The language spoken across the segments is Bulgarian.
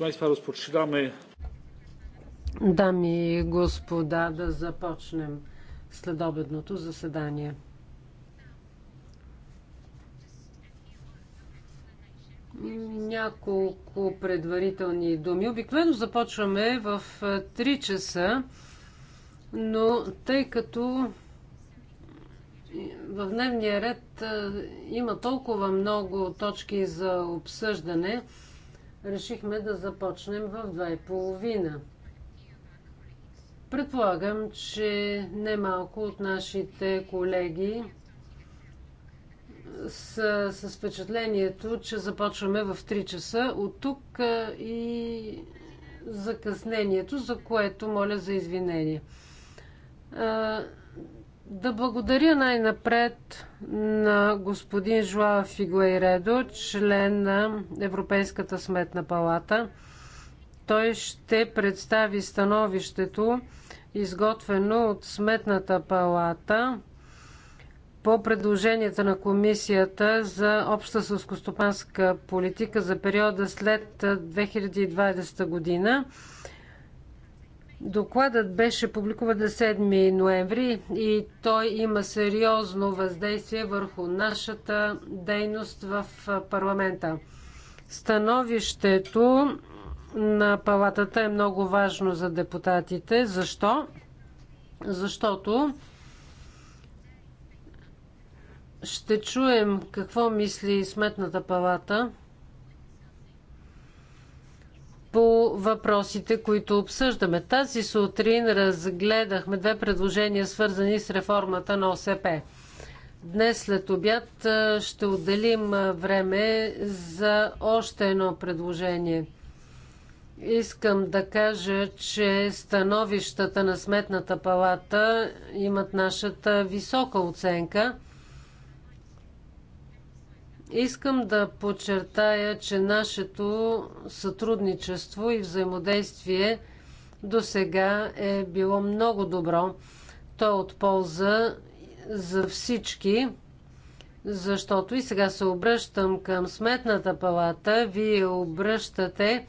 Państwa, rozpoczynamy. Дами и господа, да започнем следобедното заседание. Няколко предварителни думи. Обикновено започваме в 3 е, часа, но тъй като в дневния ред е, има толкова много точки за обсъждане, решихме да започнем в 2.30. Предполагам, че немалко от нашите колеги с, с впечатлението, че започваме в 3 часа от тук и закъснението, за което моля за извинение. Да благодаря най-напред на господин Жуава Фигуейредо, член на Европейската сметна палата. Той ще представи становището, изготвено от Сметната палата по предложенията на Комисията за обща сълскостопанска политика за периода след 2020 година Докладът беше публикуван на 7 ноември и той има сериозно въздействие върху нашата дейност в парламента. Становището на палатата е много важно за депутатите. Защо? Защото ще чуем какво мисли Сметната палата по въпросите, които обсъждаме. Тази сутрин разгледахме две предложения, свързани с реформата на ОСП. Днес след обяд ще отделим време за още едно предложение. Искам да кажа, че становищата на Сметната палата имат нашата висока оценка – Искам да подчертая, че нашето сътрудничество и взаимодействие до сега е било много добро. То е от полза за всички, защото и сега се обръщам към Сметната палата. Вие обръщате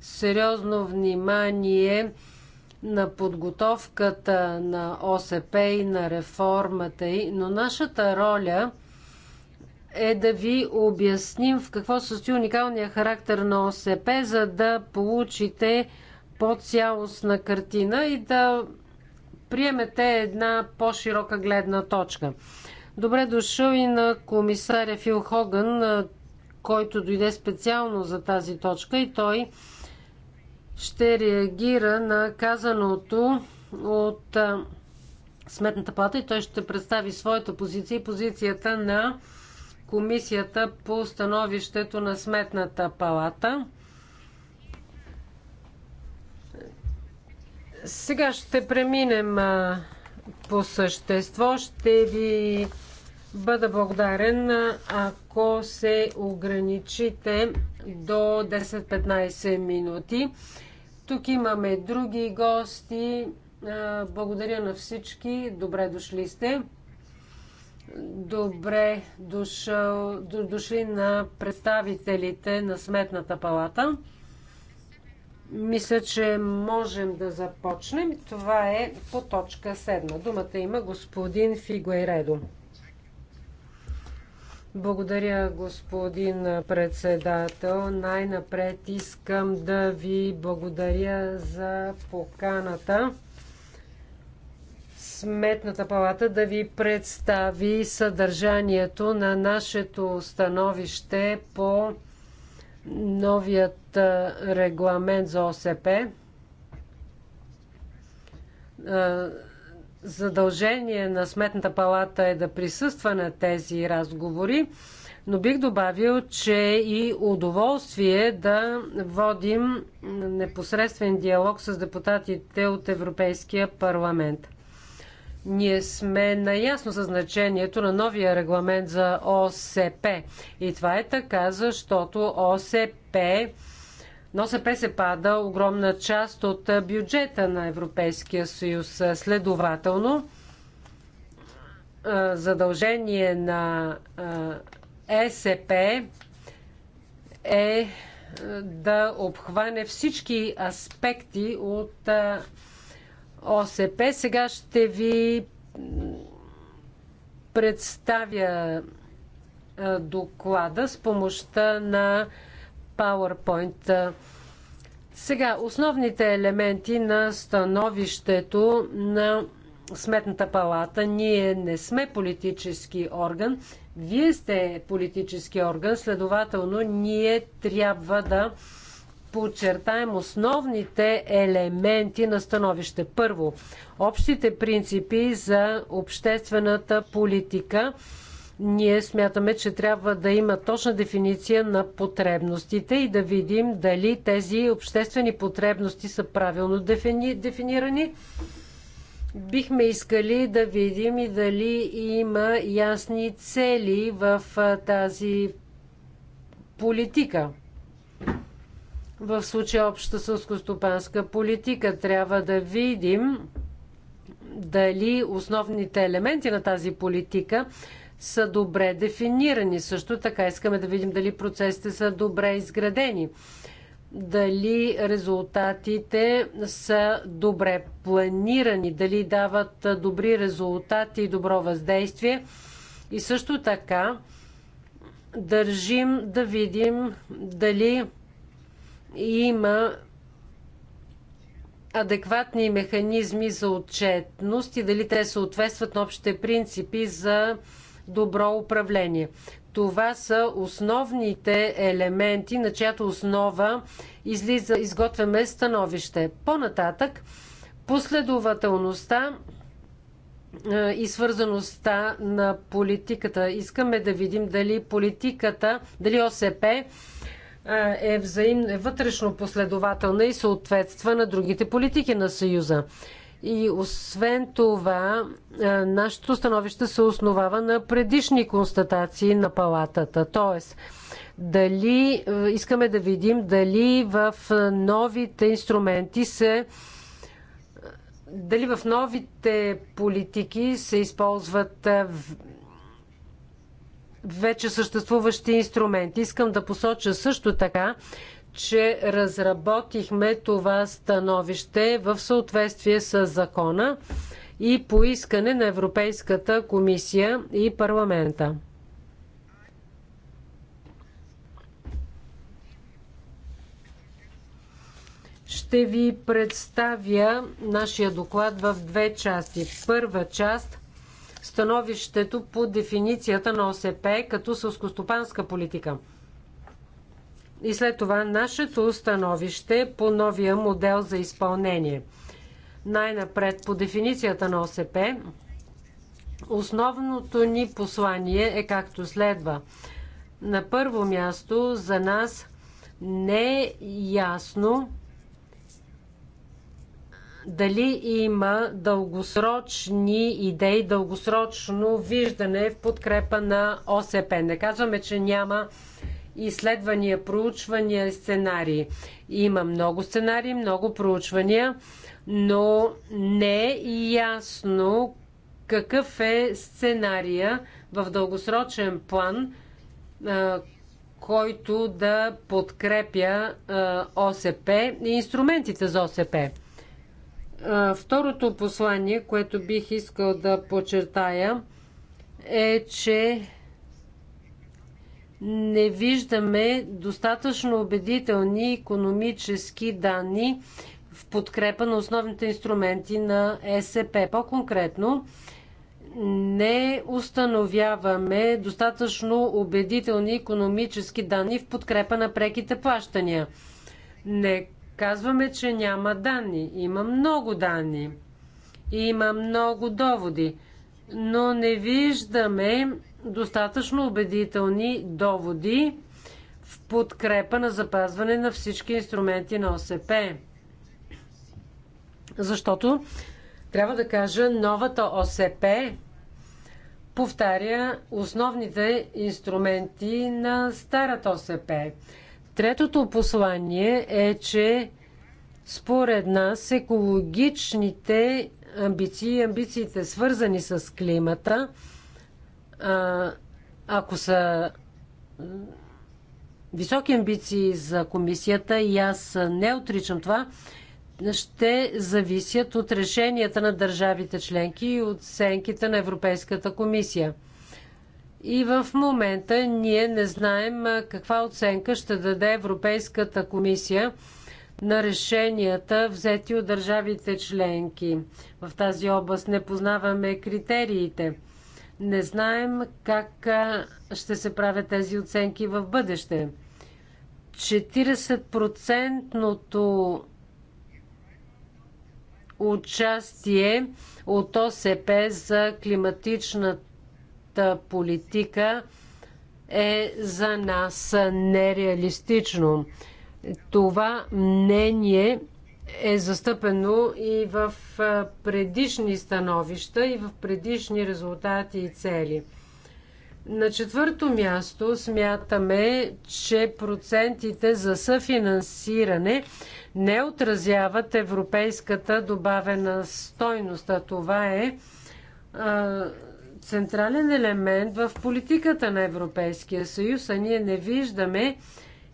сериозно внимание на подготовката на ОСП и на реформата но нашата роля – е да ви обясним в какво състои уникалния характер на ОСП, за да получите по-цялостна картина и да приемете една по-широка гледна точка. Добре дошъл и на комисаря Фил Хоган, който дойде специално за тази точка и той ще реагира на казаното от Сметната плата и той ще представи своята позиция и позицията на комисията по становището на Сметната палата. Сега ще преминем по същество. Ще ви бъда благодарен, ако се ограничите до 10-15 минути. Тук имаме други гости. Благодаря на всички. Добре дошли сте. Добре дошъл, дошли на представителите на Сметната палата. Мисля, че можем да започнем. Това е по точка 7. Думата има господин Фигуайредо. Благодаря, господин председател. Най-напред искам да ви благодаря за поканата. Сметната палата да ви представи съдържанието на нашето становище по новият регламент за ОСП. Задължение на Сметната палата е да присъства на тези разговори, но бих добавил, че и удоволствие да водим непосредствен диалог с депутатите от Европейския парламент. Ние сме наясно със значението на новия регламент за ОСП. И това е така, защото ОСП на ОСП се пада огромна част от бюджета на Европейския съюз. Следователно, задължение на ЕСП е, е да обхване всички аспекти от ОСП. Сега ще ви представя доклада с помощта на PowerPoint. Сега, основните елементи на становището на Сметната палата. Ние не сме политически орган. Вие сте политически орган, следователно ние трябва да подчертаем основните елементи на становище. Първо, общите принципи за обществената политика. Ние смятаме, че трябва да има точна дефиниция на потребностите и да видим дали тези обществени потребности са правилно дефини... дефинирани. Бихме искали да видим и дали има ясни цели в тази политика в случая обща сълскостопанска политика. Трябва да видим дали основните елементи на тази политика са добре дефинирани. Също така искаме да видим дали процесите са добре изградени, дали резултатите са добре планирани, дали дават добри резултати и добро въздействие. И също така държим да видим дали има адекватни механизми за отчетност и дали те съответстват на общите принципи за добро управление. Това са основните елементи, на чиято основа излиза, изготвяме становище. По-нататък, последователността е, и свързаността на политиката. Искаме да видим дали политиката, дали ОСП е, взаим, е вътрешно последователна и съответства на другите политики на Съюза. И освен това, нашето становище се основава на предишни констатации на палатата. Тоест, дали искаме да видим дали в новите инструменти се дали в новите политики се използват вече съществуващи инструменти. Искам да посоча също така, че разработихме това становище в съответствие с закона и по искане на Европейската комисия и парламента. Ще ви представя нашия доклад в две части. Първа част становището по дефиницията на ОСП като сълскостопанска политика. И след това нашето становище по новия модел за изпълнение. Най-напред по дефиницията на ОСП основното ни послание е както следва. На първо място за нас не е ясно дали има дългосрочни идеи, дългосрочно виждане в подкрепа на ОСП. Не казваме, че няма изследвания, проучвания, сценарии. Има много сценарии, много проучвания, но не е ясно какъв е сценария в дългосрочен план, който да подкрепя ОСП и инструментите за ОСП. Е, второто послание, което бих искал да подчертая, е, че не виждаме достатъчно убедителни економически данни в подкрепа на основните инструменти на СП. По-конкретно, не установяваме достатъчно убедителни економически данни в подкрепа на преките плащания. Не Казваме, че няма данни. Има много данни. Има много доводи. Но не виждаме достатъчно убедителни доводи в подкрепа на запазване на всички инструменти на ОСП. Защото, трябва да кажа, новата ОСП повтаря основните инструменти на старата ОСП. Третото послание е, че според нас екологичните амбиции, амбициите свързани с климата, ако са високи амбиции за комисията и аз не отричам това, ще зависят от решенията на държавите членки и сенките на Европейската комисия – и в момента ние не знаем каква оценка ще даде Европейската комисия на решенията, взети от държавите членки. В тази област не познаваме критериите. Не знаем как ще се правят тези оценки в бъдеще. 40 участие от ОСП за климатичната общата политика е за нас нереалистично. Това мнение е застъпено и в предишни становища, и в предишни резултати и цели. На четвърто място смятаме, че процентите за съфинансиране не отразяват европейската добавена стойност, а това е централен елемент в политиката на Европейския съюз, а ние не виждаме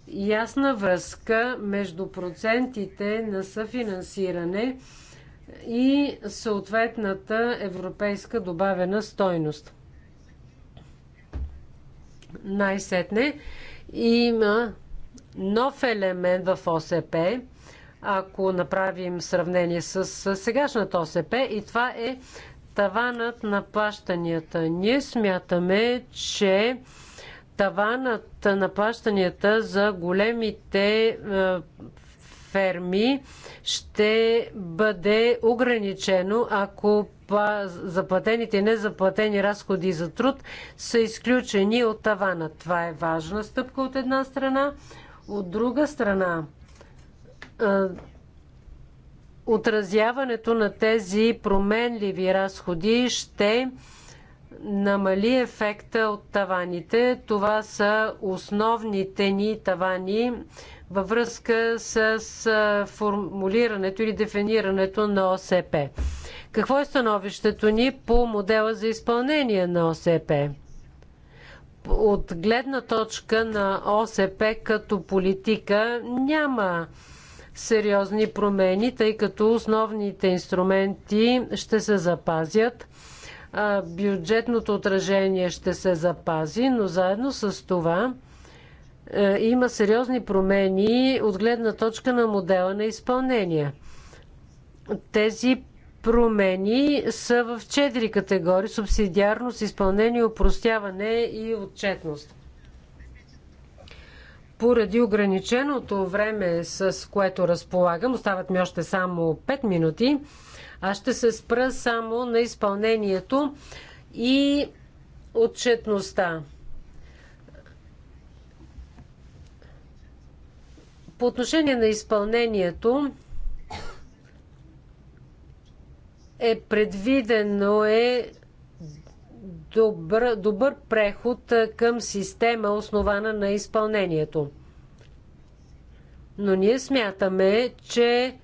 ясна връзка между процентите на съфинансиране и съответната европейска добавена стойност. Най-сетне има нов елемент в ОСП, ако направим сравнение с сегашната ОСП и това е Таванът на плащанията. Ние смятаме, че таванът на плащанията за големите е, ферми ще бъде ограничено, ако заплатените и незаплатени разходи за труд са изключени от тавана. Това е важна стъпка от една страна. От друга страна, е, отразяването на тези променливи разходи ще намали ефекта от таваните. Това са основните ни тавани във връзка с формулирането или дефинирането на ОСП. Какво е становището ни по модела за изпълнение на ОСП? От гледна точка на ОСП като политика няма сериозни промени, тъй като основните инструменти ще се запазят. Бюджетното отражение ще се запази, но заедно с това е, има сериозни промени от гледна точка на модела на изпълнение. Тези промени са в четири категории – субсидиарност, изпълнение, упростяване и отчетност поради ограниченото време, с което разполагам, остават ми още само 5 минути, аз ще се спра само на изпълнението и отчетността. По отношение на изпълнението, е предвидено е добър, добър преход към система, основана на изпълнението. Но ние смятаме, че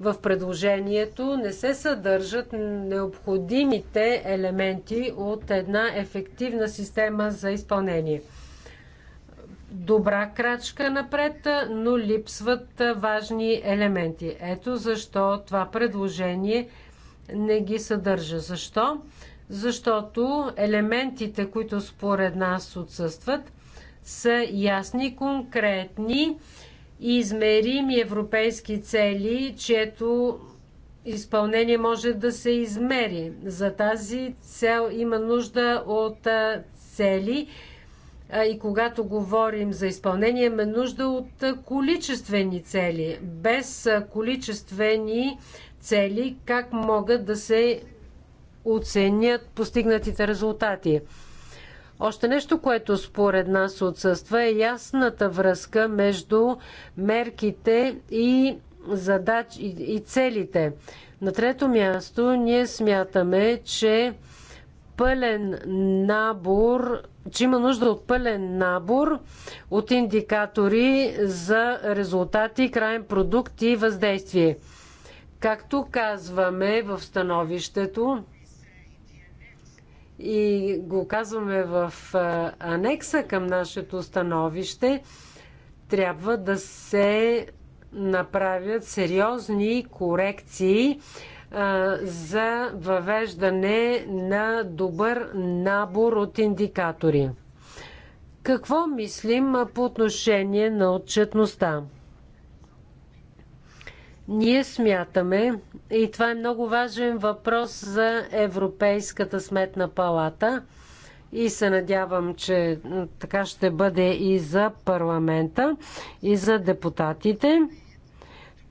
в предложението не се съдържат необходимите елементи от една ефективна система за изпълнение. Добра крачка напред, но липсват важни елементи. Ето защо това предложение не ги съдържа. Защо? защото елементите, които според нас отсъстват, са ясни, конкретни и измерими европейски цели, чието изпълнение може да се измери. За тази цел има нужда от цели и когато говорим за изпълнение, има нужда от количествени цели. Без количествени цели, как могат да се оценят постигнатите резултати. Още нещо, което според нас отсъства е ясната връзка между мерките и задач и целите. На трето място ние смятаме, че пълен набор, че има нужда от пълен набор от индикатори за резултати, крайен продукт и въздействие. Както казваме в становището, и го казваме в анекса към нашето становище, трябва да се направят сериозни корекции за въвеждане на добър набор от индикатори. Какво мислим по отношение на отчетността? Ние смятаме, и това е много важен въпрос за Европейската сметна палата, и се надявам, че така ще бъде и за парламента, и за депутатите.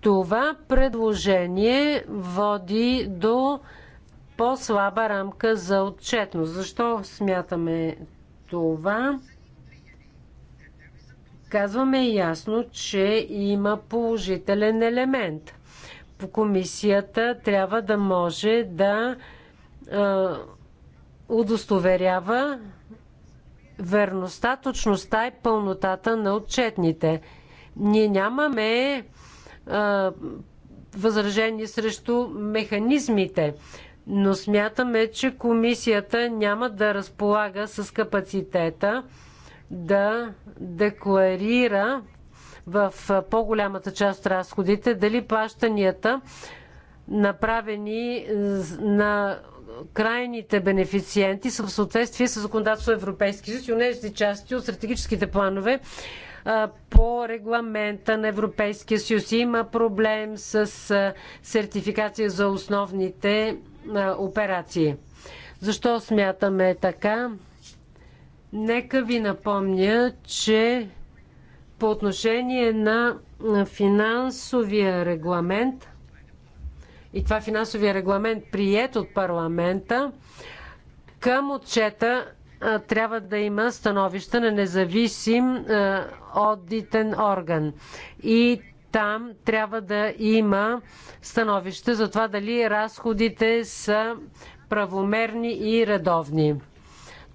Това предложение води до по-слаба рамка за отчетност. Защо смятаме това? казваме ясно, че има положителен елемент. Комисията трябва да може да удостоверява верността, точността и пълнотата на отчетните. Ние нямаме а, възражение срещу механизмите, но смятаме, че комисията няма да разполага с капацитета да декларира в по-голямата част от разходите дали плащанията направени на крайните бенефициенти са в съответствие с законодателство Европейски съюз и унези части от стратегическите планове по регламента на Европейския съюз. Има проблем с сертификация за основните операции. Защо смятаме така? Нека ви напомня, че по отношение на финансовия регламент и това финансовия регламент прият от парламента, към отчета трябва да има становище на независим одитен орган. И там трябва да има становище за това дали разходите са правомерни и редовни.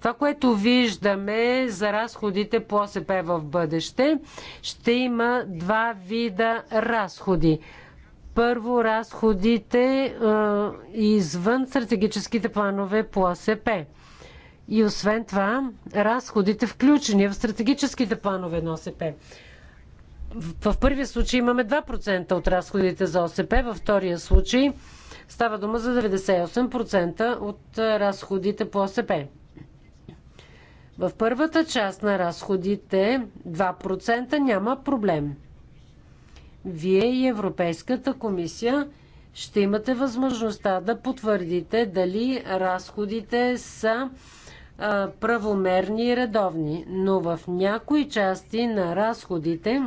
Това, което виждаме за разходите по ОСП в бъдеще, ще има два вида разходи. Първо, разходите е, извън стратегическите планове по ОСП. И освен това, разходите включени в стратегическите планове на ОСП. В първия случай имаме 2% от разходите за ОСП, във втория случай става дума за 98% от разходите по ОСП. В първата част на разходите 2% няма проблем. Вие и Европейската комисия ще имате възможността да потвърдите дали разходите са а, правомерни и редовни, но в някои части на разходите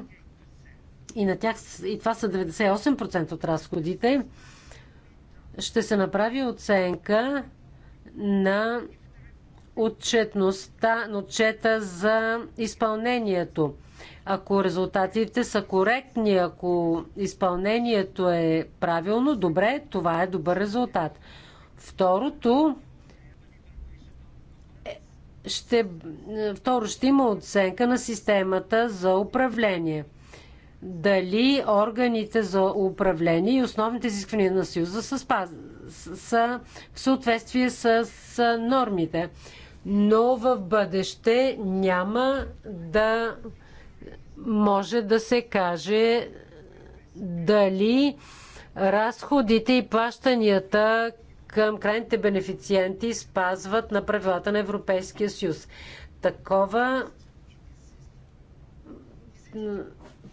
и на тях и това са 98% от разходите, ще се направи оценка на отчетността, отчета за изпълнението. Ако резултатите са коректни, ако изпълнението е правилно, добре, това е добър резултат. Второто, е, ще, второ, ще има оценка на системата за управление. Дали органите за управление и основните изисквания на Съюза са, са в съответствие с нормите но в бъдеще няма да може да се каже дали разходите и плащанията към крайните бенефициенти спазват на правилата на Европейския съюз. Такова,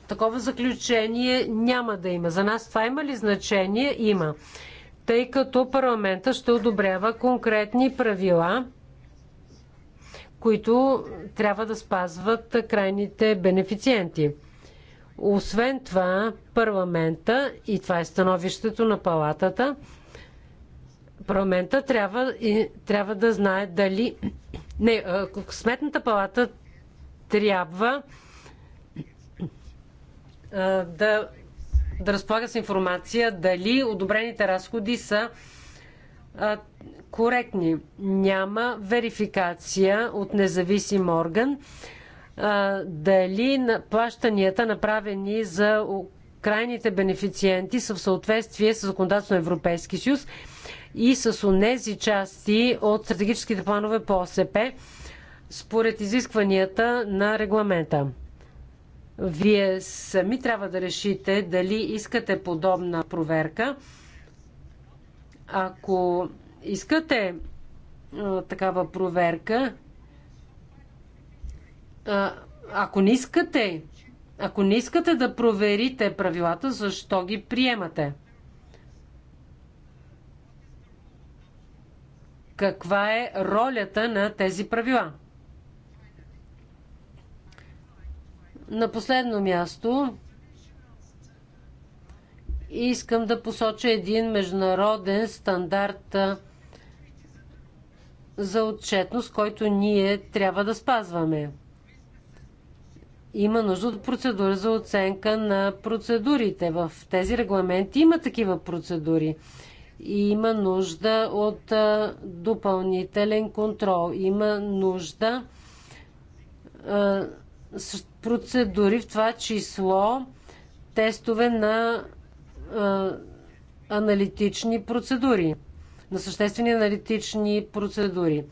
такова заключение няма да има. За нас това има ли значение? Има. Тъй като парламента ще одобрява конкретни правила – които трябва да спазват крайните бенефициенти. Освен това, парламента, и това е становището на палатата, парламента трябва, и, трябва да знае дали. Не, сметната палата трябва да, да разполага с информация дали одобрените разходи са коректни. Няма верификация от независим орган дали плащанията направени за крайните бенефициенти са в съответствие с законодателство на Европейски съюз и с онези части от стратегическите планове по ОСП според изискванията на регламента. Вие сами трябва да решите дали искате подобна проверка. Ако искате такава проверка, ако не искате, ако не искате да проверите правилата, защо ги приемате? Каква е ролята на тези правила? На последно място, Искам да посоча един международен стандарт за отчетност, който ние трябва да спазваме. Има нужда от процедура за оценка на процедурите. В тези регламенти има такива процедури. И има нужда от допълнителен контрол. Има нужда процедури, в това число тестове на аналитични процедури, на съществени аналитични процедури.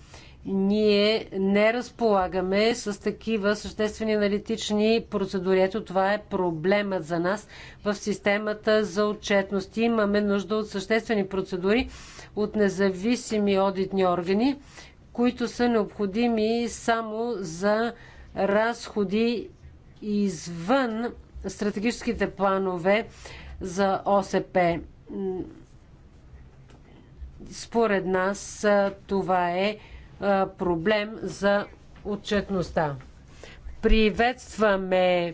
Ние не разполагаме с такива съществени аналитични процедури. Ето това е проблемът за нас в системата за отчетност. Имаме нужда от съществени процедури от независими одитни органи, които са необходими само за разходи извън стратегическите планове за ОСП. Според нас това е проблем за отчетността. Приветстваме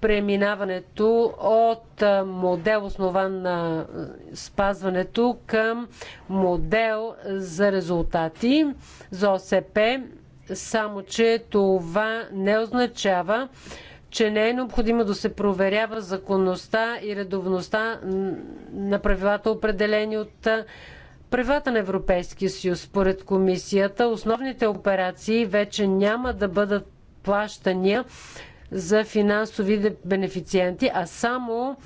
преминаването от модел основан на спазването към модел за резултати за ОСП, само че това не означава, че не е необходимо да се проверява законността и редовността на правилата, определени от правилата на Европейския съюз. Според комисията, основните операции вече няма да бъдат плащания за финансови бенефициенти, а само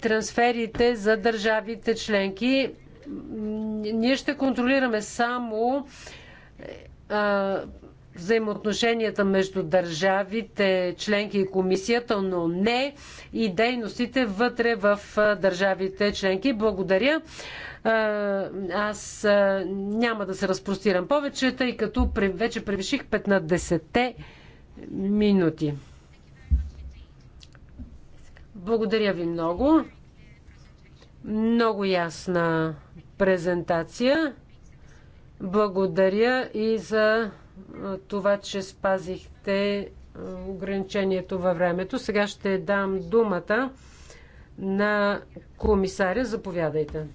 трансферите за държавите членки. Ние ще контролираме само е, взаимоотношенията между държавите, членки и комисията, но не и дейностите вътре в държавите членки. Благодаря. Аз няма да се разпростирам повече, тъй като вече превиших 15-те минути. Благодаря ви много. Много ясна презентация. Благодаря и за това, че спазихте ограничението във времето. Сега ще дам думата на комисаря. Заповядайте.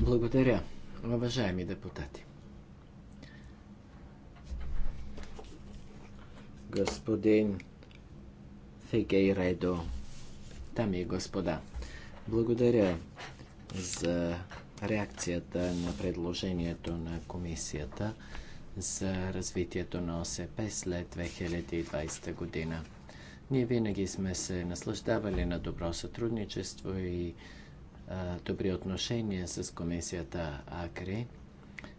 Благодаря, уважаеми депутати. Господин Фигейредо, дами и господа, благодаря за реакцията на предложението на комисията за развитието на ОСП след 2020 година. Ние винаги сме се наслаждавали на добро сътрудничество и а, добри отношения с комисията АКРИ,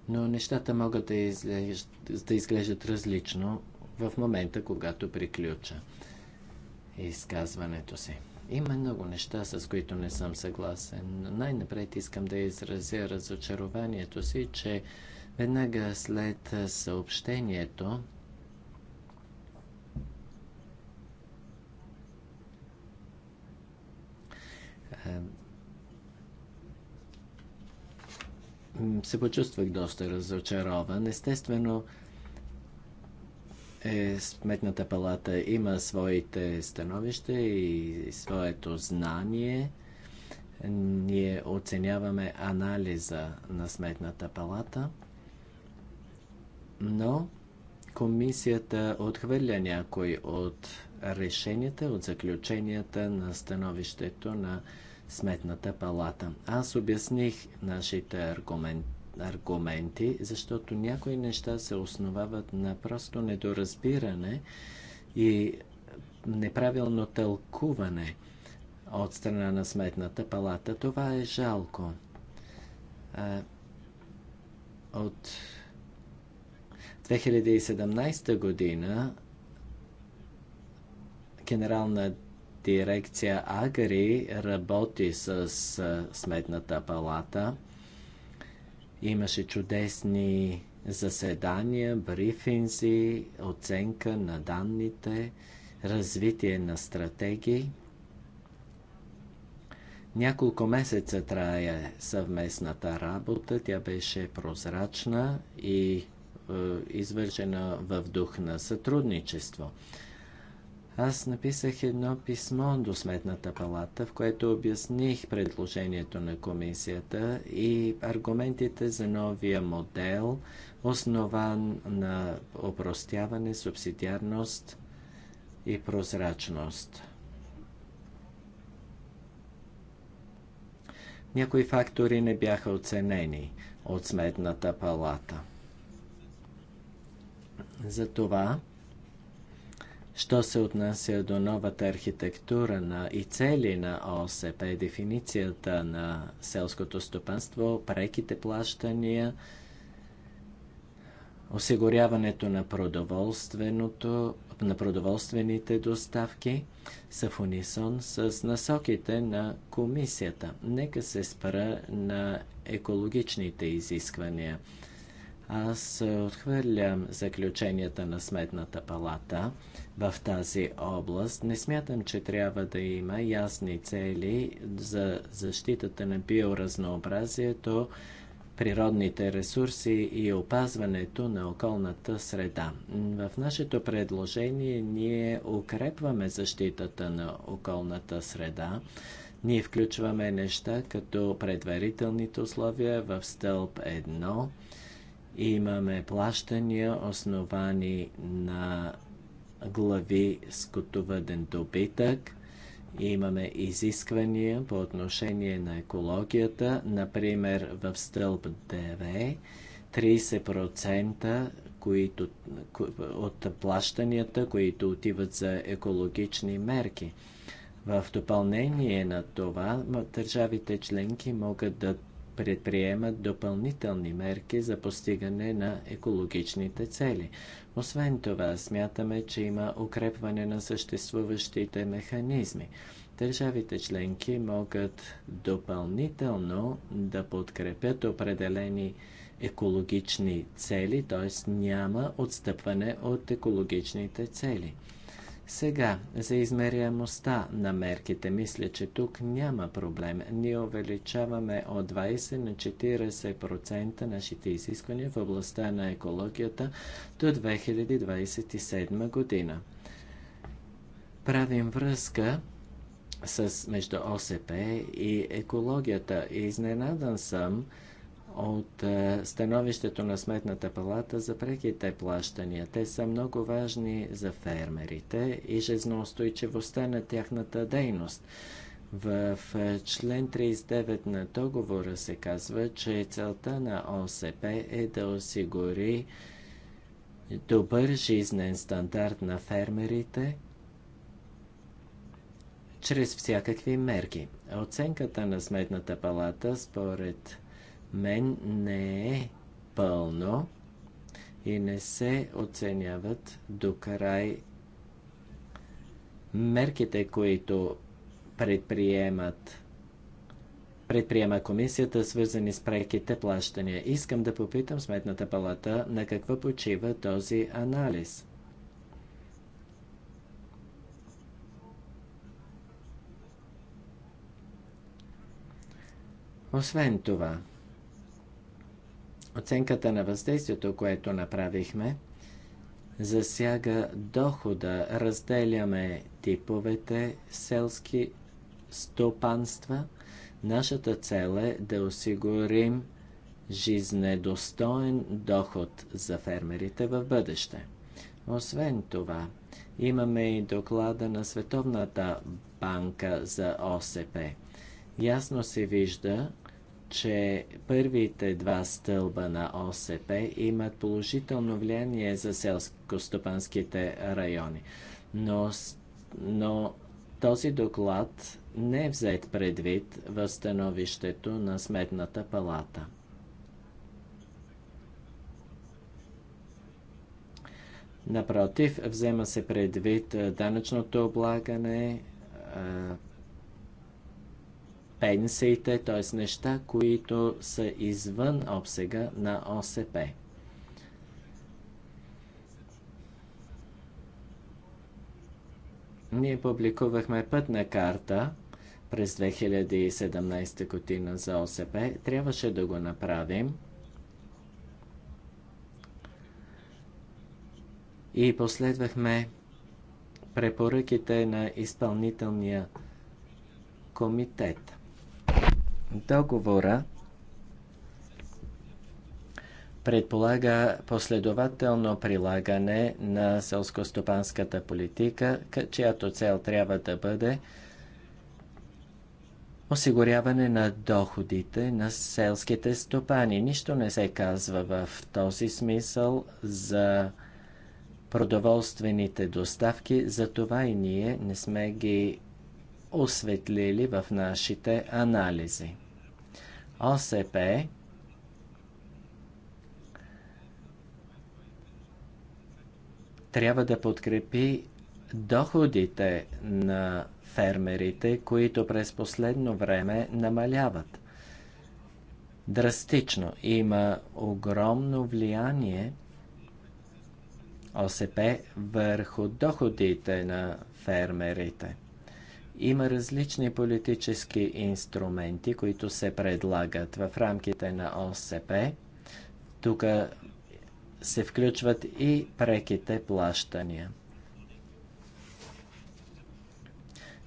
но нещата могат да, изглеждат, да изглеждат различно в момента, когато приключа изказването си. Има много неща, с които не съм съгласен. Най-напред искам да изразя разочарованието си, че веднага след съобщението се почувствах доста разочарован. Естествено, е, Сметната палата има своите становища и своето знание. Ние оценяваме анализа на Сметната палата, но комисията отхвърля някой от решенията, от заключенията на становището на Сметната палата. Аз обясних нашите аргументи аргументи, защото някои неща се основават на просто недоразбиране и неправилно тълкуване от страна на Сметната палата. Това е жалко. От 2017 година генерална дирекция Агари работи с Сметната палата Имаше чудесни заседания, брифинзи, оценка на данните, развитие на стратегии. Няколко месеца трае съвместната работа. Тя беше прозрачна и е, извършена в дух на сътрудничество. Аз написах едно писмо до Сметната палата, в което обясних предложението на комисията и аргументите за новия модел, основан на опростяване, субсидиарност и прозрачност. Някои фактори не бяха оценени от Сметната палата. Затова Що се отнася до новата архитектура на и цели на ОСП, дефиницията на селското стопанство, преките плащания, осигуряването на, продоволственото, на продоволствените доставки са в унисон с насоките на комисията. Нека се спра на екологичните изисквания – аз отхвърлям заключенията на Сметната палата в тази област. Не смятам, че трябва да има ясни цели за защитата на биоразнообразието, природните ресурси и опазването на околната среда. В нашето предложение ние укрепваме защитата на околната среда. Ние включваме неща като предварителните условия в стълб 1 Имаме плащания, основани на глави скотоваден добитък. Имаме изисквания по отношение на екологията, например в стълб 9, 30% които, от плащанията, които отиват за екологични мерки. В допълнение на това, държавите членки могат да предприемат допълнителни мерки за постигане на екологичните цели. Освен това, смятаме, че има укрепване на съществуващите механизми. Държавите членки могат допълнително да подкрепят определени екологични цели, т.е. няма отстъпване от екологичните цели. Сега, за измеряемостта на мерките, мисля, че тук няма проблем. Ние увеличаваме от 20 на 40% нашите изисквания в областта на екологията до 2027 година. Правим връзка с между ОСП и екологията. изненадан съм, от е, становището на Сметната палата за преките плащания. Те са много важни за фермерите и жизнеустойчивостта на тяхната дейност. В е, член 39 на договора се казва, че целта на ОСП е да осигури добър жизнен стандарт на фермерите чрез всякакви мерки. Оценката на Сметната палата според мен не е пълно и не се оценяват до край мерките, които предприемат предприема комисията, свързани с преките плащания. Искам да попитам Сметната палата на какво почива този анализ. Освен това, Оценката на въздействието, което направихме, засяга дохода. Разделяме типовете селски стопанства. Нашата цел е да осигурим жизнедостоен доход за фермерите в бъдеще. Освен това, имаме и доклада на Световната банка за ОСП. Ясно се вижда, че първите два стълба на ОСП имат положително влияние за селско-стопанските райони. Но, но този доклад не е взет предвид в становището на Сметната палата. Напротив, взема се предвид данъчното облагане, пенсиите, т.е. неща, които са извън обсега на ОСП. Ние публикувахме пътна карта през 2017 година за ОСП. Трябваше да го направим. И последвахме препоръките на изпълнителния комитет. Договора предполага последователно прилагане на селскостопанската политика, чиято цел трябва да бъде осигуряване на доходите на селските стопани. Нищо не се казва в този смисъл за продоволствените доставки, затова и ние не сме ги осветлили в нашите анализи. ОСП трябва да подкрепи доходите на фермерите, които през последно време намаляват. Драстично има огромно влияние ОСП върху доходите на фермерите. Има различни политически инструменти, които се предлагат в рамките на ОСП. Тук се включват и преките плащания.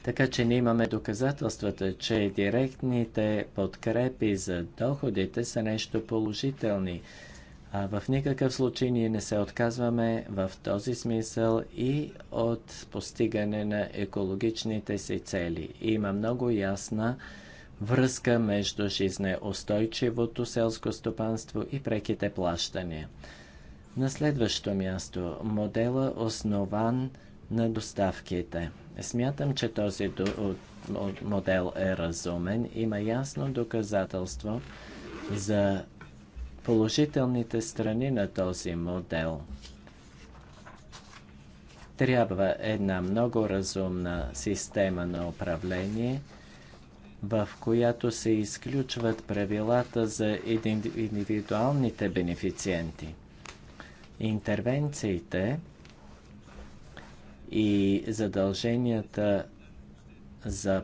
Така че ние имаме доказателствата, че директните подкрепи за доходите са нещо положителни. В никакъв случай ние не се отказваме в този смисъл и от постигане на екологичните си цели. Има много ясна връзка между жизнеустойчивото селско стопанство и преките плащания. На следващо място модела основан на доставките. Смятам, че този модел е разумен. Има ясно доказателство за положителните страни на този модел. Трябва една много разумна система на управление, в която се изключват правилата за индивидуалните бенефициенти. Интервенциите и задълженията за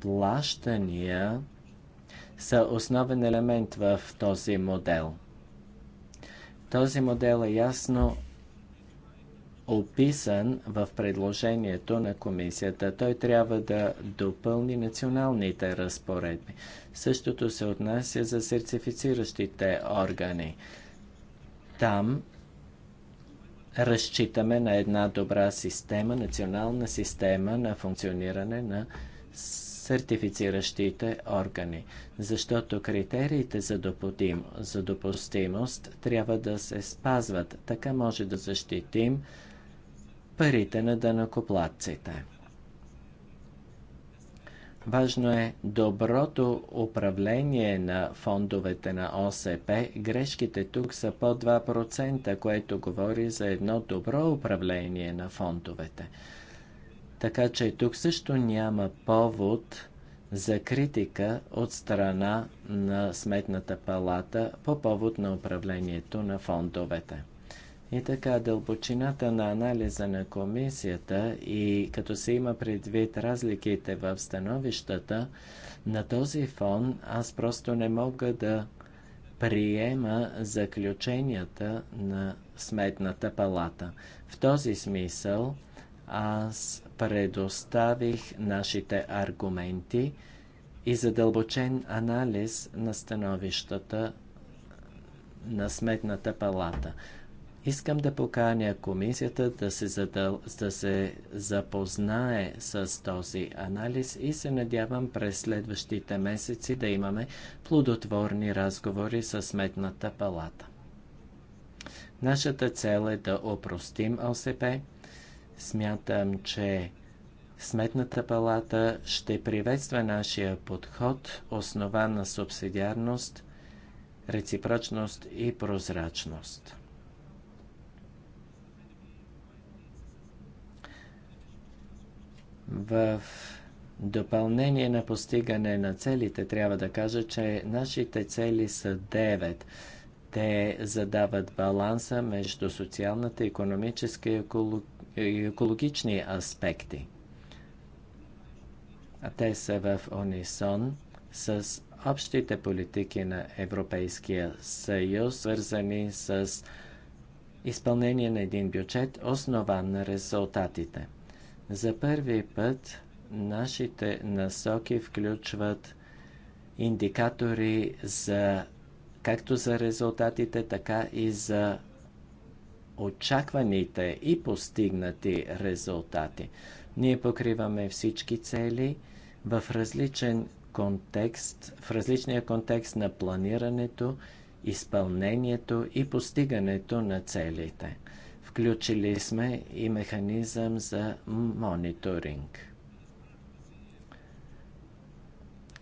плащания са основен елемент в този модел. Този модел е ясно описан в предложението на комисията. Той трябва да допълни националните разпоредби. Същото се отнася за сертифициращите органи. Там разчитаме на една добра система, национална система на функциониране на сертифициращите органи, защото критериите за, допустим, за допустимост трябва да се спазват. Така може да защитим парите на данъкоплатците. Важно е доброто управление на фондовете на ОСП. Грешките тук са по 2%, което говори за едно добро управление на фондовете. Така че тук също няма повод за критика от страна на Сметната палата по повод на управлението на фондовете. И така, дълбочината на анализа на комисията и като се има предвид разликите в становищата, на този фон аз просто не мога да приема заключенията на Сметната палата. В този смисъл аз предоставих нашите аргументи и задълбочен анализ на становищата на Сметната палата. Искам да поканя комисията да се, задъл... да се запознае с този анализ и се надявам през следващите месеци да имаме плодотворни разговори с Сметната палата. Нашата цел е да опростим ОСП, Смятам, че Сметната палата ще приветства нашия подход, основан на субсидиарност, реципрочност и прозрачност. В допълнение на постигане на целите трябва да кажа, че нашите цели са 9. Те задават баланса между социалната, економическа и екологичната и екологични аспекти. А те са в унисон с общите политики на Европейския съюз, свързани с изпълнение на един бюджет, основан на резултатите. За първи път нашите насоки включват индикатори за както за резултатите, така и за очакваните и постигнати резултати. Ние покриваме всички цели в различен контекст, в различния контекст на планирането, изпълнението и постигането на целите. Включили сме и механизъм за мониторинг.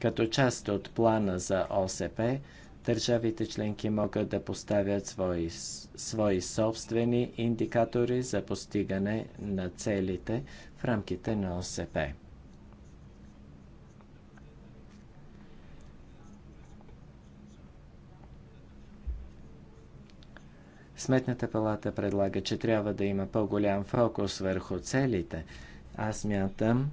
Като част от плана за ОСП, Държавите членки могат да поставят свои, свои собствени индикатори за постигане на целите в рамките на ОСП. Сметната палата предлага, че трябва да има по-голям фокус върху целите. Аз мятам,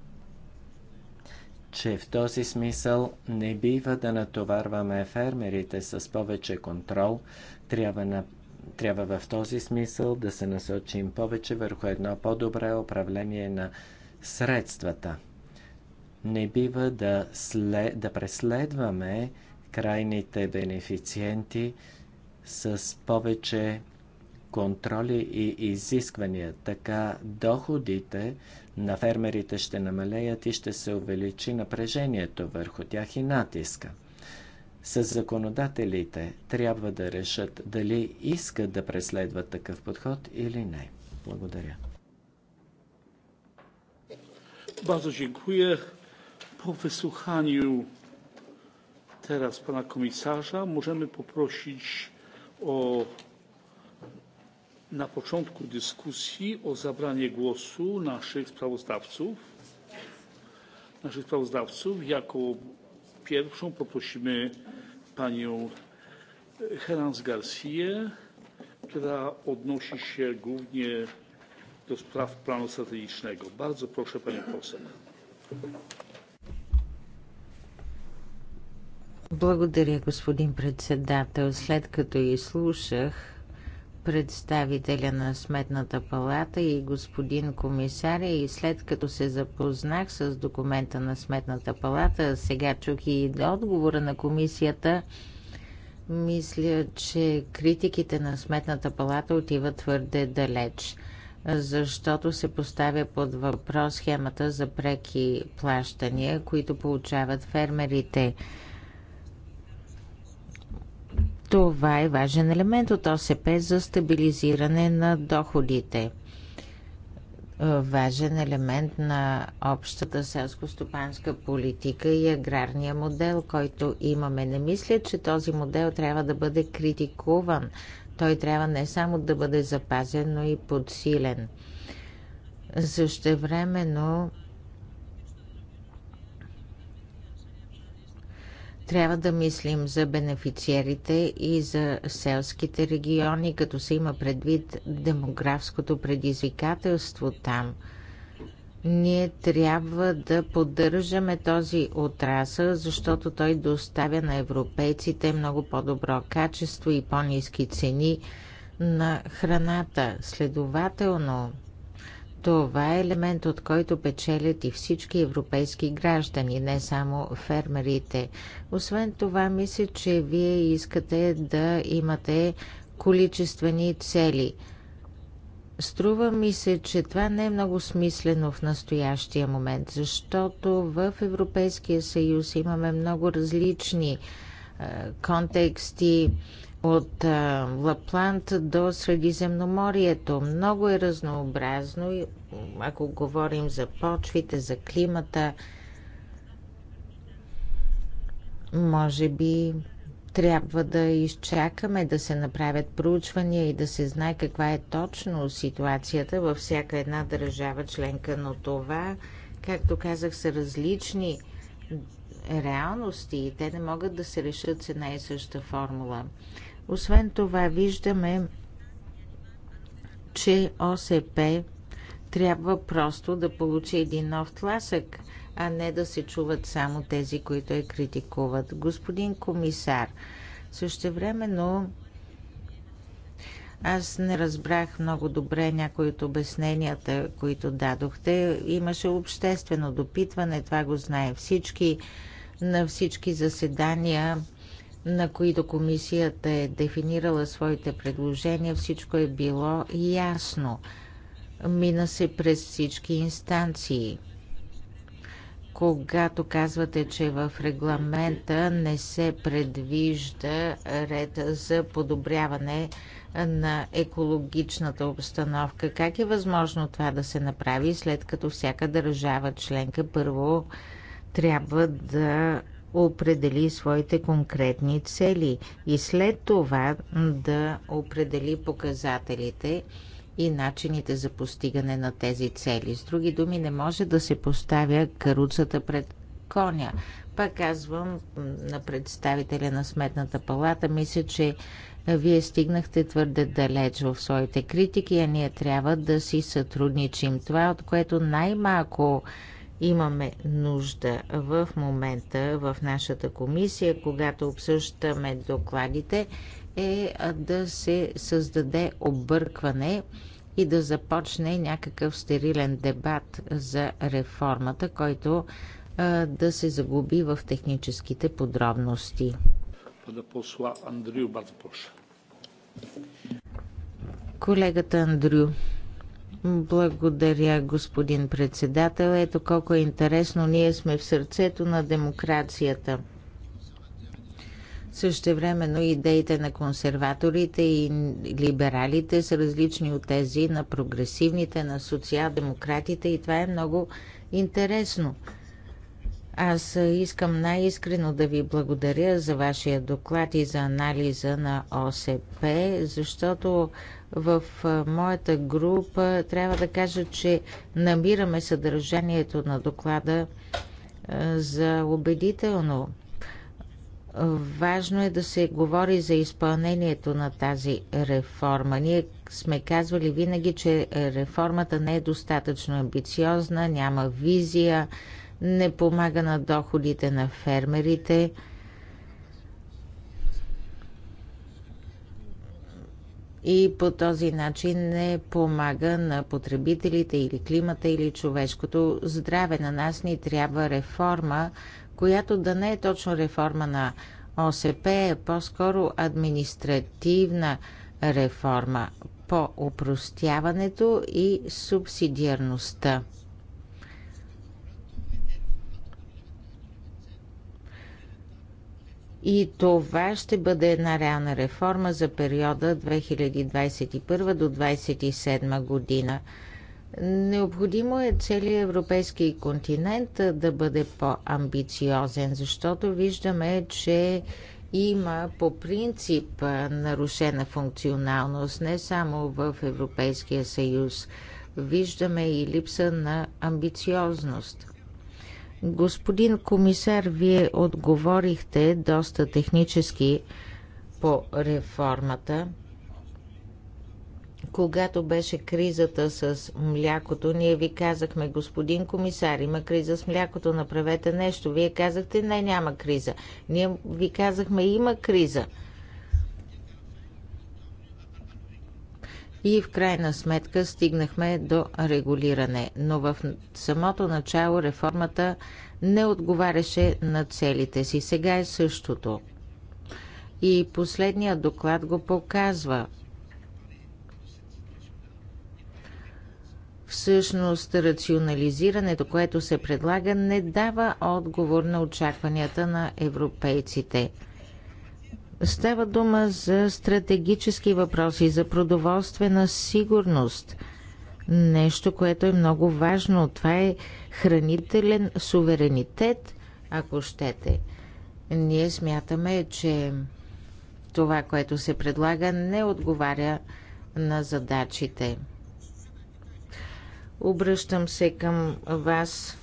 че в този смисъл не бива да натоварваме фермерите с повече контрол. Трябва, на, трябва в този смисъл да се насочим повече върху едно по-добре управление на средствата. Не бива да, след, да преследваме крайните бенефициенти с повече контроли и изисквания. Така доходите на фермерите ще намалеят и ще се увеличи напрежението върху тях и натиска. С законодателите трябва да решат дали искат да преследват такъв подход или не. Благодаря. Bardzo dziękuję. Po wysłuchaniu teraz pana komisarza możemy poprosić o na początku dyskusji o zabranie głosu naszych sprawozdawców. Naszych sprawozdawców jako pierwszą poprosimy panią Herans Garcję, która odnosi się głównie do spraw planu strategicznego. Bardzo proszę panią poseł. Благодаря, господин председател. След като изслушах представителя на Сметната палата и господин комисаря и след като се запознах с документа на Сметната палата, сега чух и отговора на комисията, мисля, че критиките на Сметната палата отиват твърде далеч, защото се поставя под въпрос схемата за преки плащания, които получават фермерите – това е важен елемент от ОСП за стабилизиране на доходите. Е, важен елемент на общата селско-стопанска политика и аграрния модел, който имаме. Не мисля, че този модел трябва да бъде критикуван. Той трябва не само да бъде запазен, но и подсилен. Също времено. Трябва да мислим за бенефициерите и за селските региони, като се има предвид демографското предизвикателство там. Ние трябва да поддържаме този отрасъл, защото той доставя на европейците много по-добро качество и по-низки цени на храната. Следователно, това е елемент, от който печелят и всички европейски граждани, не само фермерите. Освен това, мисля, че вие искате да имате количествени цели. Струва ми се, че това не е много смислено в настоящия момент, защото в Европейския съюз имаме много различни е, контексти, от Лапланд до Средиземноморието. Много е разнообразно, ако говорим за почвите, за климата. Може би трябва да изчакаме да се направят проучвания и да се знае каква е точно ситуацията във всяка една държава членка, но това, както казах, са различни реалности и те не могат да се решат с една и съща формула. Освен това, виждаме, че ОСП трябва просто да получи един нов тласък, а не да се чуват само тези, които я критикуват. Господин комисар, същевременно аз не разбрах много добре някои от обясненията, които дадохте. Имаше обществено допитване, това го знае всички. На всички заседания на които комисията е дефинирала своите предложения, всичко е било ясно. Мина се през всички инстанции. Когато казвате, че в регламента не се предвижда ред за подобряване на екологичната обстановка, как е възможно това да се направи, след като всяка държава членка първо трябва да определи своите конкретни цели и след това да определи показателите и начините за постигане на тези цели. С други думи, не може да се поставя каруцата пред коня. Пак казвам на представителя на Сметната палата, мисля, че вие стигнахте твърде далеч в своите критики, а ние трябва да си сътрудничим. Това, от което най-малко имаме нужда в момента в нашата комисия, когато обсъждаме докладите, е да се създаде объркване и да започне някакъв стерилен дебат за реформата, който а, да се загуби в техническите подробности. Колегата Андрю. Благодаря, господин председател. Ето колко е интересно. Ние сме в сърцето на демокрацията. Същевременно идеите на консерваторите и либералите са различни от тези на прогресивните, на социал-демократите и това е много интересно. Аз искам най-искрено да ви благодаря за вашия доклад и за анализа на ОСП, защото в моята група трябва да кажа, че намираме съдържанието на доклада за убедително. Важно е да се говори за изпълнението на тази реформа. Ние сме казвали винаги, че реформата не е достатъчно амбициозна, няма визия, не помага на доходите на фермерите. И по този начин не помага на потребителите или климата или човешкото здраве. На нас ни трябва реформа, която да не е точно реформа на ОСП, е по-скоро административна реформа по опростяването и субсидиарността. И това ще бъде една реална реформа за периода 2021 до 2027 година. Необходимо е целият европейски континент да бъде по-амбициозен, защото виждаме, че има по принцип нарушена функционалност не само в Европейския съюз. Виждаме и липса на амбициозност. Господин комисар, вие отговорихте доста технически по реформата. Когато беше кризата с млякото, ние ви казахме, господин комисар, има криза с млякото, направете нещо. Вие казахте, не, няма криза. Ние ви казахме, има криза. и в крайна сметка стигнахме до регулиране. Но в самото начало реформата не отговаряше на целите си. Сега е същото. И последният доклад го показва. Всъщност, рационализирането, което се предлага, не дава отговор на очакванията на европейците – Става дума за стратегически въпроси, за продоволствена сигурност. Нещо, което е много важно. Това е хранителен суверенитет, ако щете. Ние смятаме, че това, което се предлага, не отговаря на задачите. Обръщам се към вас,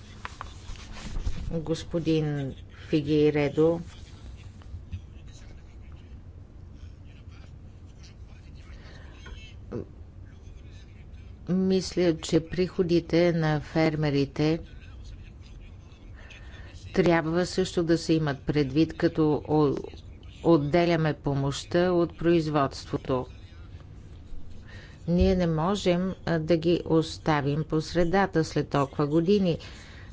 господин Фигейредо. Мисля, че приходите на фермерите трябва също да се имат предвид, като отделяме помощта от производството. Ние не можем да ги оставим по средата след толкова години.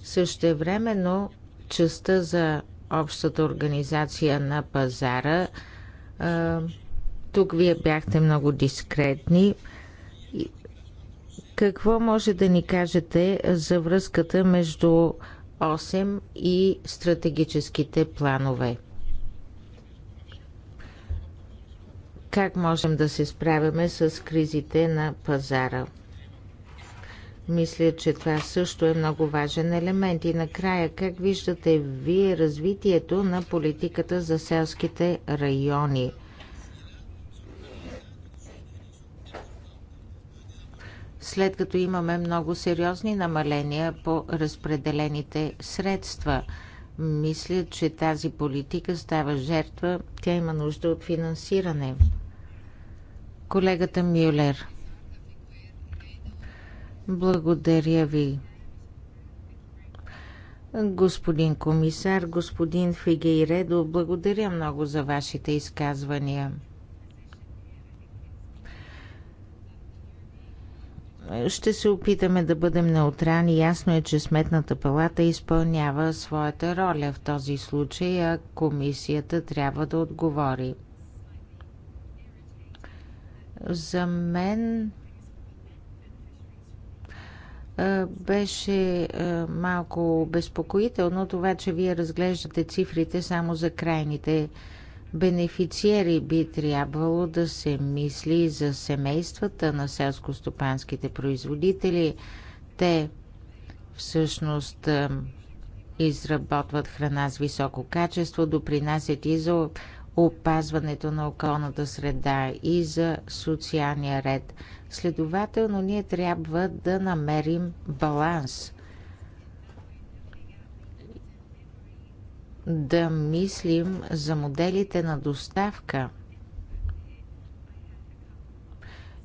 Същевременно частта за общата организация на пазара. Тук вие бяхте много дискретни. Какво може да ни кажете за връзката между 8 и стратегическите планове? Как можем да се справяме с кризите на пазара? Мисля, че това също е много важен елемент. И накрая, как виждате вие развитието на политиката за селските райони? след като имаме много сериозни намаления по разпределените средства. Мисля, че тази политика става жертва. Тя има нужда от финансиране. Колегата Мюлер. Благодаря ви. Господин комисар, господин Фигейредо, благодаря много за вашите изказвания. Ще се опитаме да бъдем неутрални. Ясно е, че Сметната палата изпълнява своята роля в този случай, а комисията трябва да отговори. За мен беше малко безпокоително това, че вие разглеждате цифрите само за крайните бенефициери би трябвало да се мисли за семействата на селскостопанските производители. Те всъщност изработват храна с високо качество, допринасят и за опазването на околната среда и за социалния ред. Следователно, ние трябва да намерим баланс да мислим за моделите на доставка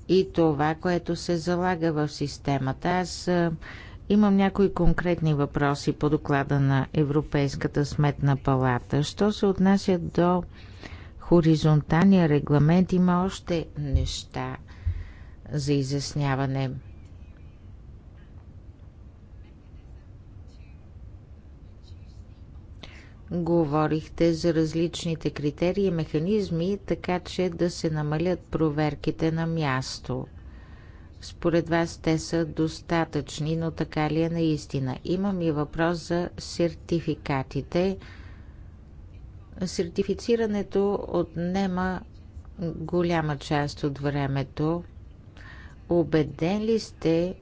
и това, което се залага в системата. Аз Имам някои конкретни въпроси по доклада на Европейската сметна палата. Що се отнася до хоризонталния регламент, има още неща за изясняване. говорихте за различните критерии и механизми, така че да се намалят проверките на място. Според вас те са достатъчни, но така ли е наистина? Имам и въпрос за сертификатите. Сертифицирането отнема голяма част от времето. Убеден ли сте,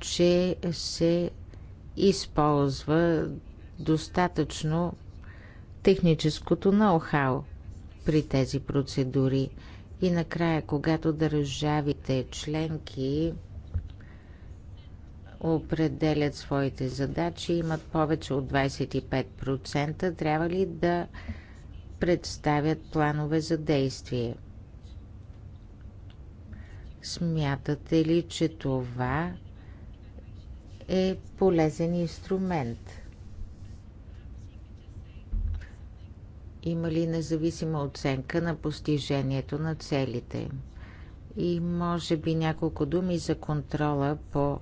че се използва достатъчно техническото ноу-хау при тези процедури. И накрая, когато държавите членки определят своите задачи, имат повече от 25%, трябва ли да представят планове за действие? Смятате ли, че това е полезен инструмент? Има ли независима оценка на постижението на целите? И може би няколко думи за контрола по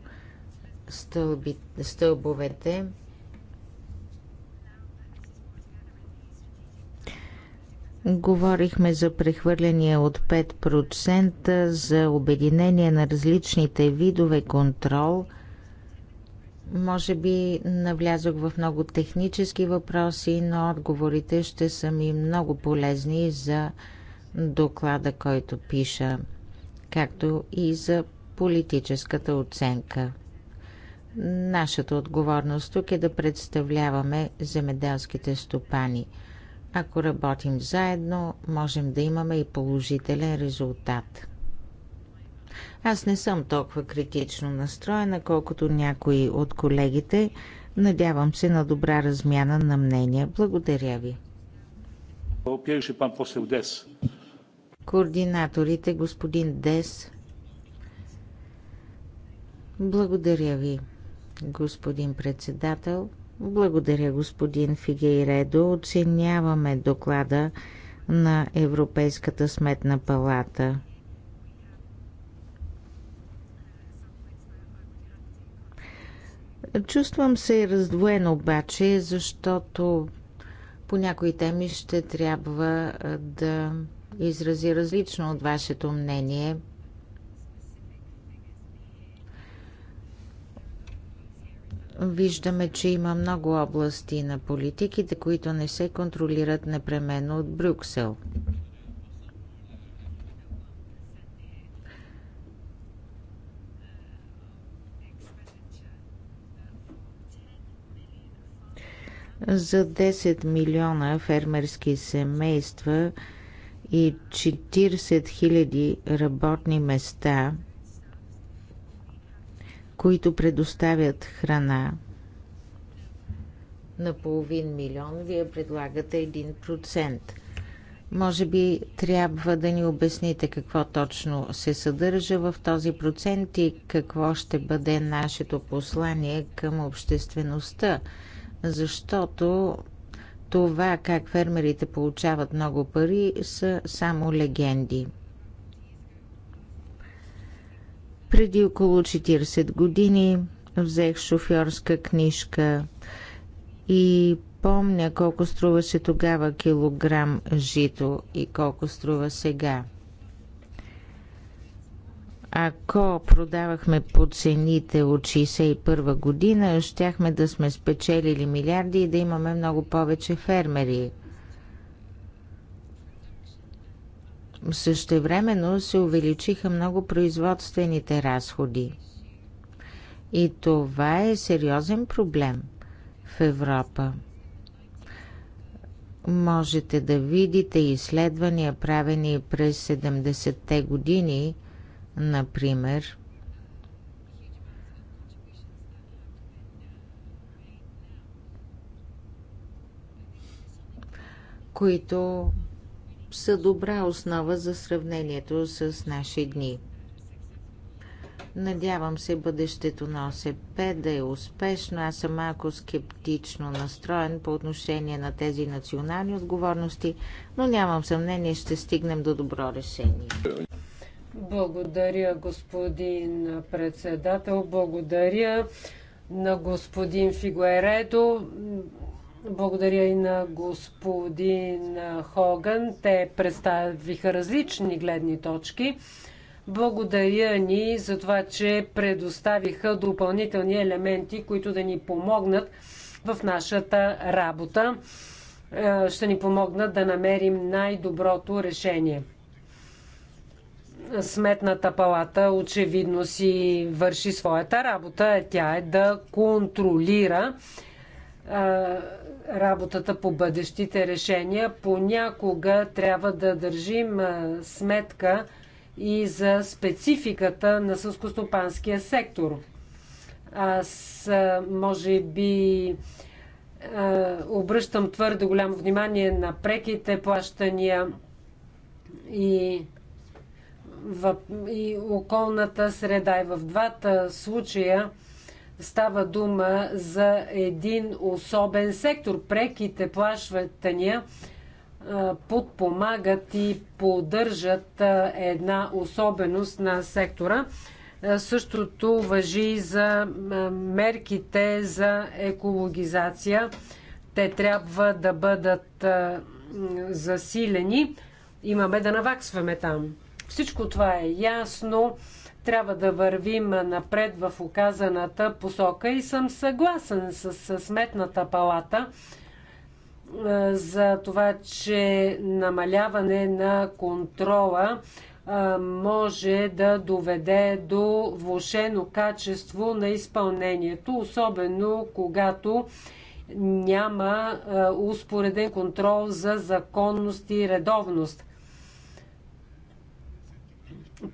стълби, стълбовете. Говорихме за прехвърляния от 5% за обединение на различните видове контрол – може би навлязох в много технически въпроси, но отговорите ще са ми много полезни за доклада, който пиша, както и за политическата оценка. Нашата отговорност тук е да представляваме земеделските стопани. Ако работим заедно, можем да имаме и положителен резултат. Аз не съм толкова критично настроена, колкото някои от колегите. Надявам се на добра размяна на мнения. Благодаря ви. Координаторите, господин Дес. Благодаря ви, господин председател. Благодаря, господин Фигейредо. Оценяваме доклада на Европейската сметна палата – Чувствам се раздвоен обаче, защото по някои теми ще трябва да изрази различно от вашето мнение. Виждаме, че има много области на политиките, които не се контролират непременно от Брюксел. За 10 милиона фермерски семейства и 40 хиляди работни места, които предоставят храна на половин милион, вие предлагате 1%. Може би трябва да ни обясните какво точно се съдържа в този процент и какво ще бъде нашето послание към обществеността защото това как фермерите получават много пари са само легенди. Преди около 40 години взех шофьорска книжка и помня колко струваше тогава килограм жито и колко струва сега. Ако продавахме по цените от 61 година, щяхме да сме спечелили милиарди и да имаме много повече фермери. Същевременно се увеличиха много производствените разходи. И това е сериозен проблем в Европа. Можете да видите изследвания, правени през 70-те години – Например, които са добра основа за сравнението с наши дни. Надявам се бъдещето на ОСП да е успешно. Аз съм малко скептично настроен по отношение на тези национални отговорности, но нямам съмнение, ще стигнем до добро решение. Благодаря, господин председател. Благодаря на господин Фигуередо. Благодаря и на господин Хоган. Те представиха различни гледни точки. Благодаря ни за това, че предоставиха допълнителни елементи, които да ни помогнат в нашата работа. Е, ще ни помогнат да намерим най-доброто решение. Сметната палата очевидно си върши своята работа. Тя е да контролира работата по бъдещите решения. Понякога трябва да държим сметка и за спецификата на сълскостопанския сектор. Аз може би обръщам твърде голямо внимание на преките плащания и в и околната среда. И в двата случая става дума за един особен сектор. Преките плащания подпомагат и поддържат една особеност на сектора. Същото въжи за мерките за екологизация. Те трябва да бъдат засилени. Имаме да наваксваме там. Всичко това е ясно. Трябва да вървим напред в оказаната посока и съм съгласен с, с Сметната палата е, за това, че намаляване на контрола е, може да доведе до влошено качество на изпълнението, особено когато няма е, успореден контрол за законност и редовност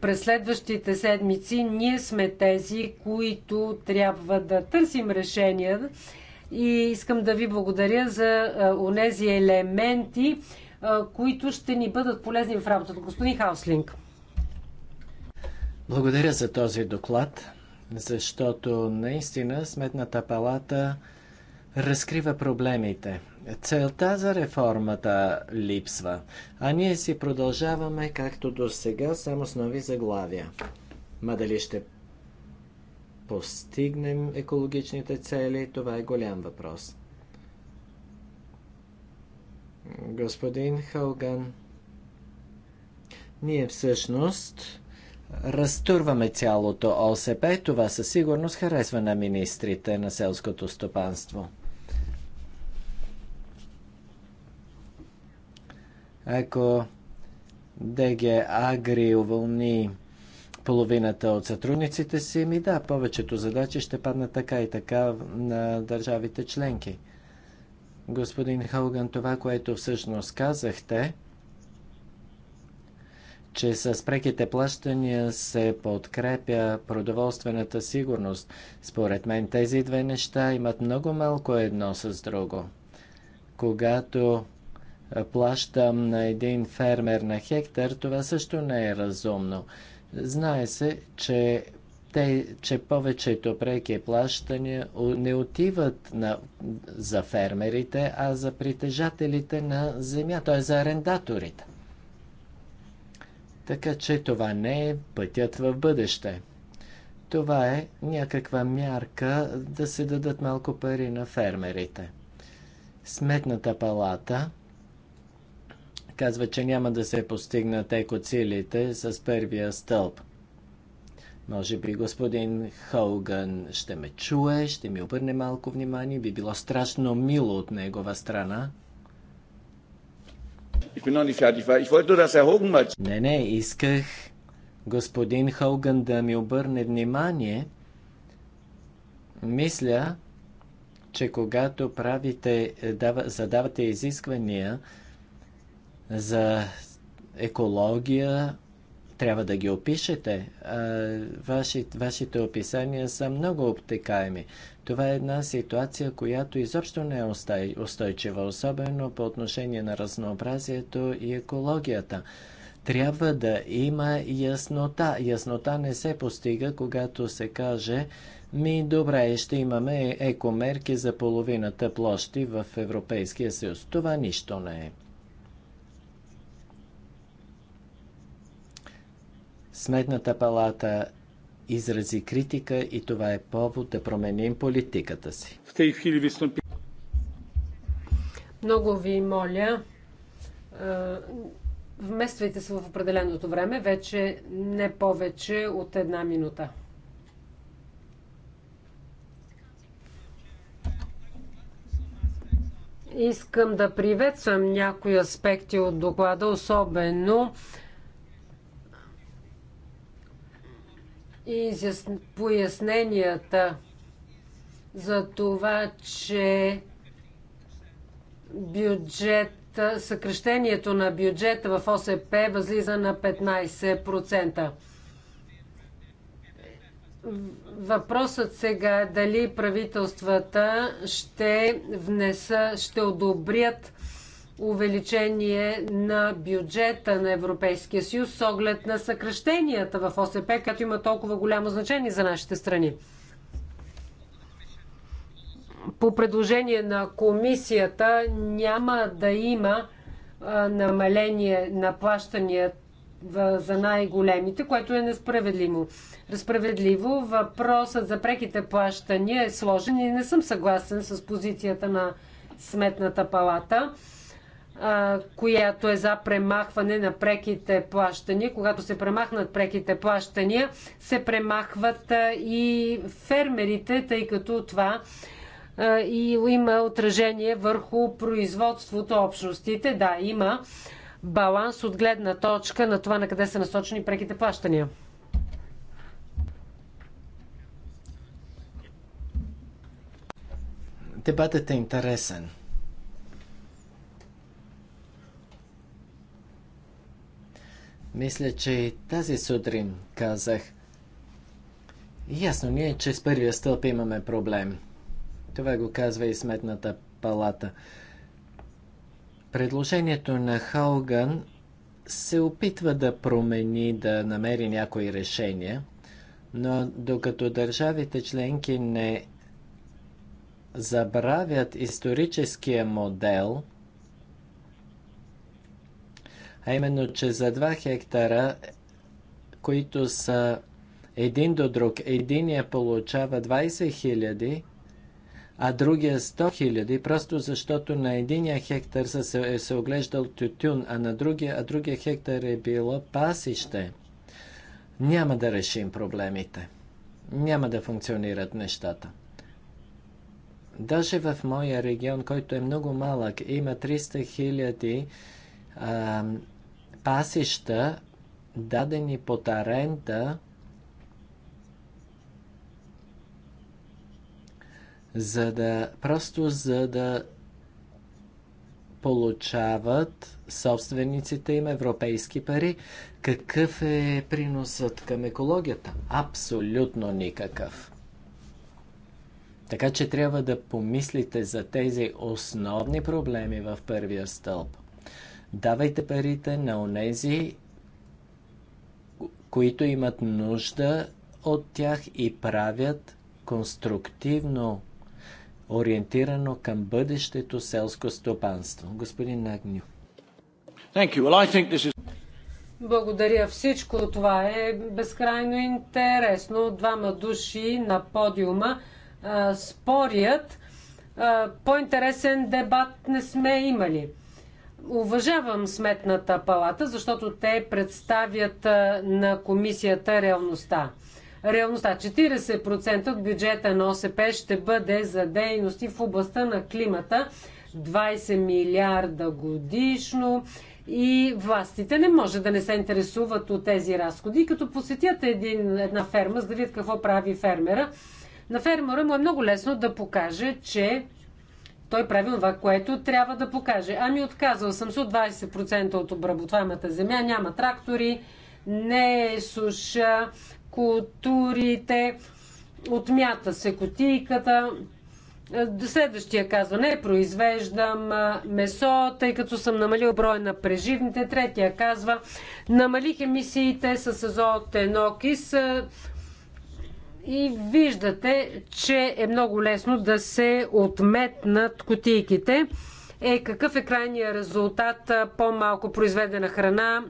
през следващите седмици ние сме тези, които трябва да търсим решения и искам да ви благодаря за онези елементи, които ще ни бъдат полезни в работата. Господин Хауслинг. Благодаря за този доклад, защото наистина Сметната палата разкрива проблемите – Целта за реформата липсва, а ние си продължаваме както до сега, само с нови заглавия. Ма дали ще постигнем екологичните цели, това е голям въпрос. Господин Хълган, ние всъщност разтурваме цялото ОСП, това със сигурност харесва на министрите на селското стопанство. Ако ДГ Агри уволни половината от сътрудниците си, ми да, повечето задачи ще паднат така и така на държавите членки. Господин Хоган, това, което всъщност казахте, че с преките плащания се подкрепя продоволствената сигурност. Според мен тези две неща имат много малко едно с друго. Когато плащам на един фермер на хектар, това също не е разумно. Знае се, че, те, че повечето преки плащания не отиват на, за фермерите, а за притежателите на земя, т.е. за арендаторите. Така че това не е пътят в бъдеще. Това е някаква мярка да се дадат малко пари на фермерите. Сметната палата – казва, че няма да се постигнат екоцилите с първия стълб. Може би господин Хоуган ще ме чуе, ще ми обърне малко внимание. Би било страшно мило от негова страна. Не, не, исках господин Хоуган да ми обърне внимание. Мисля, че когато правите, задавате изисквания, за екология, трябва да ги опишете. Ваши, вашите описания са много обтекаеми. Това е една ситуация, която изобщо не е устойчива, особено по отношение на разнообразието и екологията. Трябва да има яснота. Яснота не се постига, когато се каже ми добре, ще имаме е-, екомерки за половината площи в Европейския съюз. Това нищо не е. Сметната палата изрази критика и това е повод да променим политиката си. В Много ви моля, вмествайте се в определеното време, вече не повече от една минута. Искам да приветствам някои аспекти от доклада, особено и поясненията за това, че бюджет, съкрещението на бюджета в ОСП възлиза на 15%. Въпросът сега е дали правителствата ще внеса, ще одобрят увеличение на бюджета на Европейския съюз с оглед на съкръщенията в ОСП, като има толкова голямо значение за нашите страни. По предложение на комисията няма да има намаление на плащания за най-големите, което е несправедливо. Разправедливо въпросът за преките плащания е сложен и не съм съгласен с позицията на Сметната палата която е за премахване на преките плащания. Когато се премахнат преките плащания, се премахват и фермерите, тъй като това и има отражение върху производството, общностите. Да, има баланс от гледна точка на това на къде са насочени преките плащания. Дебатът е интересен. Мисля, че тази сутрин казах. Ясно ни е, че с първия стълб имаме проблем. Това го казва и сметната палата. Предложението на Хауган се опитва да промени, да намери някои решения, но докато държавите членки не забравят историческия модел – а именно, че за 2 хектара, които са един до друг, единия получава 20 хиляди, а другия 100 хиляди, просто защото на единия хектар се, е се оглеждал тютюн, а на другия, а другия хектар е било пасище. Няма да решим проблемите. Няма да функционират нещата. Даже в моя регион, който е много малък, има 300 хиляди 000 а, пасища, дадени под тарента. за да, просто за да получават собствениците им европейски пари. Какъв е приносът към екологията? Абсолютно никакъв. Така че трябва да помислите за тези основни проблеми в първия стълб. Давайте парите на онези, които имат нужда от тях и правят конструктивно ориентирано към бъдещето селско стопанство. Господин Нагню. Благодаря. Всичко това е безкрайно интересно. Двама души на подиума а, спорят. А, по-интересен дебат не сме имали. Уважавам сметната палата, защото те представят на комисията реалността. Реалността 40% от бюджета на ОСП ще бъде за дейности в областта на климата 20 милиарда годишно и властите не може да не се интересуват от тези разходи. Като посетят един, една ферма, за да видят какво прави фермера, на фермера му е много лесно да покаже, че той прави това, което трябва да покаже. Ами отказал съм се от 20% от обработваемата земя, няма трактори, не е суша, културите, отмята се котийката. Следващия казва, не произвеждам месо, тъй като съм намалил броя на преживните. Третия казва, намалих емисиите с азотен окис, и виждате, че е много лесно да се отметнат кутийките. Е, какъв е крайният резултат? По-малко произведена храна,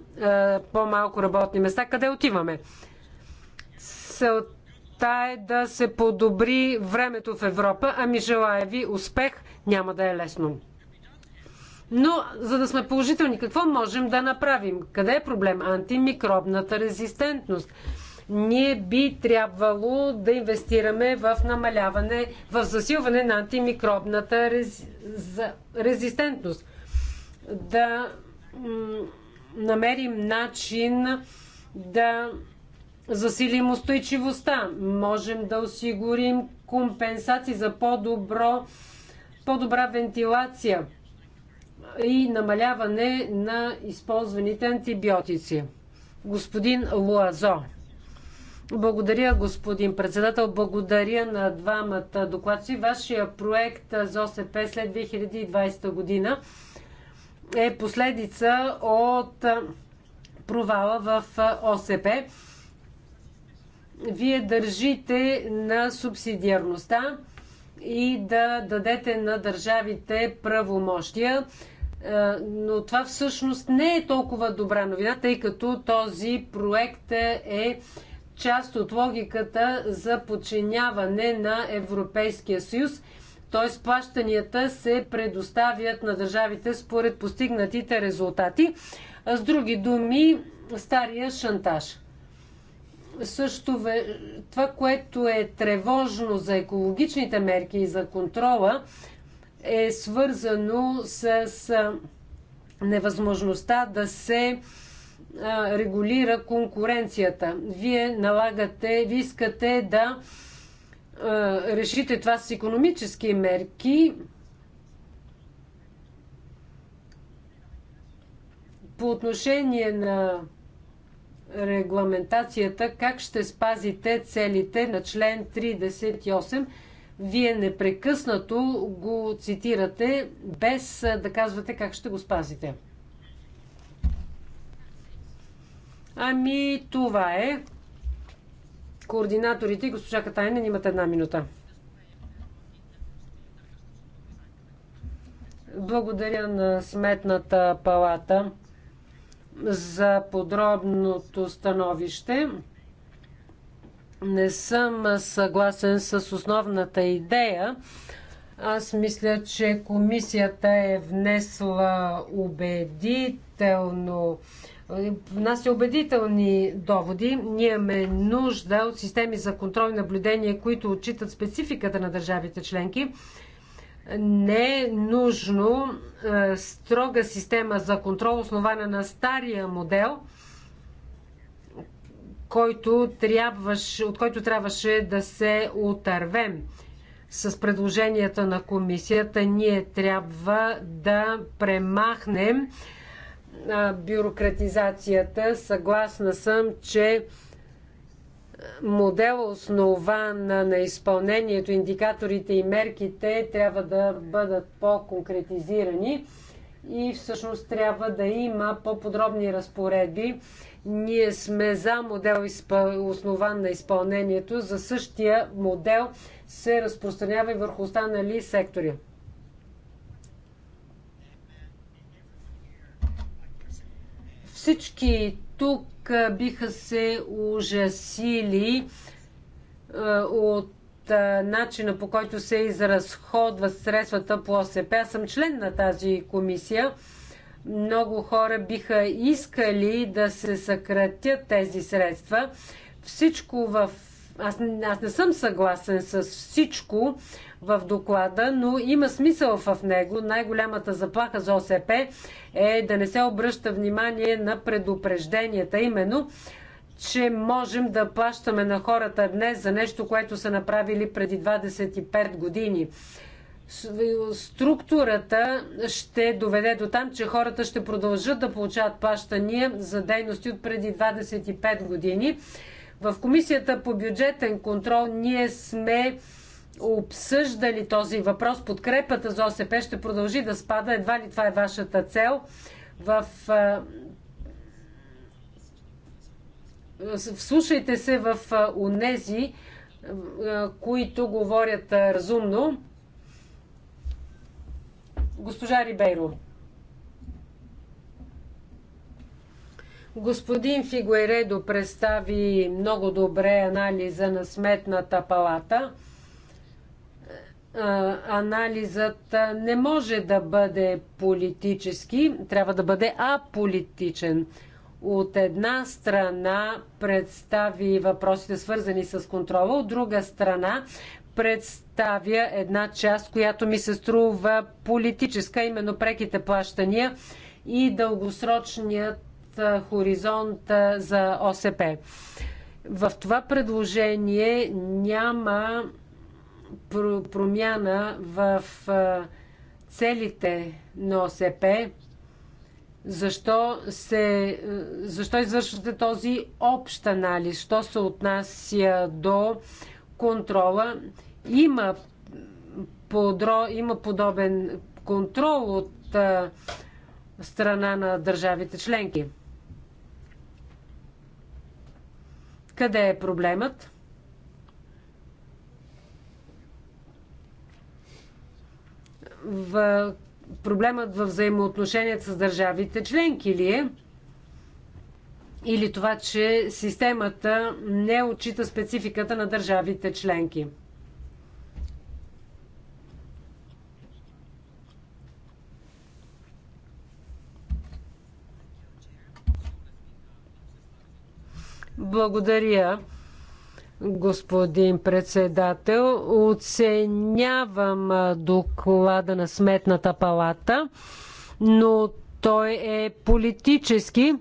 по-малко работни места. Къде отиваме? Целта е да се подобри времето в Европа. Ами желая ви успех. Няма да е лесно. Но, за да сме положителни, какво можем да направим? Къде е проблем? Антимикробната резистентност – ние би трябвало да инвестираме в намаляване, в засилване на антимикробната рез... резистентност. Да намерим начин да засилим устойчивостта. Можем да осигурим компенсации за по-добро, по-добра вентилация и намаляване на използваните антибиотици. Господин Луазо. Благодаря, господин председател. Благодаря на двамата докладчи. Вашия проект за ОСП след 2020 година е последица от провала в ОСП. Вие държите на субсидиарността и да дадете на държавите правомощия. Е, но това всъщност не е толкова добра новина, тъй като този проект е част от логиката за подчиняване на Европейския съюз, т.е. плащанията се предоставят на държавите според постигнатите резултати. С други думи, стария шантаж. Също това, което е тревожно за екологичните мерки и за контрола, е свързано с невъзможността да се регулира конкуренцията. Вие налагате, ви искате да решите това с економически мерки. По отношение на регламентацията, как ще спазите целите на член 38? Вие непрекъснато го цитирате, без да казвате как ще го спазите. Ами, това е. Координаторите и госпожа Катайнен имат една минута. Благодаря на Сметната палата за подробното становище. Не съм съгласен с основната идея. Аз мисля, че комисията е внесла убедително Наси убедителни доводи. Ние имаме нужда от системи за контрол и наблюдение, които отчитат спецификата на държавите членки. Не е нужно е, строга система за контрол, основана на стария модел, който трябваше, от който трябваше да се отървем с предложенията на комисията, ние трябва да премахнем бюрократизацията. Съгласна съм, че модел основан на изпълнението, индикаторите и мерките трябва да бъдат по-конкретизирани и всъщност трябва да има по-подробни разпоредби. Ние сме за модел основан на изпълнението. За същия модел се разпространява и върху останали сектори. Всички тук биха се ужасили от начина по който се изразходват средствата по ОСП. Аз съм член на тази комисия. Много хора биха искали да се съкратят тези средства. Всичко в. Аз, аз не съм съгласен с всичко в доклада, но има смисъл в него. Най-голямата заплаха за ОСП е да не се обръща внимание на предупрежденията, именно че можем да плащаме на хората днес за нещо, което са направили преди 25 години. Структурата ще доведе до там, че хората ще продължат да получават плащания за дейности от преди 25 години. В Комисията по бюджетен контрол ние сме обсъждали този въпрос. Подкрепата за ОСП ще продължи да спада. Едва ли това е вашата цел. В вслушайте се в онези, които говорят разумно. Госпожа Рибейро. Господин Фигуередо представи много добре анализа на сметната палата – анализът не може да бъде политически, трябва да бъде аполитичен. От една страна представи въпросите свързани с контрола, от друга страна представя една част, която ми се струва политическа, именно преките плащания и дългосрочният хоризонт за ОСП. В това предложение няма промяна в целите на ОСП. Защо, се, защо извършвате този общ анализ? Що се отнася до контрола? Има, подро, има подобен контрол от а, страна на държавите членки. Къде е проблемът? в проблемът в взаимоотношенията с държавите членки ли е? Или това, че системата не отчита спецификата на държавите членки? Благодаря господин председател. Оценявам доклада на Сметната палата, но той е политически.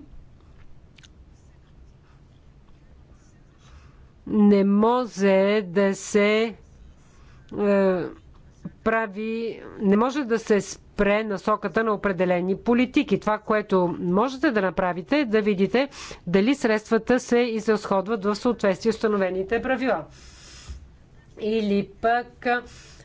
Не може да се е, прави, не може да се спи спре насоката на определени политики. Това, което можете да направите е да видите дали средствата се изразходват в съответствие с установените правила. Или пък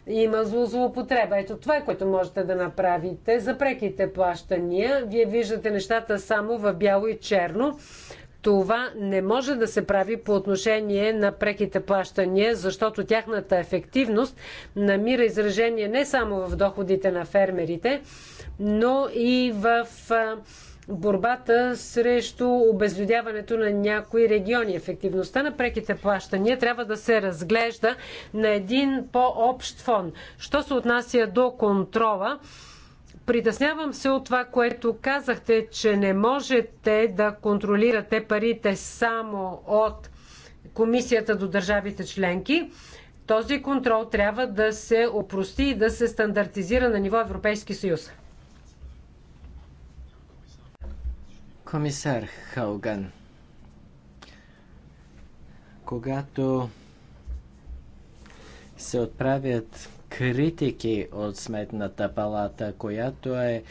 има злоупотреба. Ето това е което можете да направите за преките плащания. Вие виждате нещата само в бяло и черно. Това не може да се прави по отношение на преките плащания, защото тяхната ефективност намира изражение не само в доходите на фермерите, но и в борбата срещу обезлюдяването на някои региони. Ефективността на преките плащания трябва да се разглежда на един по-общ фон. Що се отнася до контрола, Притеснявам се от това, което казахте, че не можете да контролирате парите само от комисията до държавите членки. Този контрол трябва да се опрости и да се стандартизира на ниво Европейски съюз. Комисар Хауган, когато се отправят критики от Сметната палата, която е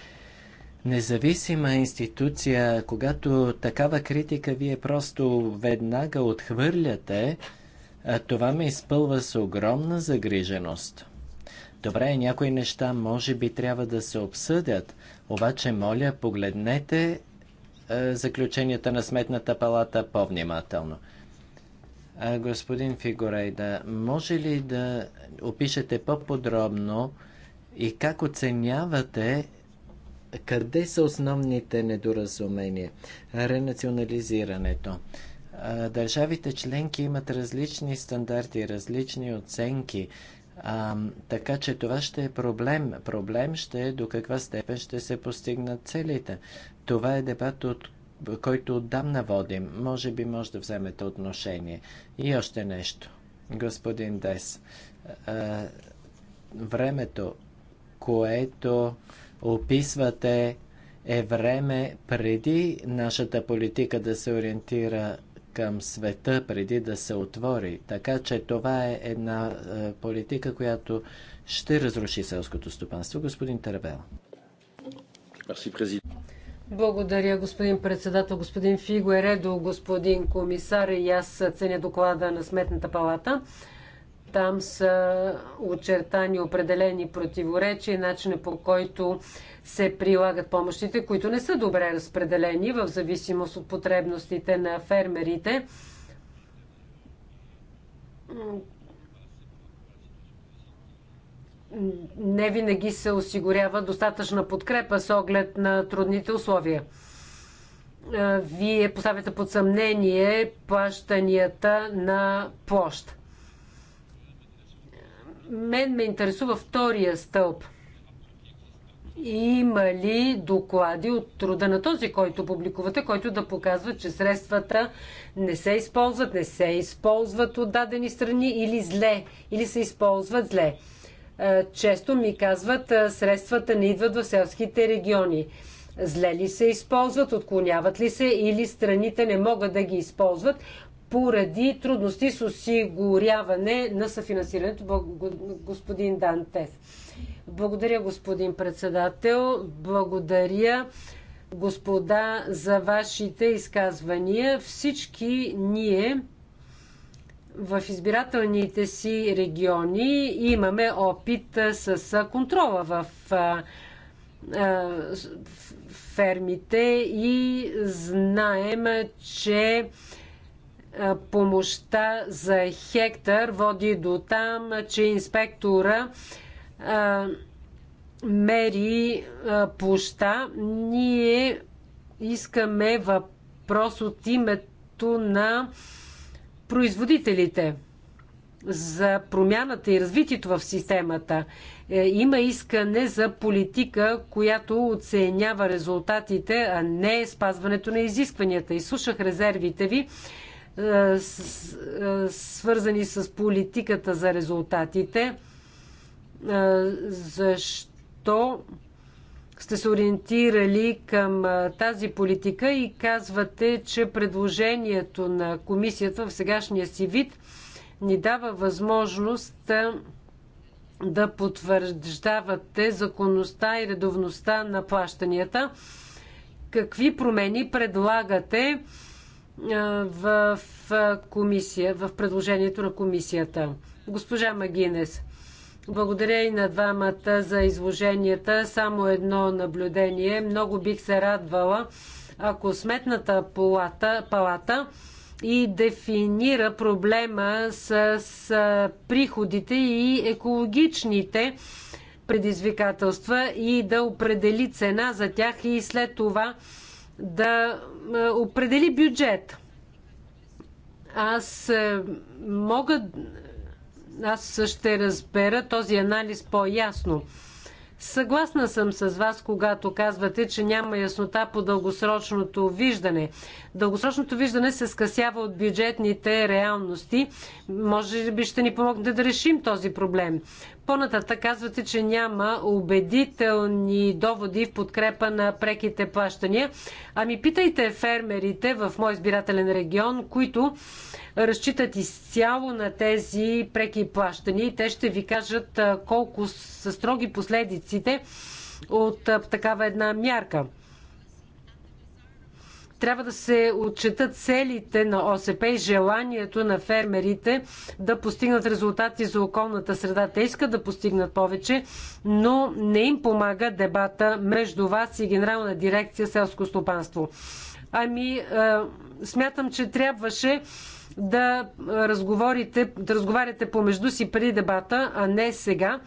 независима институция, когато такава критика вие просто веднага отхвърляте, това ме изпълва с огромна загриженост. Добре, някои неща може би трябва да се обсъдят, обаче моля, погледнете е, заключенията на Сметната палата по-внимателно. господин Фигурейда, може ли да опишете по-подробно и как оценявате къде са основните недоразумения? Ренационализирането. Държавите членки имат различни стандарти, различни оценки. А, така че това ще е проблем. Проблем ще е до каква степен ще се постигнат целите. Това е дебат, от който отдавна водим. Може би може да вземете отношение. И още нещо. Господин Дес, е, времето, което описвате, е време преди нашата политика да се ориентира към света, преди да се отвори. Така че това е една е, политика, която ще разруши селското стопанство. Господин Тарабел. Благодаря, господин председател, господин Фигуередо, господин комисар и аз ценя доклада на Сметната палата. Там са очертани определени противоречия и начина по който се прилагат помощите, които не са добре разпределени в зависимост от потребностите на фермерите. Не винаги се осигурява достатъчна подкрепа с оглед на трудните условия вие поставяте под съмнение плащанията на площ мен ме интересува втория стълб. Има ли доклади от труда на този, който публикувате, който да показва, че средствата не се използват, не се използват от дадени страни или зле, или се използват зле? Е, често ми казват, е, средствата не идват в селските региони. Зле ли се използват, отклоняват ли се или страните не могат да ги използват? поради трудности с осигуряване на съфинансирането. Господин Дантес. Благодаря, господин председател. Благодаря, господа, за вашите изказвания. Всички ние в избирателните си региони имаме опит с контрола в фермите и знаем, че помощта за хектар води до там, че инспектора мери площа. Ние искаме въпрос от името на производителите за промяната и развитието в системата. Е, има искане за политика, която оценява резултатите, а не спазването на изискванията. Изслушах резервите ви е, е, свързани с политиката за резултатите. Е, защо сте се ориентирали към тази политика и казвате, че предложението на комисията в сегашния си вид ни дава възможност да потвърждавате законността и редовността на плащанията. Какви промени предлагате? в комисия, в предложението на комисията. Госпожа Магинес, благодаря и на двамата за изложенията. Само едно наблюдение. Много бих се радвала, ако сметната палата, палата и дефинира проблема с, с приходите и екологичните предизвикателства и да определи цена за тях и след това да определи бюджет. Аз е, мога. Аз ще разбера този анализ по-ясно. Съгласна съм с вас, когато казвате, че няма яснота по дългосрочното виждане. Дългосрочното виждане се скъсява от бюджетните реалности. Може би ще ни помогнете да решим този проблем. По-нататък казвате, че няма убедителни доводи в подкрепа на преките плащания. Ами питайте фермерите в мой избирателен регион, които разчитат изцяло на тези преки плащания и те ще ви кажат колко са строги последиците от такава една мярка. Трябва да се отчетат целите на ОСП и желанието на фермерите да постигнат резултати за околната среда. Те искат да постигнат повече, но не им помага дебата между вас и Генерална дирекция селско стопанство. Ами, смятам, че трябваше да, разговорите, да разговаряте помежду си преди дебата, а не сега.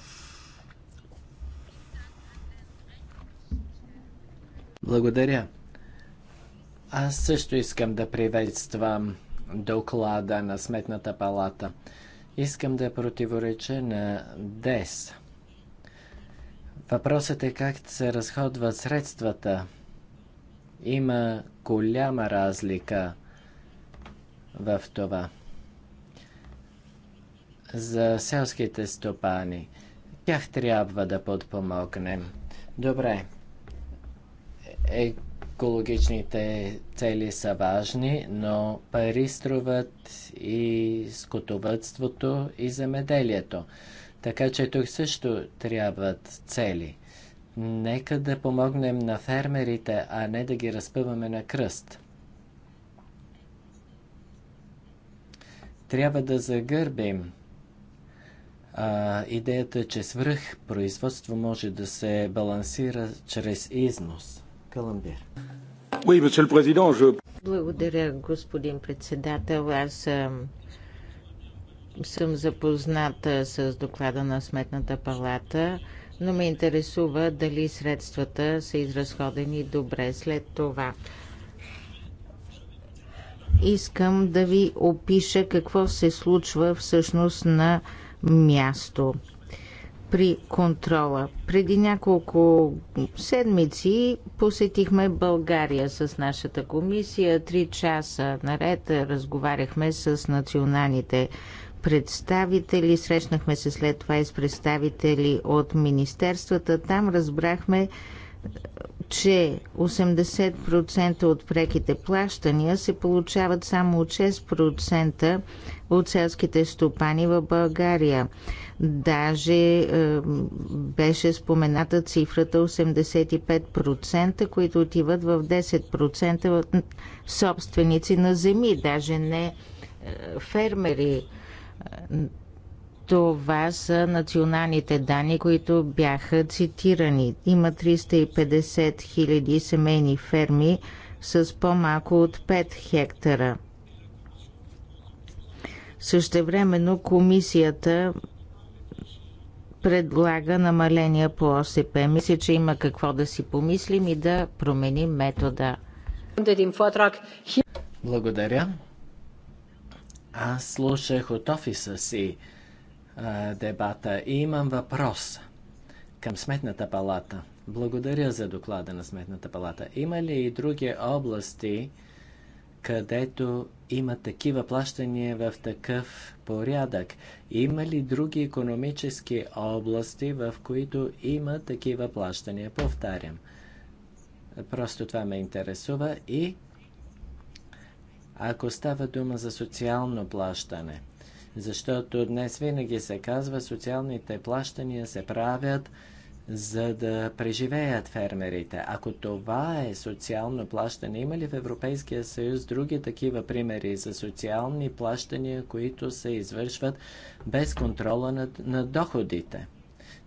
Благодаря. Аз също искам да приветствам доклада на Сметната палата. Искам да противореча на ДЕС. Въпросът е как се разходват средствата. Има голяма разлика в това. За селските стопани. Тях трябва да подпомогнем. Добре. Екологичните цели са важни, но пари струват и скотовътството и земеделието. Така че тук също трябват цели. Нека да помогнем на фермерите, а не да ги разпъваме на кръст. Трябва да загърбим а, идеята, че свръхпроизводство може да се балансира чрез износ. Каламбир. Благодаря, господин председател. Аз съм, съм запозната с доклада на Сметната палата, но ме интересува дали средствата са изразходени добре след това искам да ви опиша какво се случва всъщност на място при контрола. Преди няколко седмици посетихме България с нашата комисия. Три часа наред разговаряхме с националните представители. Срещнахме се след това и с представители от министерствата. Там разбрахме, че 80% от преките плащания се получават само от 6% от селските стопани в България. Даже е, беше спомената цифрата 85%, които отиват в 10% от собственици на земи, даже не е, фермери това са националните данни, които бяха цитирани. Има 350 хиляди семейни ферми с по-малко от 5 хектара. Същевременно комисията предлага намаления по ОСП. Мисля, че има какво да си помислим и да променим метода. Благодаря. Аз слушах от офиса си дебата. И имам въпрос към Сметната палата. Благодаря за доклада на Сметната палата. Има ли и други области, където има такива плащания в такъв порядък? Има ли други економически области, в които има такива плащания? Повтарям. Просто това ме интересува и ако става дума за социално плащане, защото днес винаги се казва, социалните плащания се правят за да преживеят фермерите. Ако това е социално плащане, има ли в Европейския съюз други такива примери за социални плащания, които се извършват без контрола над, на доходите?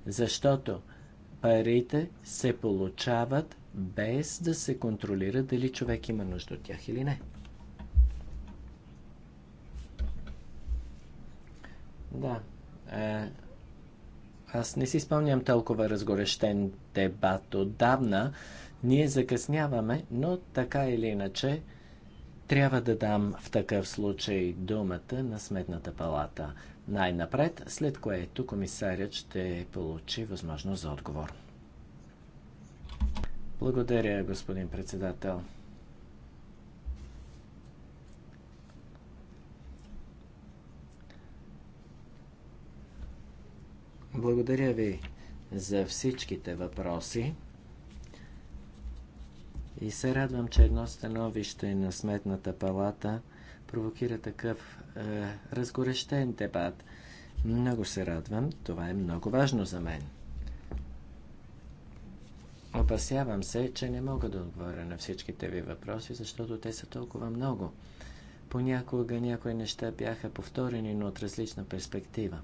Защото парите се получават без да се контролира дали човек има нужда от тях или не. Да. Е, аз не си спомням толкова разгорещен дебат отдавна. Ние закъсняваме, но така или иначе трябва да дам в такъв случай думата на Сметната палата най-напред, след което комисарят ще получи възможност за отговор. Благодаря, господин председател. Благодаря ви за всичките въпроси. И се радвам, че едно становище на Сметната палата провокира такъв е, разгорещен дебат. Много се радвам. Това е много важно за мен. Опасявам се, че не мога да отговоря на всичките ви въпроси, защото те са толкова много. Понякога някои неща бяха повторени, но от различна перспектива.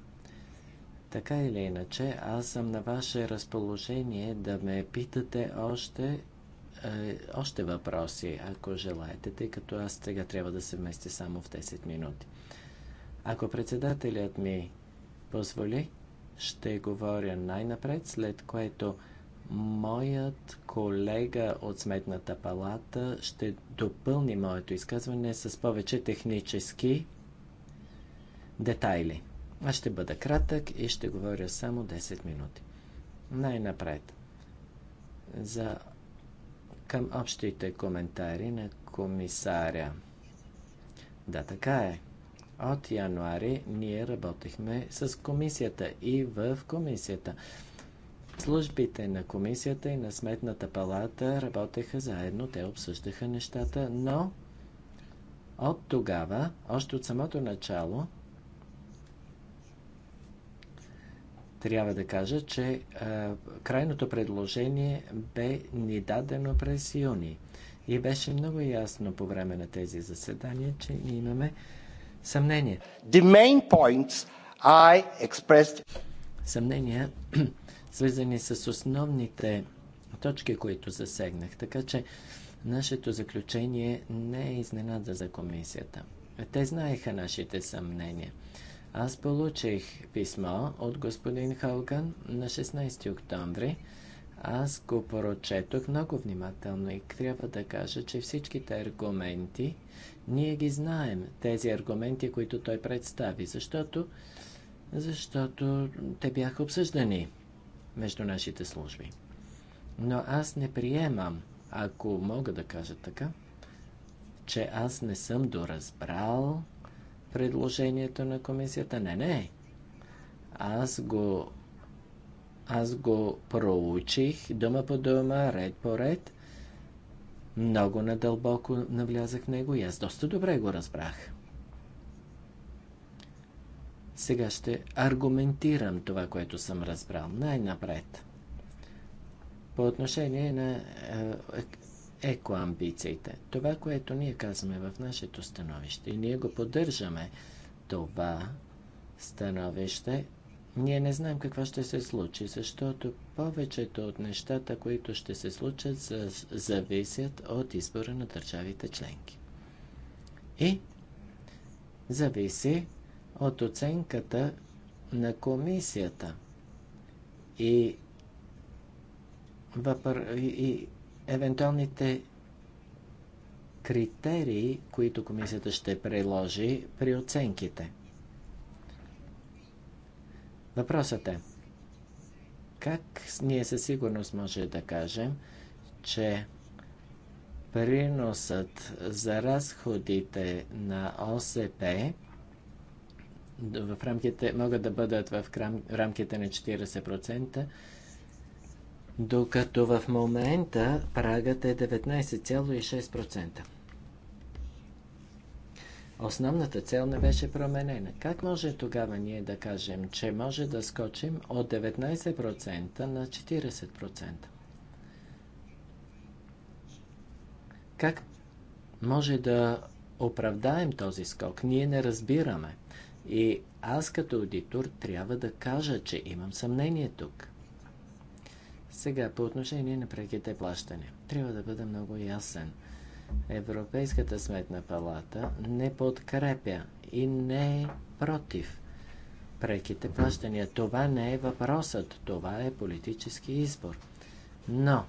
Така или иначе, аз съм на ваше разположение да ме питате още, е, още въпроси, ако желаете, тъй като аз сега трябва да се вместя само в 10 минути. Ако председателят ми позволи, ще говоря най-напред, след което моят колега от Сметната палата ще допълни моето изказване с повече технически детайли. Аз ще бъда кратък и ще говоря само 10 минути. Най-напред. За към общите коментари на комисаря. Да, така е. От януари ние работихме с комисията и в комисията. Службите на комисията и на сметната палата работеха заедно, те обсъждаха нещата, но от тогава, още от самото начало, трябва да кажа, че а, е, крайното предложение бе ни дадено през юни. И беше много ясно по време на тези заседания, че ние имаме съмнение. The main points I expressed... Съмнения, свързани с основните точки, които засегнах. Така че нашето заключение не е изненада за комисията. Те знаеха нашите съмнения. Аз получих писмо от господин Халган на 16 октомври. Аз го прочетох много внимателно и трябва да кажа, че всичките аргументи, ние ги знаем, тези аргументи, които той представи, защото, защото те бяха обсъждани между нашите служби. Но аз не приемам, ако мога да кажа така, че аз не съм доразбрал предложението на комисията. Не, не. Аз го, аз го проучих дума по дума, ред по ред. Много надълбоко навлязах в него и аз доста добре го разбрах. Сега ще аргументирам това, което съм разбрал най-напред. По отношение на е, екоамбициите. Това, което ние казваме в нашето становище, и ние го поддържаме, това становище, ние не знаем какво ще се случи, защото повечето от нещата, които ще се случат, зависят от избора на държавите членки. И зависи от оценката на комисията. И, въпър... и евентуалните критерии, които комисията ще приложи при оценките. Въпросът е, как ние със сигурност може да кажем, че приносът за разходите на ОСП в рамките, могат да бъдат в рамките на 40%, докато в момента прагът е 19,6%. Основната цел не беше променена. Как може тогава ние да кажем, че може да скочим от 19% на 40%? Как може да оправдаем този скок? Ние не разбираме. И аз като аудитор трябва да кажа, че имам съмнение тук. Сега, по отношение на преките плащания. Трябва да бъда много ясен. Европейската сметна палата не подкрепя и не е против преките плащания. Това не е въпросът, това е политически избор. Но,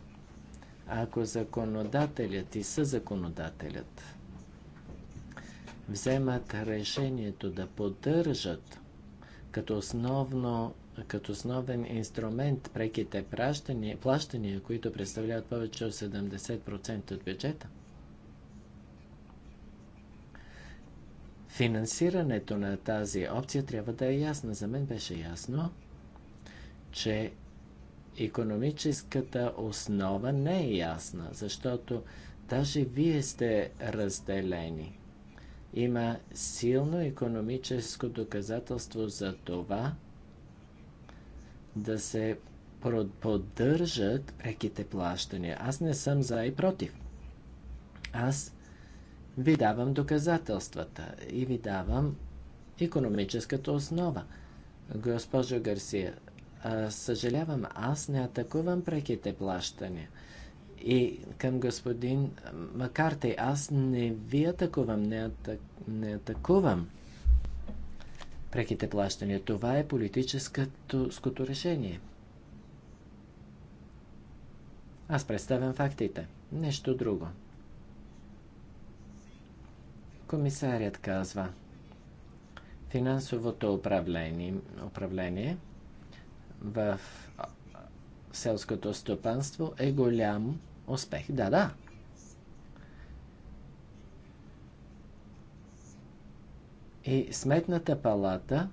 ако законодателят и съзаконодателят вземат решението да поддържат като основно като основен инструмент преките плащания, плащания които представляват повече от 70% от бюджета. Финансирането на тази опция трябва да е ясна. За мен беше ясно, че економическата основа не е ясна, защото даже вие сте разделени. Има силно економическо доказателство за това, да се поддържат преките плащания. Аз не съм за и против. Аз ви давам доказателствата и ви давам економическата основа. Госпожо Гарсия, съжалявам, аз не атакувам преките плащания. И към господин Макарте, аз не ви атакувам, не, атак... не атакувам преките плащания. Това е политическото решение. Аз представям фактите. Нещо друго. Комисарят казва, финансовото управление, управление в селското стопанство е голям успех. Да, да, И Сметната палата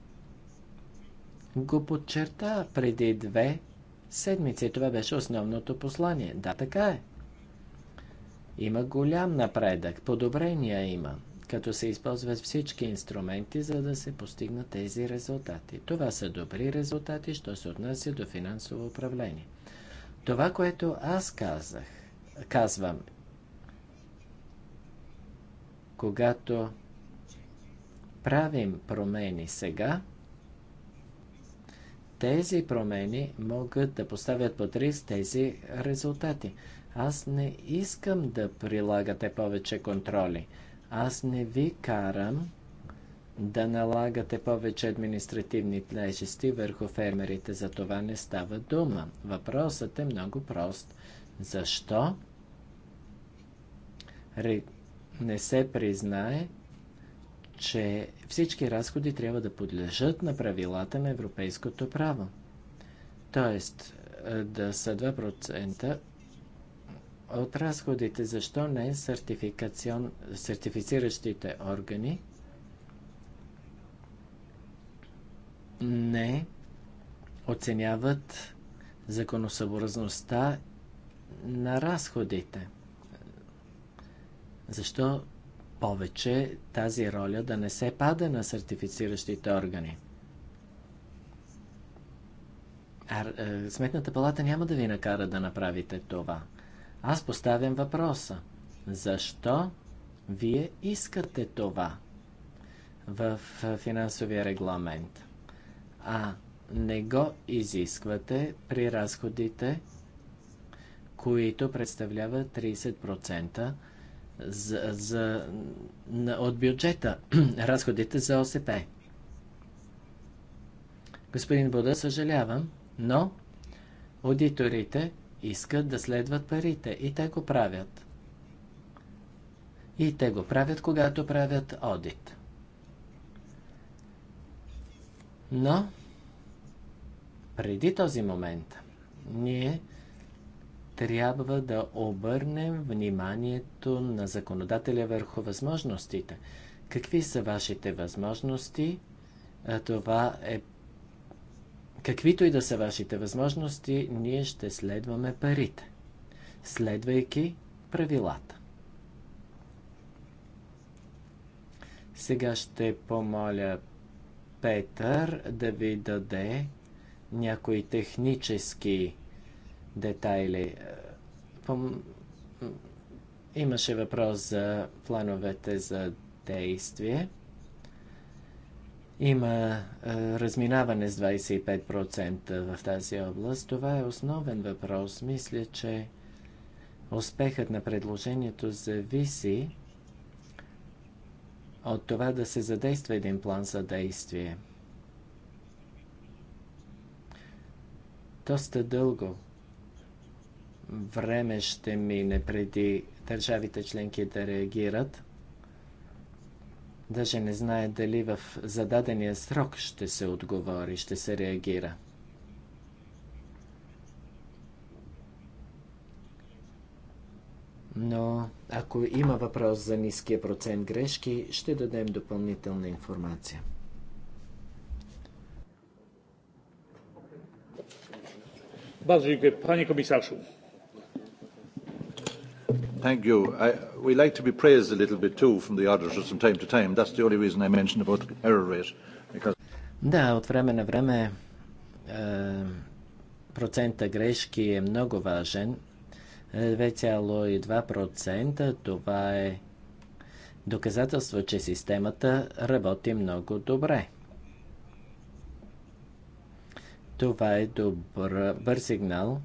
го подчерта преди две седмици. Това беше основното послание. Да, така е. Има голям напредък, подобрения има, като се използват всички инструменти, за да се постигнат тези резултати. Това са добри резултати, що се отнася до финансово управление. Това, което аз казах, казвам, когато правим промени сега, тези промени могат да поставят под риск тези резултати. Аз не искам да прилагате повече контроли. Аз не ви карам да налагате повече административни тежести върху фермерите. За това не става дума. Въпросът е много прост. Защо не се признае че всички разходи трябва да подлежат на правилата на европейското право. Тоест, е, да са 2% от разходите, защо не сертифициращите органи не оценяват законосъобразността на разходите. Защо повече тази роля да не се пада на сертифициращите органи. А, е, сметната палата няма да ви накара да направите това. Аз поставям въпроса. Защо вие искате това в е, финансовия регламент? А не го изисквате при разходите, които представляват 30% за, за, на, от бюджета разходите за ОСП. Господин Буда, съжалявам, но аудиторите искат да следват парите и те го правят. И те го правят, когато правят одит. Но, преди този момент, ние трябва да обърнем вниманието на законодателя върху възможностите. Какви са вашите възможности? Това е. Каквито и да са вашите възможности, ние ще следваме парите, следвайки правилата. Сега ще помоля Петър да ви даде някои технически детайли. Е, пом... Имаше въпрос за плановете за действие. Има е, разминаване с 25% в тази област. Това е основен въпрос. Мисля, че успехът на предложението зависи от това да се задейства един план за действие. Доста дълго време ще мине преди държавите членки да реагират. Даже не знае дали в зададения срок ще се отговори, ще се реагира. Но ако има въпрос за ниския процент грешки, ще дадем допълнителна информация. Bardzo dziękuję. Panie komisarzu. Thank you. I, we like to be praised a little bit too from the auditors from time to time. That's the only reason I mentioned about the error rate. Because... Да, от време на време е, процента грешки е много важен. 2,2% е, това е доказателство, че системата работи много добре. Това е добър, бърз сигнал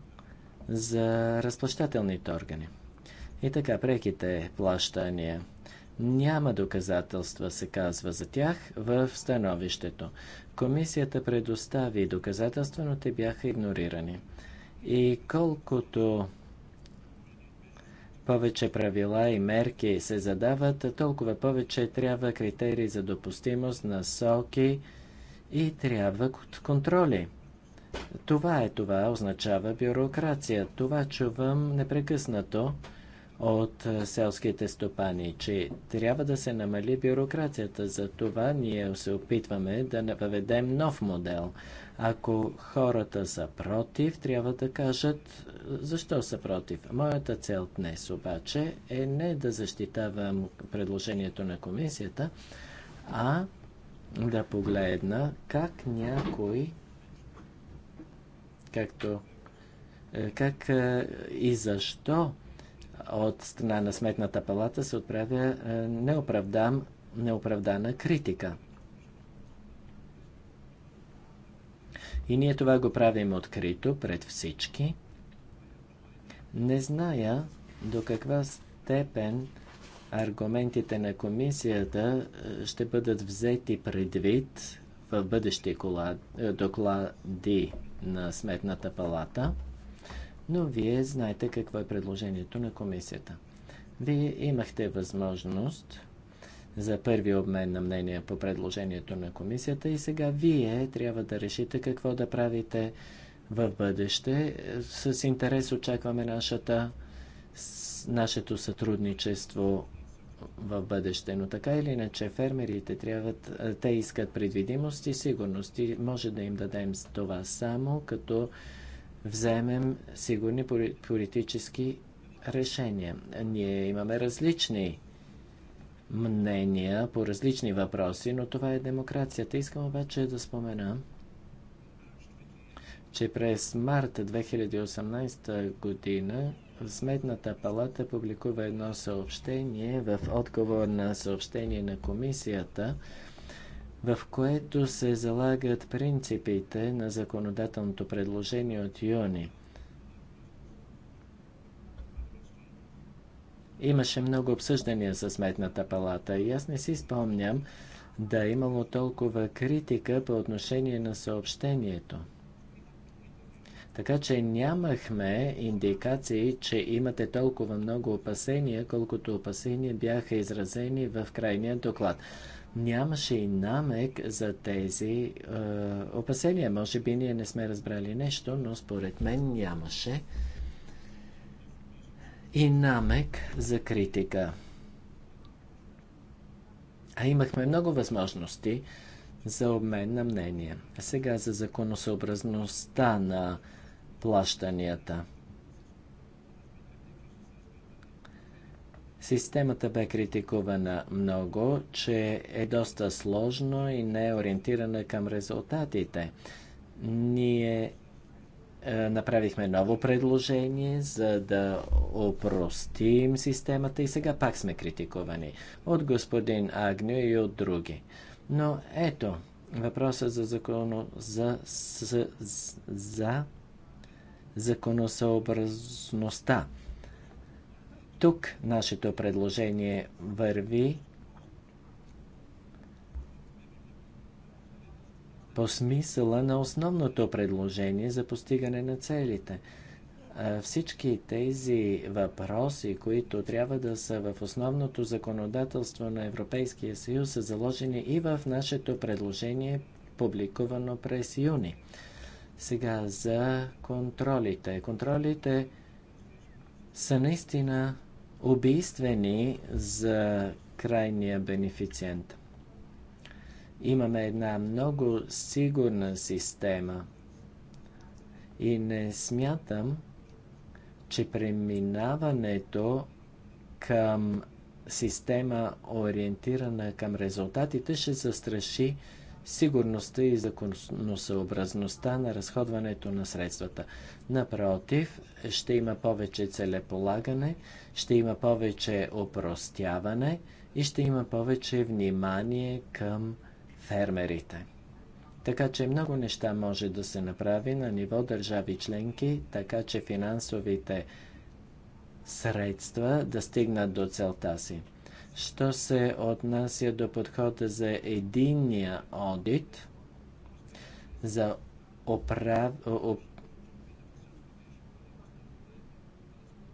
за разплащателните органи. И така, преките плащания. Няма доказателства, се казва за тях в становището. Комисията предостави доказателства, но те бяха игнорирани. И колкото повече правила и мерки се задават, толкова повече трябва критерии за допустимост, насоки и трябва контроли. Това е това, означава бюрокрация. Това чувам непрекъснато от селските стопани, че трябва да се намали бюрокрацията. За това ние се опитваме да въведем нов модел. Ако хората са против, трябва да кажат защо са против. Моята цел днес обаче е не да защитавам предложението на комисията, а да погледна как някой, както е, как е, и защо от страна на Сметната палата се отправя е, неоправдан, неоправдана критика. И ние това го правим открито пред всички. Не зная до каква степен аргументите на комисията е, ще бъдат взети предвид в бъдещи е, доклади на Сметната палата – но вие знаете какво е предложението на комисията. Вие имахте възможност за първи обмен на мнения по предложението на комисията и сега вие трябва да решите какво да правите в бъдеще. С интерес очакваме нашата, нашето сътрудничество в бъдеще. Но така или иначе фермерите трябва, те искат предвидимост и сигурност и може да им дадем това само като вземем сигурни политически решения. Ние имаме различни мнения по различни въпроси, но това е демокрацията. Искам обаче да спомена, че през март 2018 година Сметната палата публикува едно съобщение в отговор на съобщение на комисията – в което се залагат принципите на законодателното предложение от юни. Имаше много обсъждания за Сметната палата и аз не си спомням да е имало толкова критика по отношение на съобщението. Така че нямахме индикации, че имате толкова много опасения, колкото опасения бяха изразени в крайния доклад нямаше и намек за тези е, опасения. Може би ние не сме разбрали нещо, но според мен нямаше и намек за критика. А имахме много възможности за обмен на мнение. А сега за законосъобразността на плащанията – Системата бе критикувана много, че е доста сложно и не е ориентирана към резултатите. Ние е, направихме ново предложение, за да опростим системата и сега пак сме критикувани от господин Агню и от други. Но ето, въпросът за, законо, за, за, за законосъобразността тук нашето предложение върви по смисъла на основното предложение за постигане на целите. Всички тези въпроси, които трябва да са в основното законодателство на Европейския съюз, са заложени и в нашето предложение, публикувано през юни. Сега за контролите. Контролите са наистина убийствени за крайния бенефициент. Имаме една много сигурна система и не смятам, че преминаването към система ориентирана към резултатите ще застраши сигурността и законосъобразността на разходването на средствата. Напротив, ще има повече целеполагане, ще има повече опростяване и ще има повече внимание към фермерите. Така че много неща може да се направи на ниво държави членки, така че финансовите средства да стигнат до целта си. Що се отнася до подхода за единния одит, за оправ...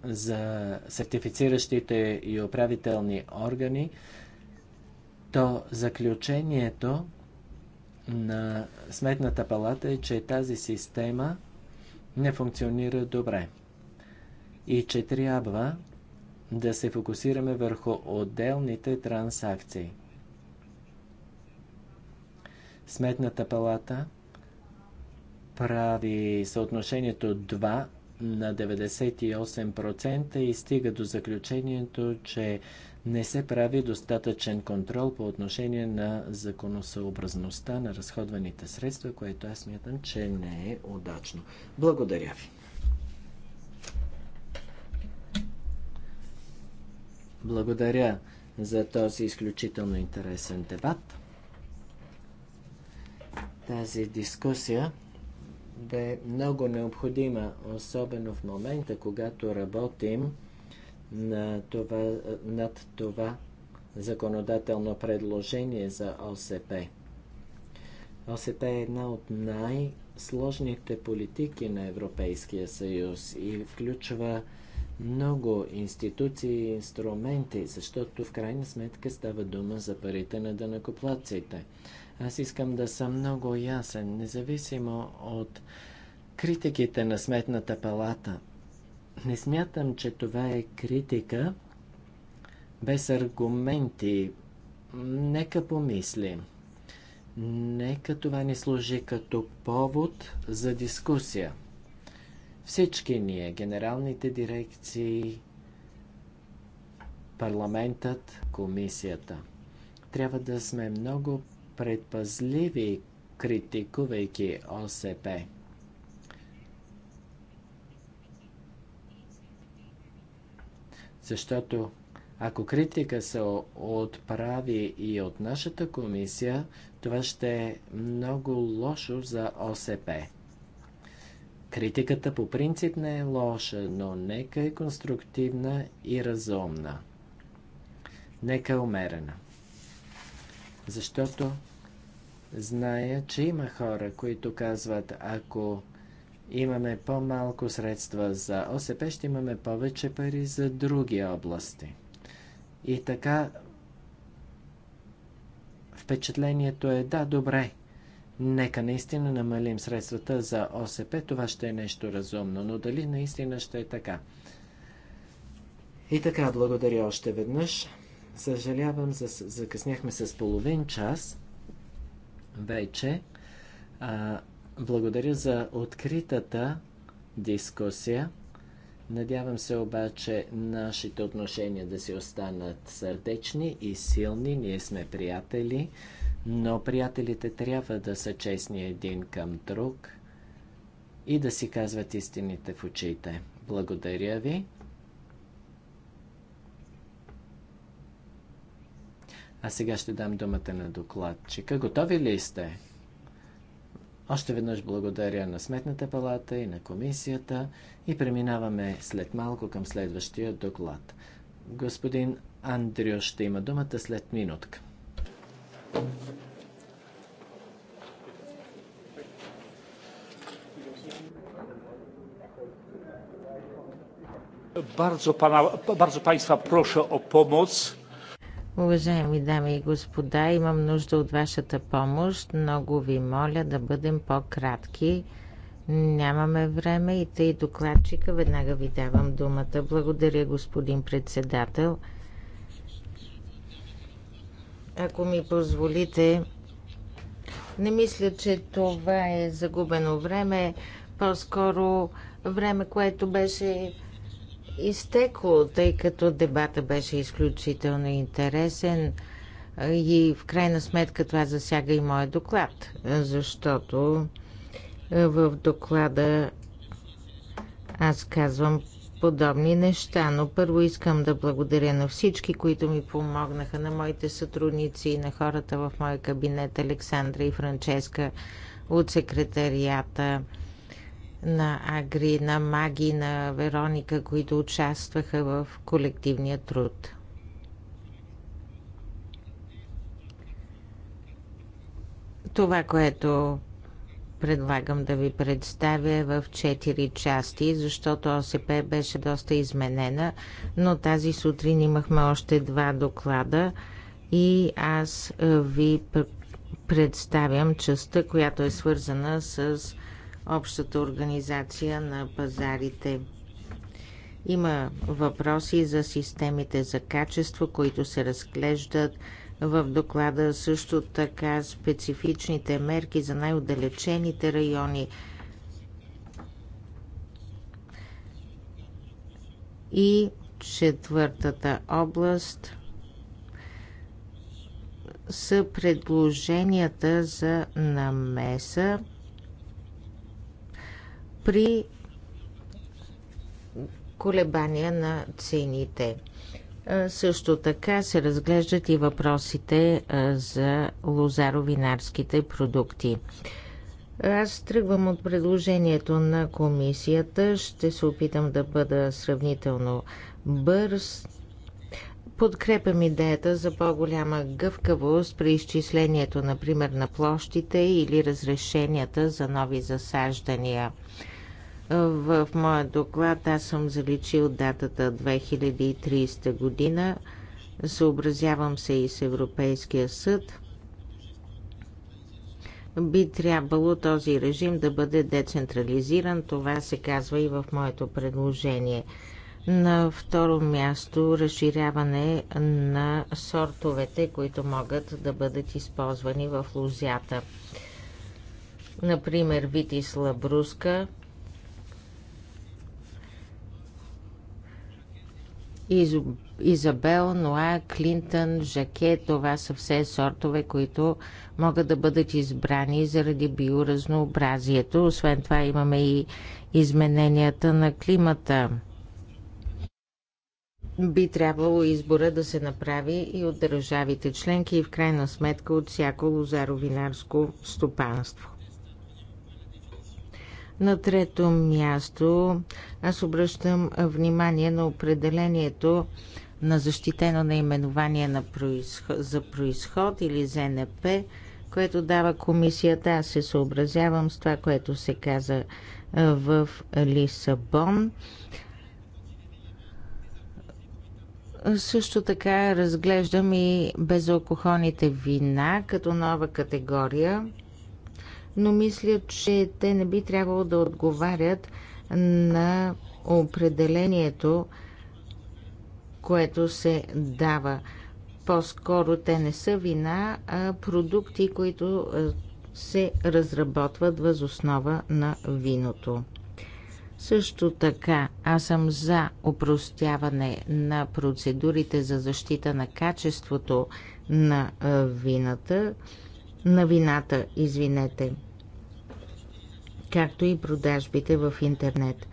за сертифициращите и управителни органи, то заключението на Сметната палата е, че тази система не функционира добре и че трябва да се фокусираме върху отделните трансакции. Сметната палата прави съотношението 2 на 98% и стига до заключението, че не се прави достатъчен контрол по отношение на законосъобразността на разходваните средства, което аз смятам, че не е удачно. Благодаря ви. Благодаря за този изключително интересен дебат. Тази дискусия бе много необходима, особено в момента, когато работим на това, над това законодателно предложение за ОСП. ОСП е една от най-сложните политики на Европейския съюз и включва много институции и инструменти, защото в крайна сметка става дума за парите на дънакоплаците. Аз искам да съм много ясен, независимо от критиките на Сметната палата. Не смятам, че това е критика без аргументи. Нека помислим. Нека това ни служи като повод за дискусия. Всички ние, генералните дирекции, парламентът, комисията, трябва да сме много предпазливи, критикувайки ОСП. Защото ако критика се отправи и от нашата комисия, това ще е много лошо за ОСП. Критиката по принцип не е лоша, но нека е конструктивна и разумна. Нека е умерена. Защото зная, че има хора, които казват, ако имаме по-малко средства за ОСП, ще имаме повече пари за други области. И така впечатлението е да, добре, Нека наистина намалим средствата за ОСП, това ще е нещо разумно, но дали наистина ще е така? И така, благодаря още веднъж. Съжалявам, закъсняхме с половин час вече. А, благодаря за откритата дискусия. Надявам се обаче нашите отношения да си останат сърдечни и силни. Ние сме приятели но приятелите трябва да са честни един към друг и да си казват истините в очите. Благодаря ви. А сега ще дам думата на докладчика. Готови ли сте? Още веднъж благодаря на Сметната палата и на комисията и преминаваме след малко към следващия доклад. Господин Андрио ще има думата след минутка. Bardzo, pana, bardzo Państwa proszę o pomoc. Уважаеми дами и господа, имам нужда от вашата помощ. Много ви моля да бъдем по-кратки. Нямаме време и тъй докладчика веднага ви давам думата. Благодаря, господин председател. Ако ми позволите, не мисля, че това е загубено време, по-скоро време, което беше изтекло, тъй като дебата беше изключително интересен и в крайна сметка това засяга и моят доклад, защото в доклада аз казвам подобни неща. Но първо искам да благодаря на всички, които ми помогнаха, на моите сътрудници и на хората в моя кабинет, Александра и Франческа от секретарията на Агри, на Маги, на Вероника, които участваха в колективния труд. Това, което предлагам да ви представя в четири части, защото ОСП беше доста изменена, но тази сутрин имахме още два доклада и аз ви представям частта, която е свързана с общата организация на пазарите. Има въпроси за системите за качество, които се разглеждат, в доклада също така специфичните мерки за най-отдалечените райони и четвъртата област са предложенията за намеса при колебания на цените. Също така се разглеждат и въпросите за лозаровинарските продукти. Аз тръгвам от предложението на комисията. Ще се опитам да бъда сравнително бърз. Подкрепям идеята за по-голяма гъвкавост при изчислението, например, на площите или разрешенията за нови засаждания. В моя доклад аз съм заличил датата 2030 година. Съобразявам се и с Европейския съд. Би трябвало този режим да бъде децентрализиран. Това се казва и в моето предложение. На второ място разширяване на сортовете, които могат да бъдат използвани в Лузята. Например, Витис лабруска Изабел, Ноа, Клинтън, Жаке, това са все сортове, които могат да бъдат избрани заради биоразнообразието. Освен това имаме и измененията на климата. Би трябвало избора да се направи и от държавите членки и в крайна сметка от всяко лозаровинарско стопанство. На трето място аз обръщам внимание на определението на защитено наименование на происход, за происход или ЗНП, което дава комисията. Аз се съобразявам с това, което се каза в Лисабон. Също така разглеждам и безалкохолните вина като нова категория – но мисля, че те не би трябвало да отговарят на определението, което се дава. По-скоро те не са вина, а продукти, които се разработват въз основа на виното. Също така, аз съм за упростяване на процедурите за защита на качеството на вината, на вината, извинете както и продажбите в интернет.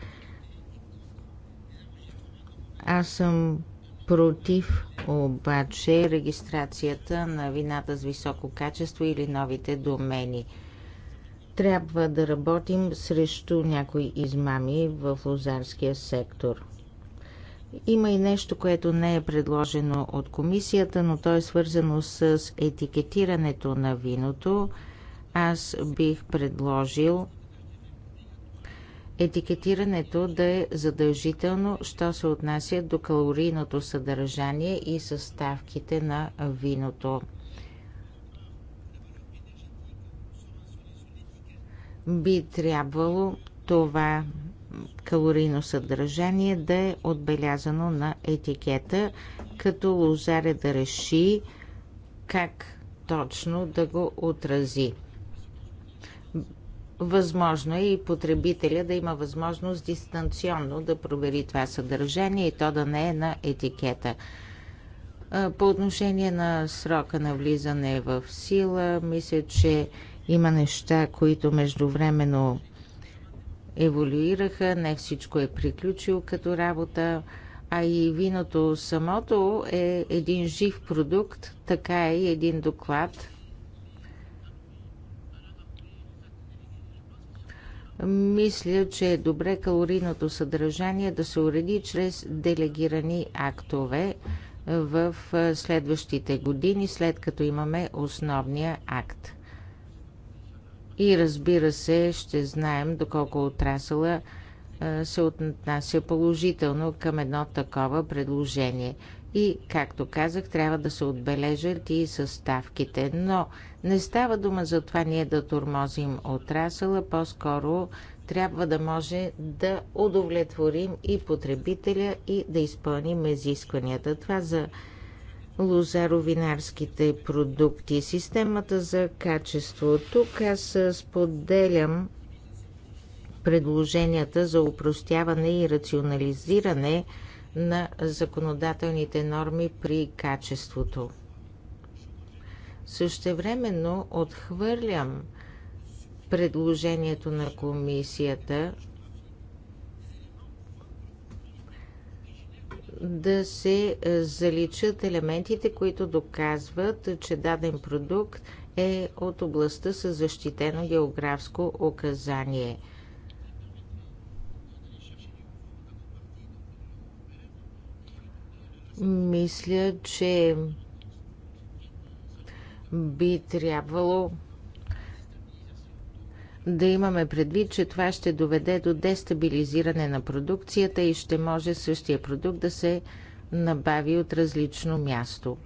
Аз съм против обаче регистрацията на вината с високо качество или новите домени. Трябва да работим срещу някои измами в лозарския сектор. Има и нещо, което не е предложено от комисията, но то е свързано с етикетирането на виното. Аз бих предложил етикетирането да е задължително, що се отнася до калорийното съдържание и съставките на виното. Би трябвало това калорийно съдържание да е отбелязано на етикета, като лозаря да реши как точно да го отрази. Възможно е и потребителя да има възможност дистанционно да провери това съдържание и то да не е на етикета. По отношение на срока на влизане в сила, мисля, че има неща, които междувременно еволюираха, не всичко е приключило като работа, а и виното самото е един жив продукт, така е и един доклад – Мисля, че е добре калорийното съдържание да се уреди чрез делегирани актове в следващите години, след като имаме основния акт. И разбира се, ще знаем доколко отрасъла се отнася положително към едно такова предложение. И, както казах, трябва да се отбележат и съставките, но не става дума за това ние да тормозим отрасъла, по-скоро трябва да може да удовлетворим и потребителя и да изпълним изискванията. Това за лозаровинарските продукти, системата за качество. Тук аз споделям предложенията за упростяване и рационализиране на законодателните норми при качеството. Същевременно отхвърлям предложението на комисията да се заличат елементите, които доказват, че даден продукт е от областта с защитено географско указание. Мисля, че би трябвало да имаме предвид, че това ще доведе до дестабилизиране на продукцията и ще може същия продукт да се набави от различно място.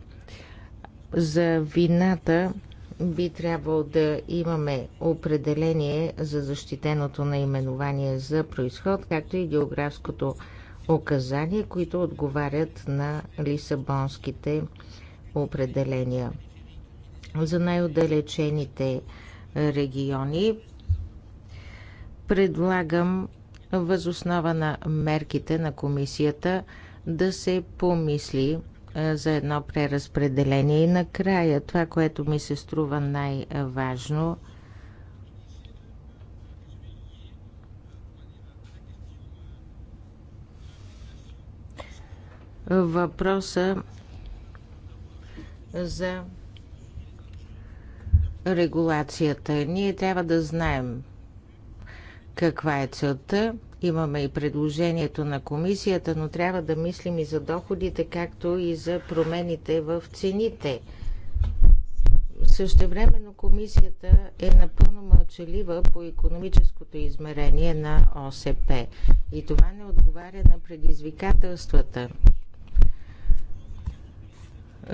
За вината би трябвало да имаме определение за защитеното наименование за происход, както и географското указание, които отговарят на лисабонските определения за най-отдалечените региони. Предлагам възоснова на мерките на комисията да се помисли за едно преразпределение. И накрая това, което ми се струва най-важно въпроса за регулацията. Ние трябва да знаем каква е целта. Имаме и предложението на комисията, но трябва да мислим и за доходите, както и за промените в цените. Същевременно комисията е напълно мълчалива по економическото измерение на ОСП и това не отговаря на предизвикателствата.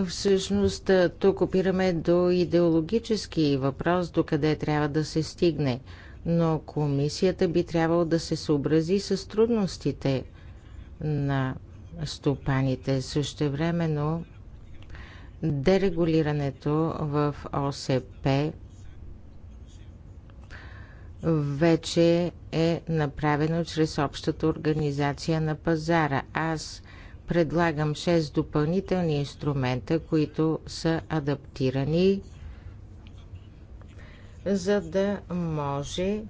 Всъщност, тук опираме до идеологически въпрос, до къде трябва да се стигне. Но комисията би трябвало да се съобрази с трудностите на стопаните. времено дерегулирането в ОСП вече е направено чрез общата организация на пазара. Аз Предлагам 6 допълнителни инструмента, които са адаптирани, за да може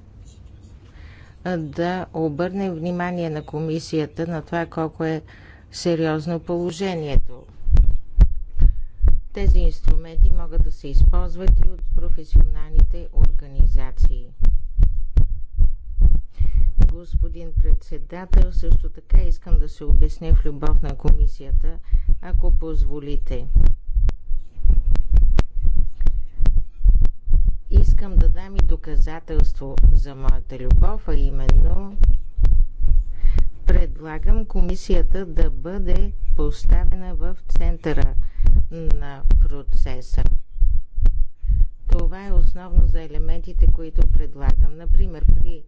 да обърнем внимание на комисията на това колко е сериозно положението. Тези инструменти могат да се използват и от професионалните организации господин председател. Също така искам да се обясня в любов на комисията, ако позволите. Искам да дам и доказателство за моята любов, а именно предлагам комисията да бъде поставена в центъра на процеса. Това е основно за елементите, които предлагам. Например, при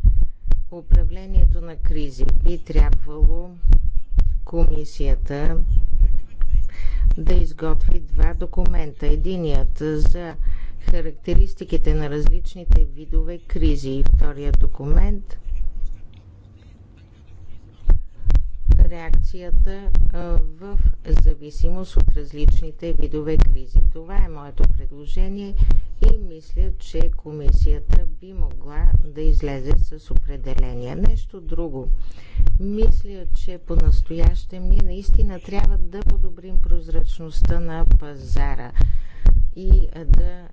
Управлението на кризи би трябвало комисията да изготви два документа. Единият за характеристиките на различните видове кризи и вторият документ реакцията в зависимост от различните видове кризи. Това е моето предложение и мисля, че комисията би могла да излезе с определение. Нещо друго. Мисля, че по-настоящем ние наистина трябва да подобрим прозрачността на пазара и да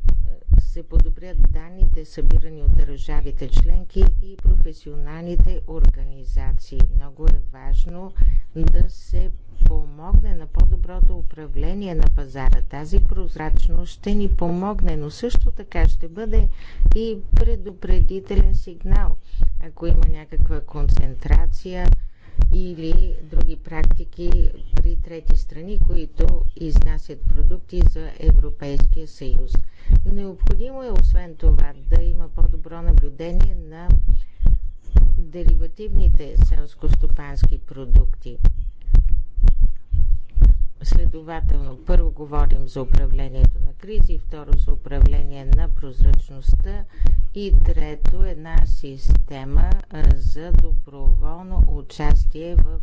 се подобрят данните, събирани от държавите членки и професионалните организации. Много е важно да се помогне на по-доброто управление на пазара. Тази прозрачност ще ни помогне, но също така ще бъде и предупредителен сигнал. Ако има някаква концентрация, или други практики при трети страни, които изнасят продукти за Европейския съюз. Необходимо е освен това да има по-добро наблюдение на деривативните селско-стопански продукти. Следователно, първо говорим за управлението на кризи, второ за управление на прозрачността и трето една система за доброволно участие в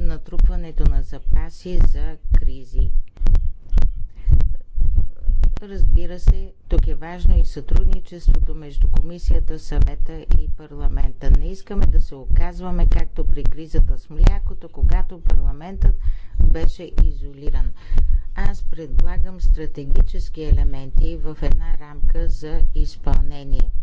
натрупването на запаси за кризи. Разбира се, тук е важно и сътрудничеството между комисията, съвета и парламента. Не искаме да се оказваме както при кризата с млякото, когато парламентът беше изолиран. Аз предлагам стратегически елементи в една рамка за изпълнение –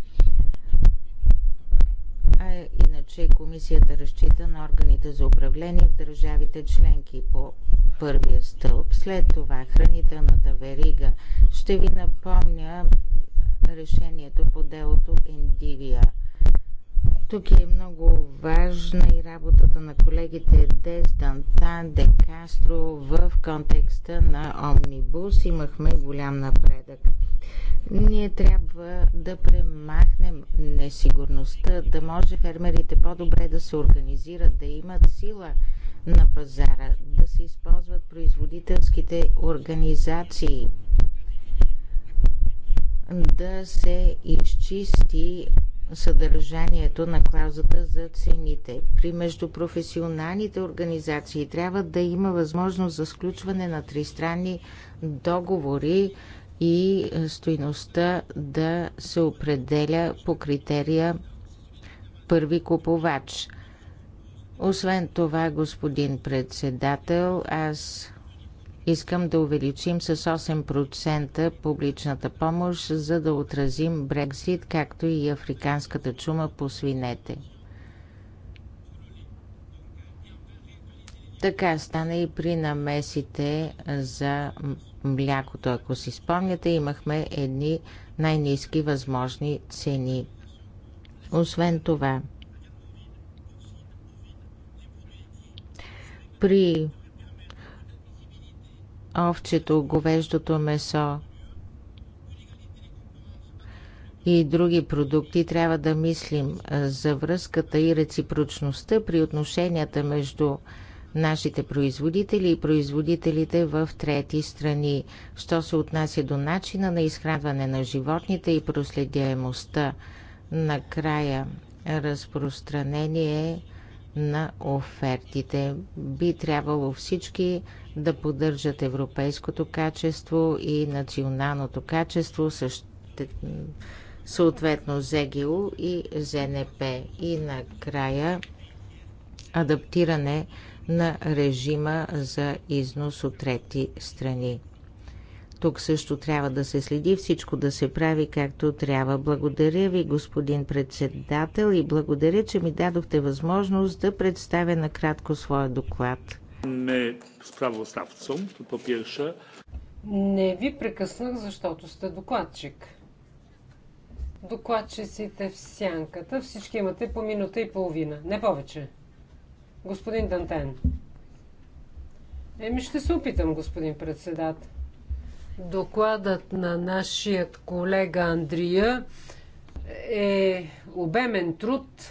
а иначе комисията разчита на органите за управление в държавите членки по първия стълб. След това хранителната верига. Ще ви напомня решението по делото Индивия – тук е много важна и работата на колегите Дес, Дантан, Де Кастро в контекста на Омнибус. Имахме голям напредък. Ние трябва да премахнем несигурността, да може фермерите по-добре да се организират, да имат сила на пазара, да се използват производителските организации, да се изчисти съдържанието на клаузата за цените. При междупрофесионалните организации трябва да има възможност за сключване на тристранни договори и стоиността да се определя по критерия първи купувач. Освен това, господин председател, аз Искам да увеличим с 8% публичната помощ, за да отразим Брекзит, както и африканската чума по свинете. Така стана и при намесите за млякото. Ако си спомняте, имахме едни най-низки възможни цени. Освен това, при овчето, говеждото месо и други продукти, трябва да мислим за връзката и реципрочността при отношенията между нашите производители и производителите в трети страни, що се отнася до начина на изхранване на животните и проследяемостта. Накрая разпространение на офертите. Би трябвало всички да поддържат европейското качество и националното качество, съответно ЗГУ и ЗНП. И накрая адаптиране на режима за износ от трети страни. Тук също трябва да се следи всичко да се прави както трябва. Благодаря ви, господин председател, и благодаря, че ми дадохте възможност да представя накратко своя доклад sprawozdawcą, to po pierwsze. Не ви прекъснах, защото сте докладчик. Докладчиците в сянката, всички имате по минута и половина, не повече. Господин Дантен. Еми ще се опитам, господин председател. Докладът на нашият колега Андрия е обемен труд,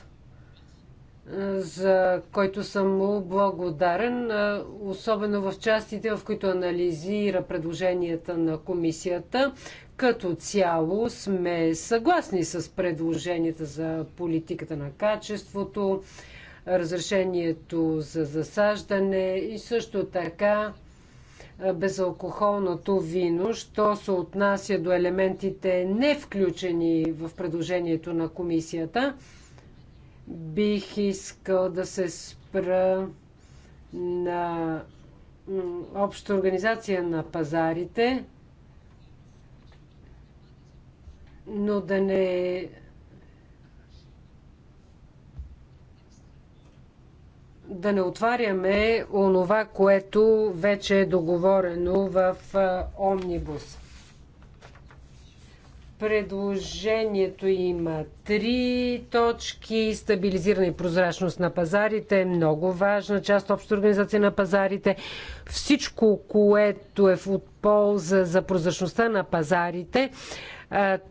за който съм му благодарен, особено в частите, в които анализира предложенията на комисията. Като цяло сме съгласни с предложенията за политиката на качеството, разрешението за засаждане и също така безалкохолното вино, що се отнася до елементите не включени в предложението на комисията – Бих искал да се спра на обща организация на пазарите, но да не да не отваряме онова, което вече е договорено в Омнибус. Предложението има три точки. Стабилизиране и прозрачност на пазарите е много важна част от общата организация на пазарите. Всичко, което е от полза за прозрачността на пазарите,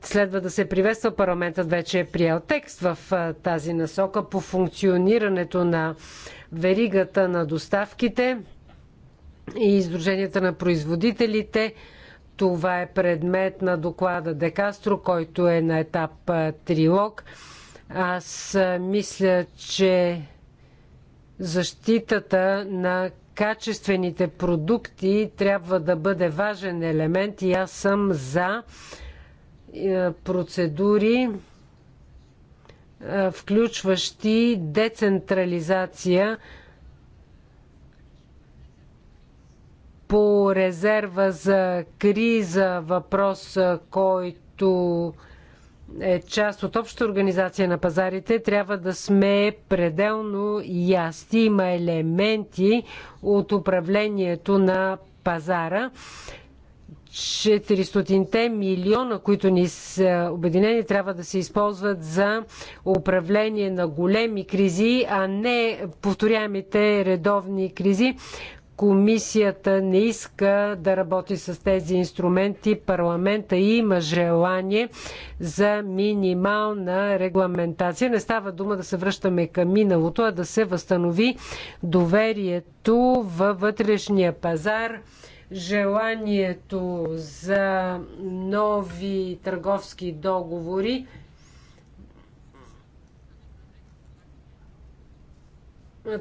следва да се приветства. Парламентът вече е приел текст в тази насока по функционирането на веригата на доставките и издруженията на производителите – това е предмет на доклада Декастро, който е на етап трилог. Аз мисля, че защитата на качествените продукти трябва да бъде важен елемент и аз съм за процедури, включващи децентрализация по резерва за криза, въпрос, който е част от общата организация на пазарите, трябва да сме пределно ясни. Има елементи от управлението на пазара. 400-те милиона, които ни са обединени, трябва да се използват за управление на големи кризи, а не повторяемите редовни кризи. Комисията не иска да работи с тези инструменти. Парламента има желание за минимална регламентация. Не става дума да се връщаме към миналото, а да се възстанови доверието във вътрешния пазар желанието за нови търговски договори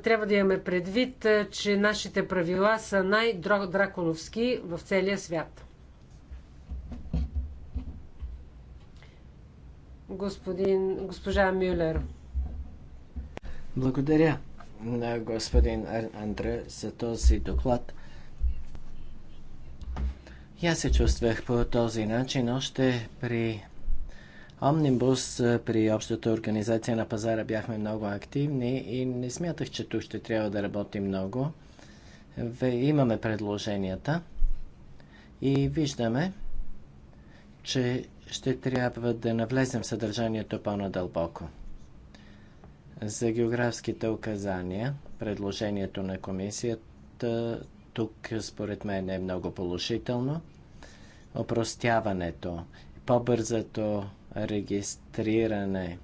трябва да имаме предвид, е, че нашите правила са най-драконовски в целия свят. Господин, госпожа Мюлер. Благодаря на господин Андре за този доклад. Я се чувствах по този начин още при Омнибус при общата организация на пазара бяхме много активни и не смятах, че тук ще трябва да работим много. Имаме предложенията и виждаме, че ще трябва да навлезем в съдържанието по-надълбоко. За географските указания, предложението на комисията тук според мен е много положително. Опростяването, по-бързото регистриране,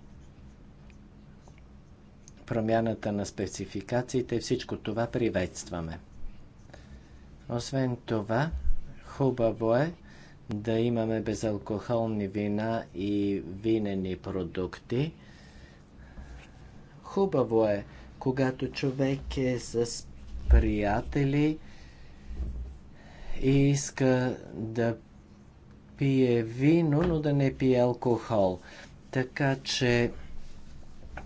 промяната на спецификациите, всичко това приветстваме. Освен това, хубаво е да имаме безалкохолни вина и винени продукти. Хубаво е, когато човек е с приятели и иска да пие вино, но да не пие алкохол. Така че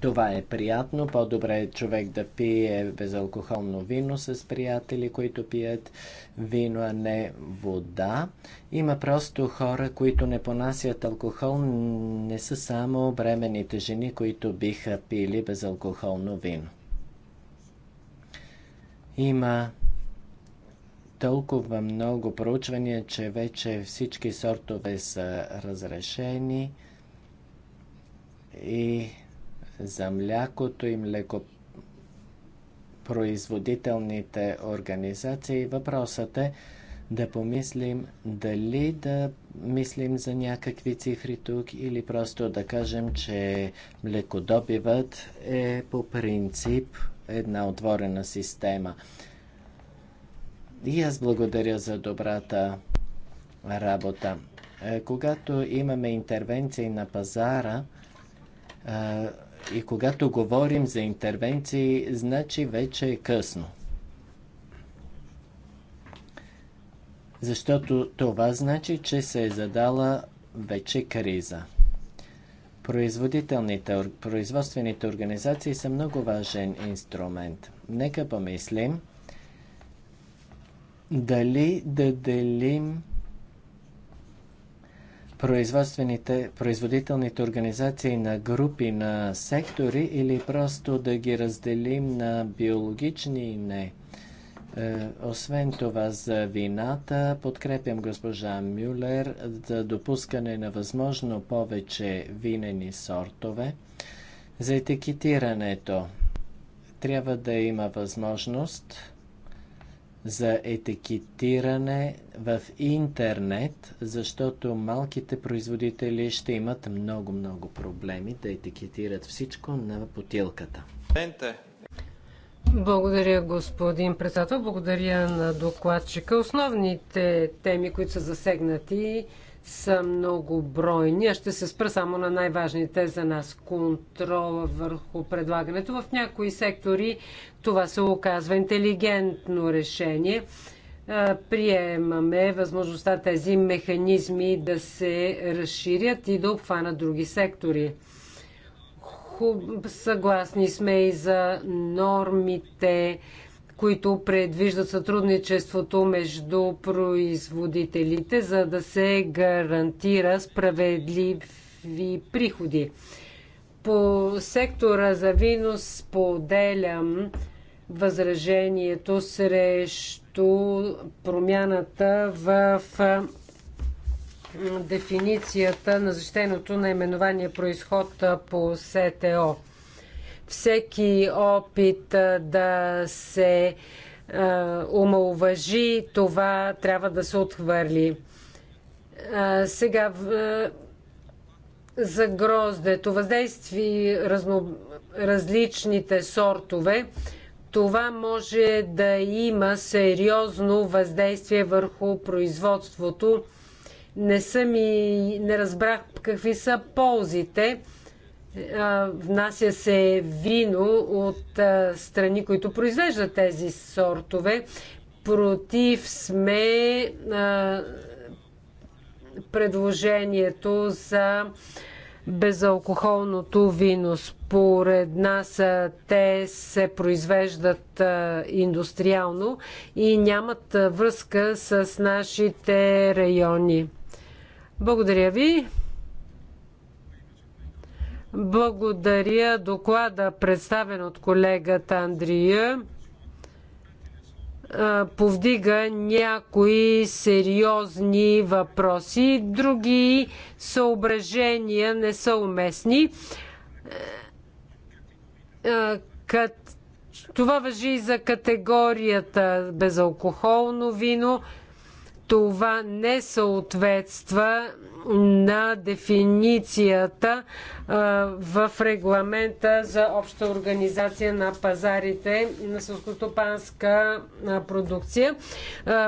това е приятно. По-добре е човек да пие безалкохолно вино с приятели, които пият вино, а не вода. Има просто хора, които не понасят алкохол. Не са само бременните жени, които биха пили безалкохолно вино. Има толкова много проучвания, че вече всички сортове са разрешени и за млякото и млекопроизводителните организации. Въпросът е да помислим дали да мислим за някакви цифри тук или просто да кажем, че млекодобивът е по принцип една отворена система. И аз благодаря за добрата работа. Е, когато имаме интервенции на пазара, е, и когато говорим за интервенции, значи вече е късно. Защото това значи, че се е задала вече криза. Производителните, производствените организации са много важен инструмент. Нека помислим дали да делим производствените, производителните организации на групи, на сектори или просто да ги разделим на биологични и не. Е, освен това за вината, подкрепям госпожа Мюлер за допускане на възможно повече винени сортове. За етикетирането трябва да има възможност за етикетиране в интернет, защото малките производители ще имат много-много проблеми да етикетират всичко на бутилката. Благодаря, господин председател. Благодаря на докладчика. Основните теми, които са засегнати, са многобройни. Аз ще се спра само на най-важните за нас. Контрола върху предлагането. В някои сектори това се оказва интелигентно решение. Приемаме възможността тези механизми да се разширят и да обхванат други сектори. Хуб, съгласни сме и за нормите, които предвиждат сътрудничеството между производителите, за да се гарантира справедливи приходи. По сектора за вино споделям възражението срещу промяната в дефиницията на защитеното наименование происход по СТО всеки опит да се омалуважи, това трябва да се отхвърли. Сега за гроздето, въздействие разно, различните сортове, това може да има сериозно въздействие върху производството. Не, съм и не разбрах какви са ползите внася се вино от страни, които произвеждат тези сортове. Против сме предложението за безалкохолното вино. Според нас те се произвеждат индустриално и нямат връзка с нашите райони. Благодаря ви. Благодаря доклада, представен от колегата Андрия. Повдига някои сериозни въпроси, други съображения не са уместни. Това въжи и за категорията безалкохолно вино това не съответства на дефиницията в регламента за обща организация на пазарите на селскостопанска продукция.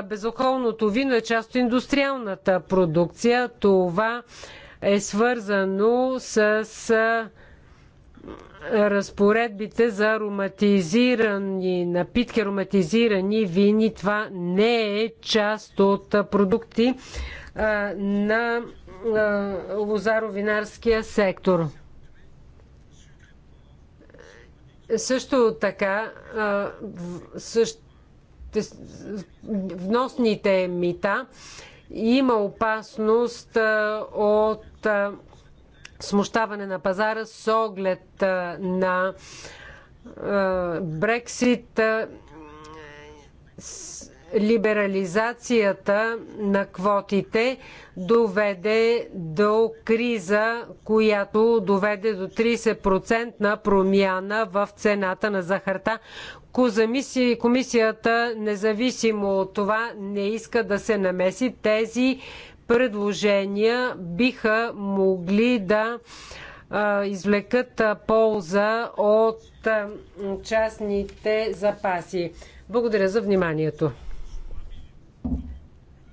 Безохолното вино е част от индустриалната продукция. Това е свързано с разпоредбите за ароматизирани напитки, ароматизирани вини. Това не е част от продукти на лозаровинарския сектор. Също така, също, вносните мита има опасност от смущаване на пазара с оглед на Брексит, либерализацията на квотите доведе до криза, която доведе до 30% на промяна в цената на захарта. Комисията, независимо от това, не иска да се намеси. Тези предложения биха могли да извлекат полза от частните запаси. Благодаря за вниманието.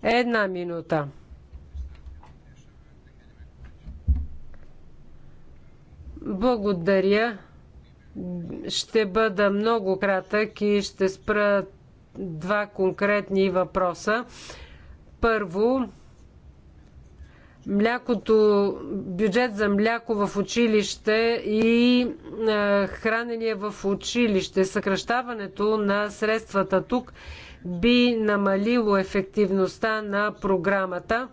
Една минута. Благодаря. Ще бъда много кратък и ще спра два конкретни въпроса. Първо, млякото, бюджет за мляко в училище и е, хранение в училище. Съкръщаването на средствата тук би намалило ефективността на програмата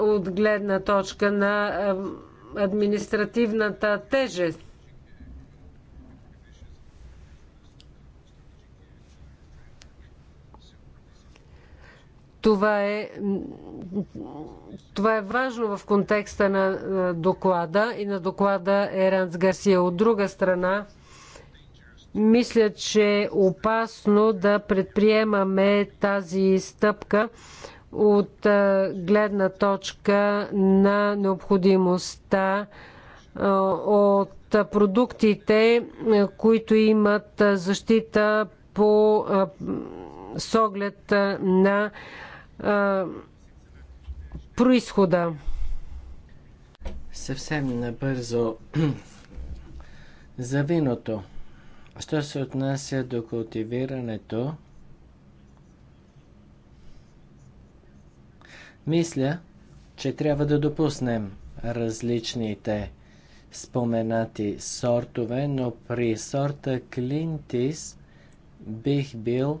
от гледна точка на административната тежест. Това е това е важно в контекста на е, доклада и на доклада Еранс Гарсия. От друга страна, мисля, че е опасно да предприемаме тази стъпка от е, гледна точка на необходимостта е, от продуктите, които имат защита по с оглед на происхода. Съвсем набързо за виното. Що се отнася до култивирането, мисля, че трябва да допуснем различните споменати сортове, но при сорта Клинтис бих бил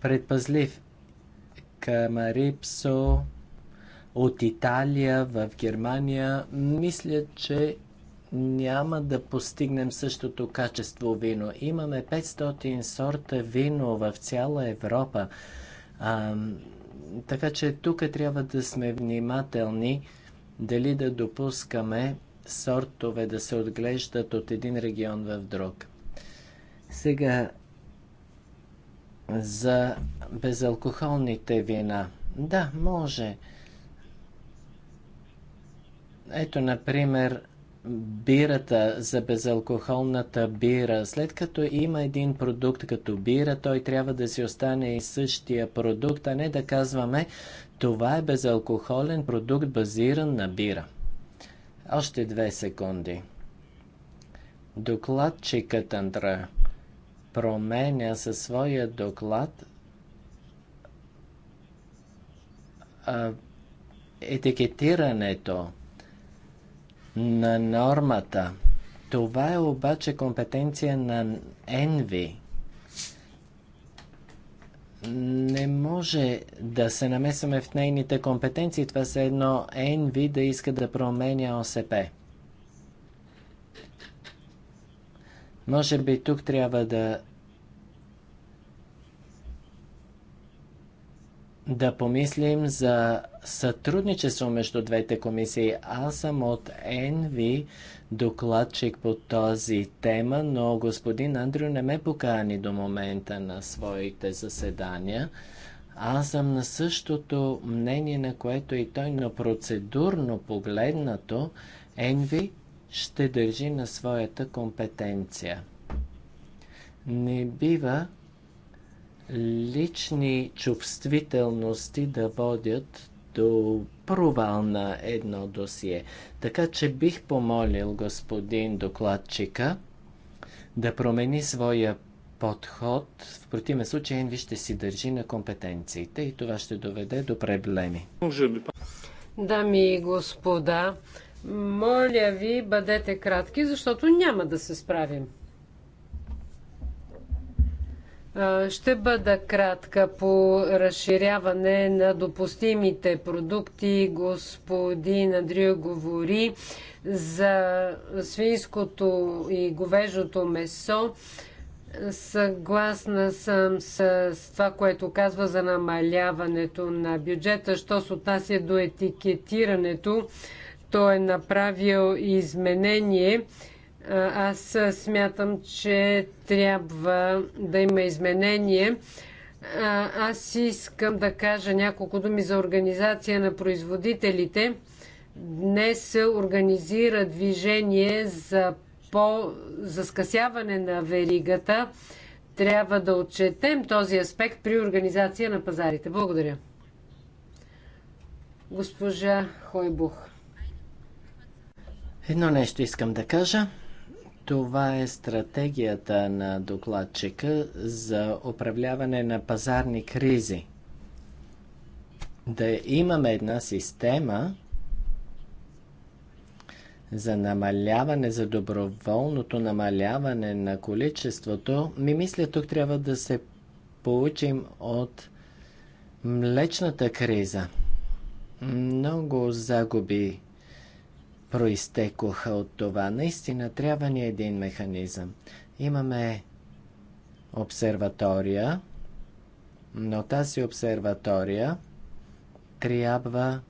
предпазлив Камарипсо от Италия в Германия. Мисля, че няма да постигнем същото качество вино. Имаме 500 сорта вино в цяла Европа. А, така че тук трябва да сме внимателни дали да допускаме сортове да се отглеждат от един регион в друг. Сега за безалкохолните вина. Да, може. Ето, например, бирата за безалкохолната бира. След като има един продукт като бира, той трябва да си остане и същия продукт, а не да казваме, това е безалкохолен продукт, базиран на бира. Още две секунди. Докладчикът Андрея променя със своя доклад етикетирането на нормата. Това е обаче компетенция на Енви. Не може да се намесваме в нейните компетенции. Това са едно Енви да иска да променя ОСП. Може би тук трябва да да помислим за сътрудничество между двете комисии. Аз съм от ЕНВИ докладчик по този тема, но господин Андрю не ме покани до момента на своите заседания. Аз съм на същото мнение, на което и той, но процедурно погледнато, Енви ще държи на своята компетенция. Не бива лични чувствителности да водят до провал на едно досие. Така че бих помолил господин докладчика да промени своя подход. В противен случай ви ще си държи на компетенциите и това ще доведе до проблеми. Дами и господа, моля ви, бъдете кратки, защото няма да се справим. Ще бъда кратка по разширяване на допустимите продукти. Господин Андрио говори за свинското и говежото месо. Съгласна съм с това, което казва за намаляването на бюджета, що се отнася до етикетирането той е направил изменение. Аз смятам, че трябва да има изменение. Аз искам да кажа няколко думи за организация на производителите. Днес се организира движение за, по, за скъсяване на веригата. Трябва да отчетем този аспект при организация на пазарите. Благодаря. Госпожа Хойбух. Едно нещо искам да кажа. Това е стратегията на докладчика за управляване на пазарни кризи. Да имаме една система за намаляване, за доброволното намаляване на количеството, ми мисля тук трябва да се получим от млечната криза. Много загуби проистекоха от това. Наистина трябва ни един механизъм. Имаме обсерватория, но тази обсерватория трябва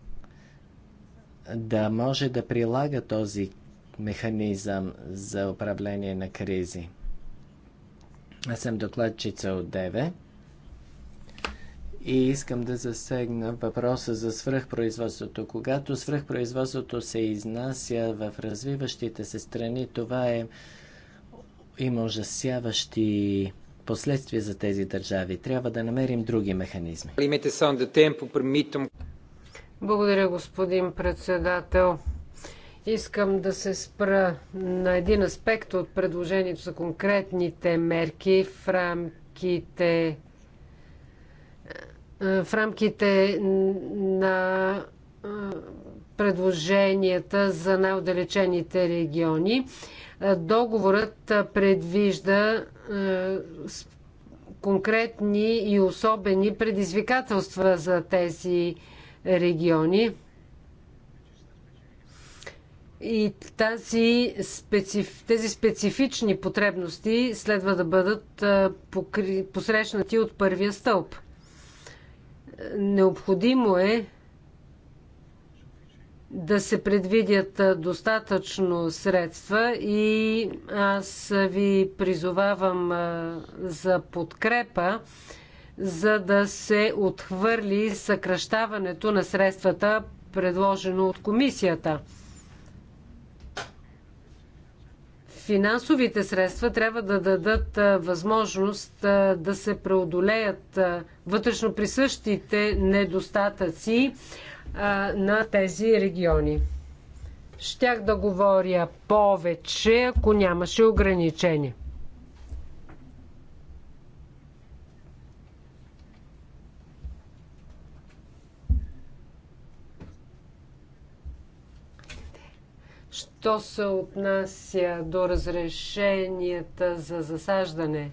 да може да прилага този механизъм за управление на кризи. Аз съм докладчица от 9 и искам да засегна въпроса за свръхпроизводството. Когато свръхпроизводството се изнася в развиващите се страни, това е има ужасяващи последствия за тези държави. Трябва да намерим други механизми. Благодаря, господин председател. Искам да се спра на един аспект от предложението за конкретните мерки в рамките е, в рамките на е, предложенията за най-отдалечените региони. Е, договорът предвижда конкретни и особени предизвикателства за тези региони. И тази, специф... тези специфични потребности следва да бъдат посрещнати от първия стълб. Необходимо е да се предвидят достатъчно средства и аз ви призовавам за подкрепа, за да се отхвърли съкръщаването на средствата, предложено от комисията. Финансовите средства трябва да дадат възможност да се преодолеят вътрешно присъщите недостатъци на тези региони. Щях да говоря повече, ако нямаше ограничения. То се отнася до разрешенията за засаждане.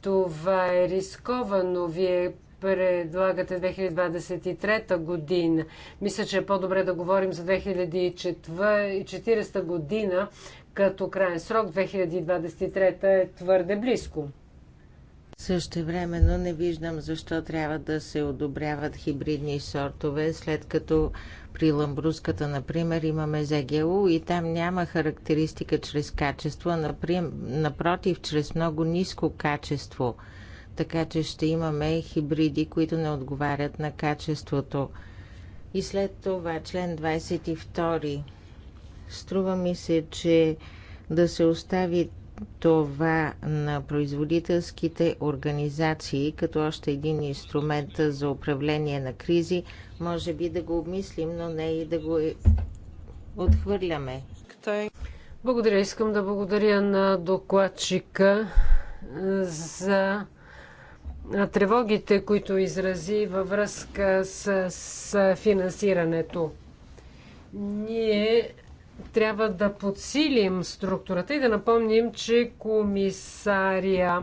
Това е рисковано. Вие предлагате 2023 година. Мисля, че е по-добре да говорим за 2040 година като крайен срок. 2023 е твърде близко. Също времено не виждам защо трябва да се одобряват хибридни сортове, след като при Ламбруската, например, имаме ЗГУ и там няма характеристика чрез качество, напротив, чрез много ниско качество. Така че ще имаме хибриди, които не отговарят на качеството. И след това член 22. Струва ми се, че да се остави това на производителските организации като още един инструмент за управление на кризи. Може би да го обмислим, но не и да го отхвърляме. Благодаря. Искам да благодаря на докладчика е, за тревогите, които изрази във връзка с, финансирането. Ние трябва да подсилим структурата и да напомним, че комисария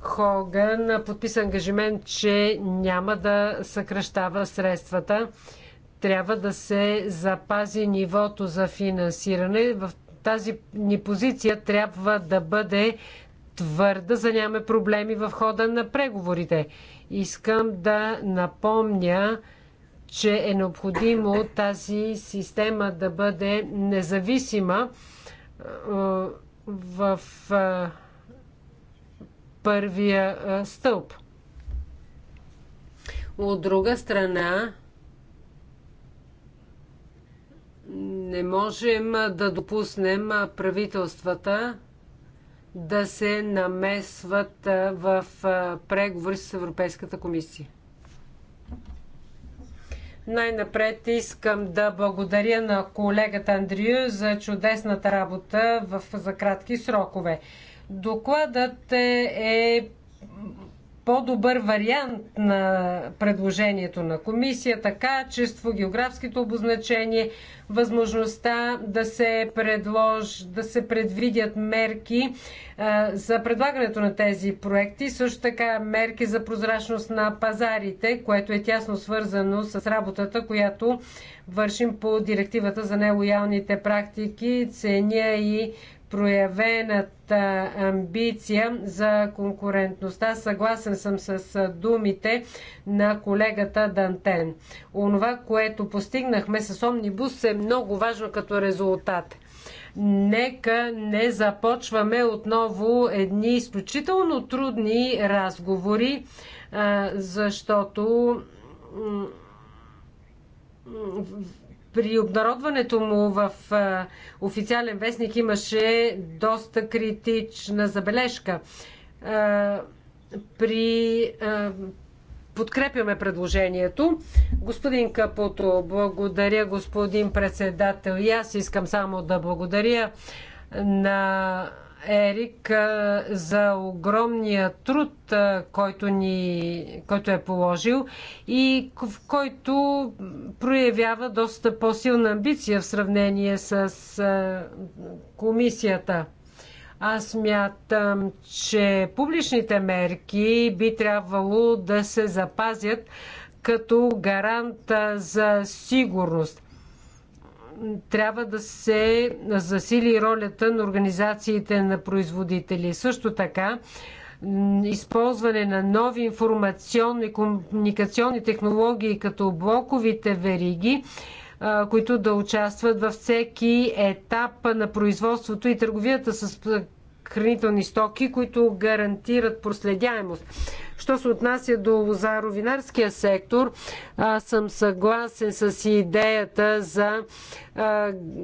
Хоган подписа ангажимент, че няма да съкръщава средствата. Трябва да се запази нивото за финансиране. В тази ни позиция трябва да бъде твърда, за нямаме проблеми в хода на преговорите. Искам да напомня, че е необходимо тази система да бъде независима в първия стълб. От друга страна, не можем да допуснем правителствата да се намесват в преговори с Европейската комисия. Най-напред искам да благодаря на колегата Андрию за чудесната работа в, за кратки срокове. Докладът е, е по-добър вариант на предложението на комисията, качество, географското обозначение, възможността да се, предлож, да се предвидят мерки а, за предлагането на тези проекти, също така мерки за прозрачност на пазарите, което е тясно свързано с работата, която вършим по директивата за нелоялните практики, цения и проявената амбиция за конкурентността. Съгласен съм с думите на колегата Дантен. Онова, което постигнахме с Омнибус е много важно като резултат. Нека не започваме отново едни изключително трудни разговори, защото при обнародването му в официален вестник имаше доста критична забележка. При подкрепяме предложението. Господин Капото, благодаря, господин председател. И аз искам само да благодаря на Ерик за огромния труд, който, ни, който е положил и в който проявява доста по-силна амбиция в сравнение с комисията. Аз мятам, че публичните мерки би трябвало да се запазят като гарант за сигурност трябва да се засили ролята на организациите на производители. Също така, използване на нови информационни и комуникационни технологии, като блоковите вериги, които да участват във всеки етап на производството и търговията с хранителни стоки, които гарантират проследяемост. Що се отнася до лозаровинарския сектор, аз съм съгласен с идеята за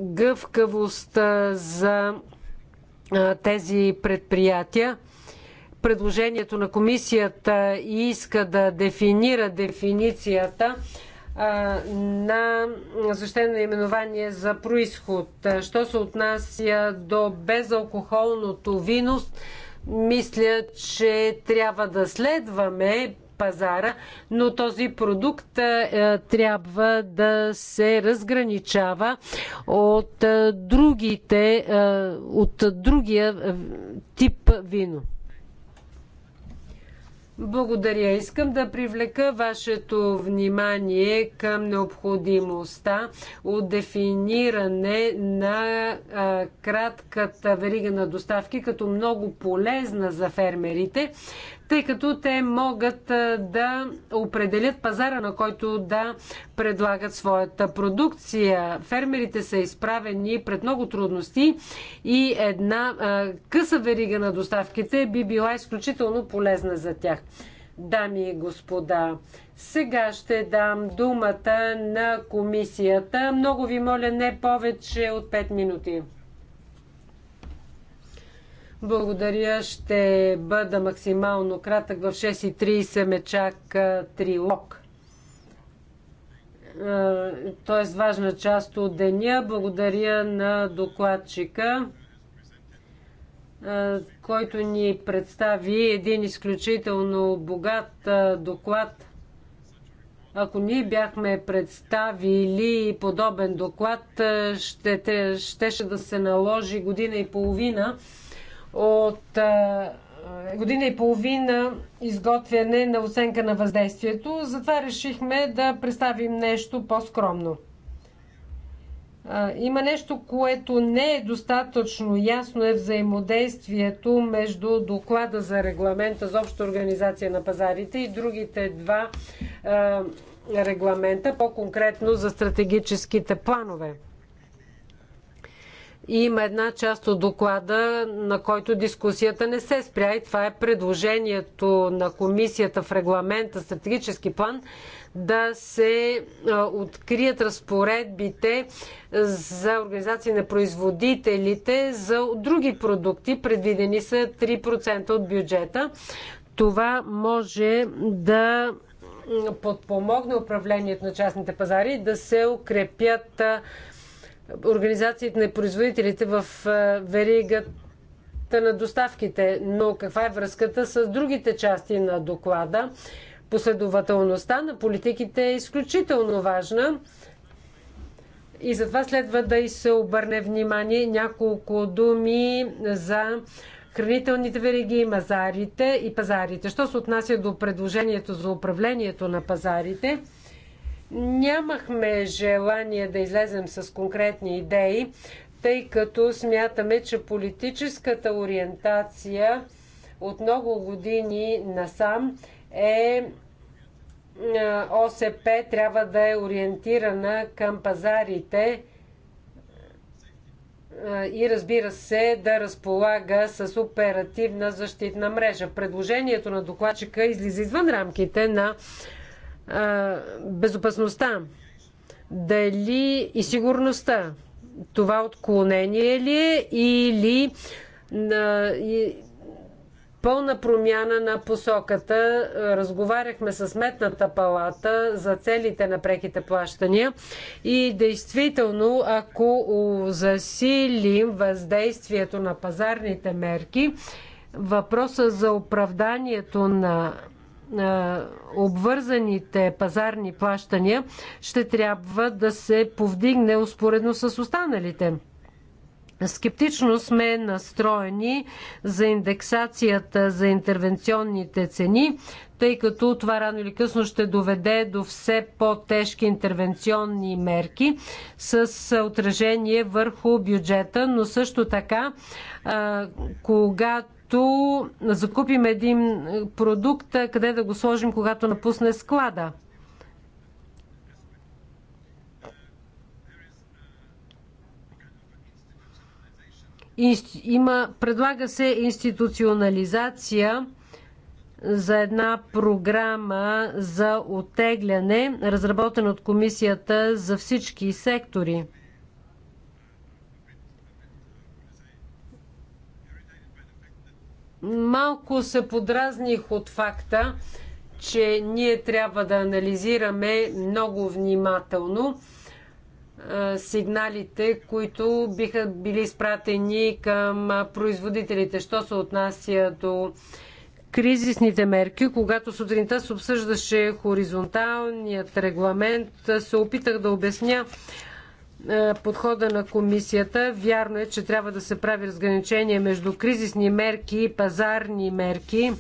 гъвкавост за тези предприятия предложението на комисията иска да дефинира дефиницията на защитено наименование за происход. Що се отнася до безалкохолното вино, мисля, че трябва да следваме пазара, но този продукт е, трябва да се разграничава от е, другите, е, от другия е, тип вино. Благодаря. Искам да привлека вашето внимание към необходимостта от дефиниране на а, кратката верига на доставки като много полезна за фермерите, тъй като те могат да определят пазара, на който да предлагат своята продукция. Фермерите са изправени пред много трудности и една къса верига на доставките би била изключително полезна за тях. Дами и господа, сега ще дам думата на комисията. Много ви моля, не повече от 5 минути. Благодаря. Ще бъда максимално кратък. В 6.30 ме чака трилог. Е, Тоест важна част от деня. Благодаря на докладчика, е, който ни представи един изключително богат е, доклад. Ако ние бяхме представили подобен доклад, ще, ще, ще да се наложи година и половина от година и половина изготвяне на оценка на въздействието. Затова решихме да представим нещо по-скромно. Има нещо, което не е достатъчно ясно е взаимодействието между доклада за регламента за обща организация на пазарите и другите два регламента, по-конкретно за стратегическите планове. Има една част от доклада, на който дискусията не се спря и това е предложението на комисията в регламента стратегически план да се открият разпоредбите за организации на производителите за други продукти. Предвидени са 3% от бюджета. Това може да подпомогне управлението на частните пазари да се укрепят организациите на производителите в е, веригата на доставките. Но каква е връзката с другите части на доклада? Последователността на политиките е изключително важна и затова следва да и се обърне внимание няколко думи за хранителните вериги, мазарите и пазарите. Що се отнася до предложението за управлението на пазарите, Нямахме желание да излезем с конкретни идеи, тъй като смятаме, че политическата ориентация от много години насам е ОСП трябва да е ориентирана към пазарите и разбира се да разполага с оперативна защитна мрежа. Предложението на докладчика излиза извън рамките на безопасността дали и сигурността това отклонение ли е или на, и, пълна промяна на посоката. Разговаряхме с метната палата за целите на преките плащания и действително, ако засилим въздействието на пазарните мерки, въпроса за оправданието на е, обвързаните пазарни плащания ще трябва да се повдигне успоредно с останалите. Скептично сме настроени за индексацията за интервенционните цени, тъй като това рано или късно ще доведе до все по-тежки интервенционни мерки с отражение върху бюджета, но също така, е, когато като закупим един продукт, къде да го сложим, когато напусне склада. Има, предлага се институционализация за една програма за оттегляне, разработена от комисията за всички сектори. малко се подразних от факта, че ние трябва да анализираме много внимателно сигналите, които биха били изпратени към производителите. Що се отнася до кризисните мерки, когато сутринта се обсъждаше хоризонталният регламент, се опитах да обясня е, подхода на комисията. Вярно е, че трябва да се прави разграничение между кризисни мерки и пазарни мерки,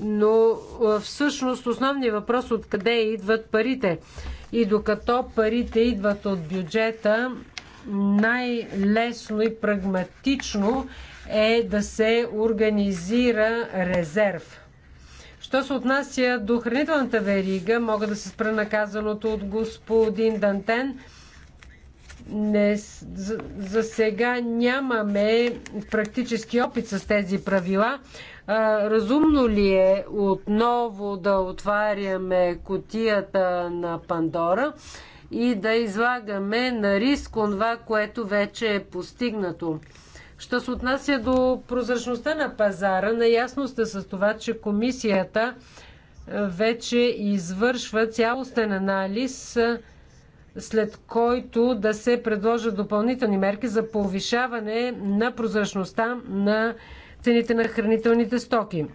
но е, всъщност основният въпрос откъде идват парите. И докато парите идват от бюджета, най-лесно и прагматично е да се организира резерв. Що се отнася до хранителната верига, мога да се спра наказаното от господин Дантен – не, за, за сега нямаме практически опит с тези правила. А, разумно ли е отново да отваряме котията на Пандора и да излагаме на риск това, което вече е постигнато? Що се отнася до прозрачността на пазара, наясно сте с това, че комисията вече извършва цялостен анализ след който да се предложат допълнителни мерки за повишаване на прозрачността на цените на хранителните стоки.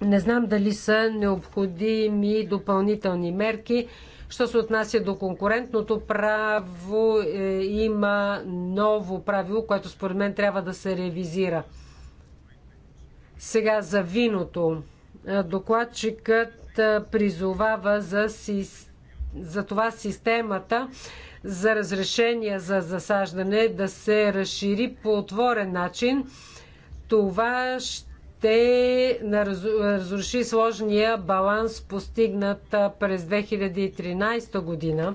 Не знам дали са необходими допълнителни мерки. Що се отнася до конкурентното право, е, има ново правило, което според мен трябва да се ревизира. Сега за виното. Е, докладчикът е, призовава за система затова системата за разрешение за засаждане да се разшири по отворен начин. Това ще разруши сложния баланс, постигнат през 2013 година.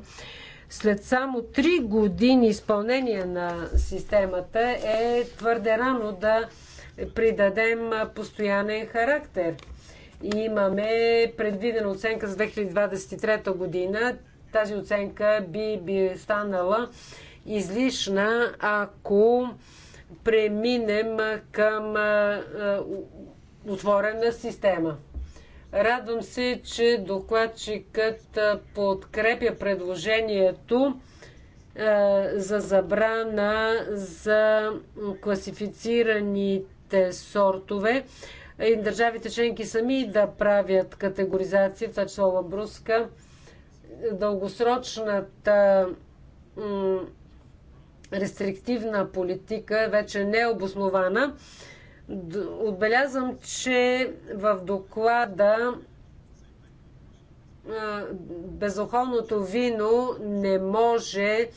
След само 3 години изпълнение на системата е твърде рано да придадем постоянен характер – Имаме предвидена оценка за 2023 година. Тази оценка би, би станала излишна, ако преминем към отворена система. Радвам се, че докладчикът подкрепя предложението за забрана за класифицираните сортове и държавите членки сами да правят категоризация, в това число Лабруска, дългосрочната рестриктивна политика вече не е обоснована. Отбелязвам, че в доклада безохолното вино не може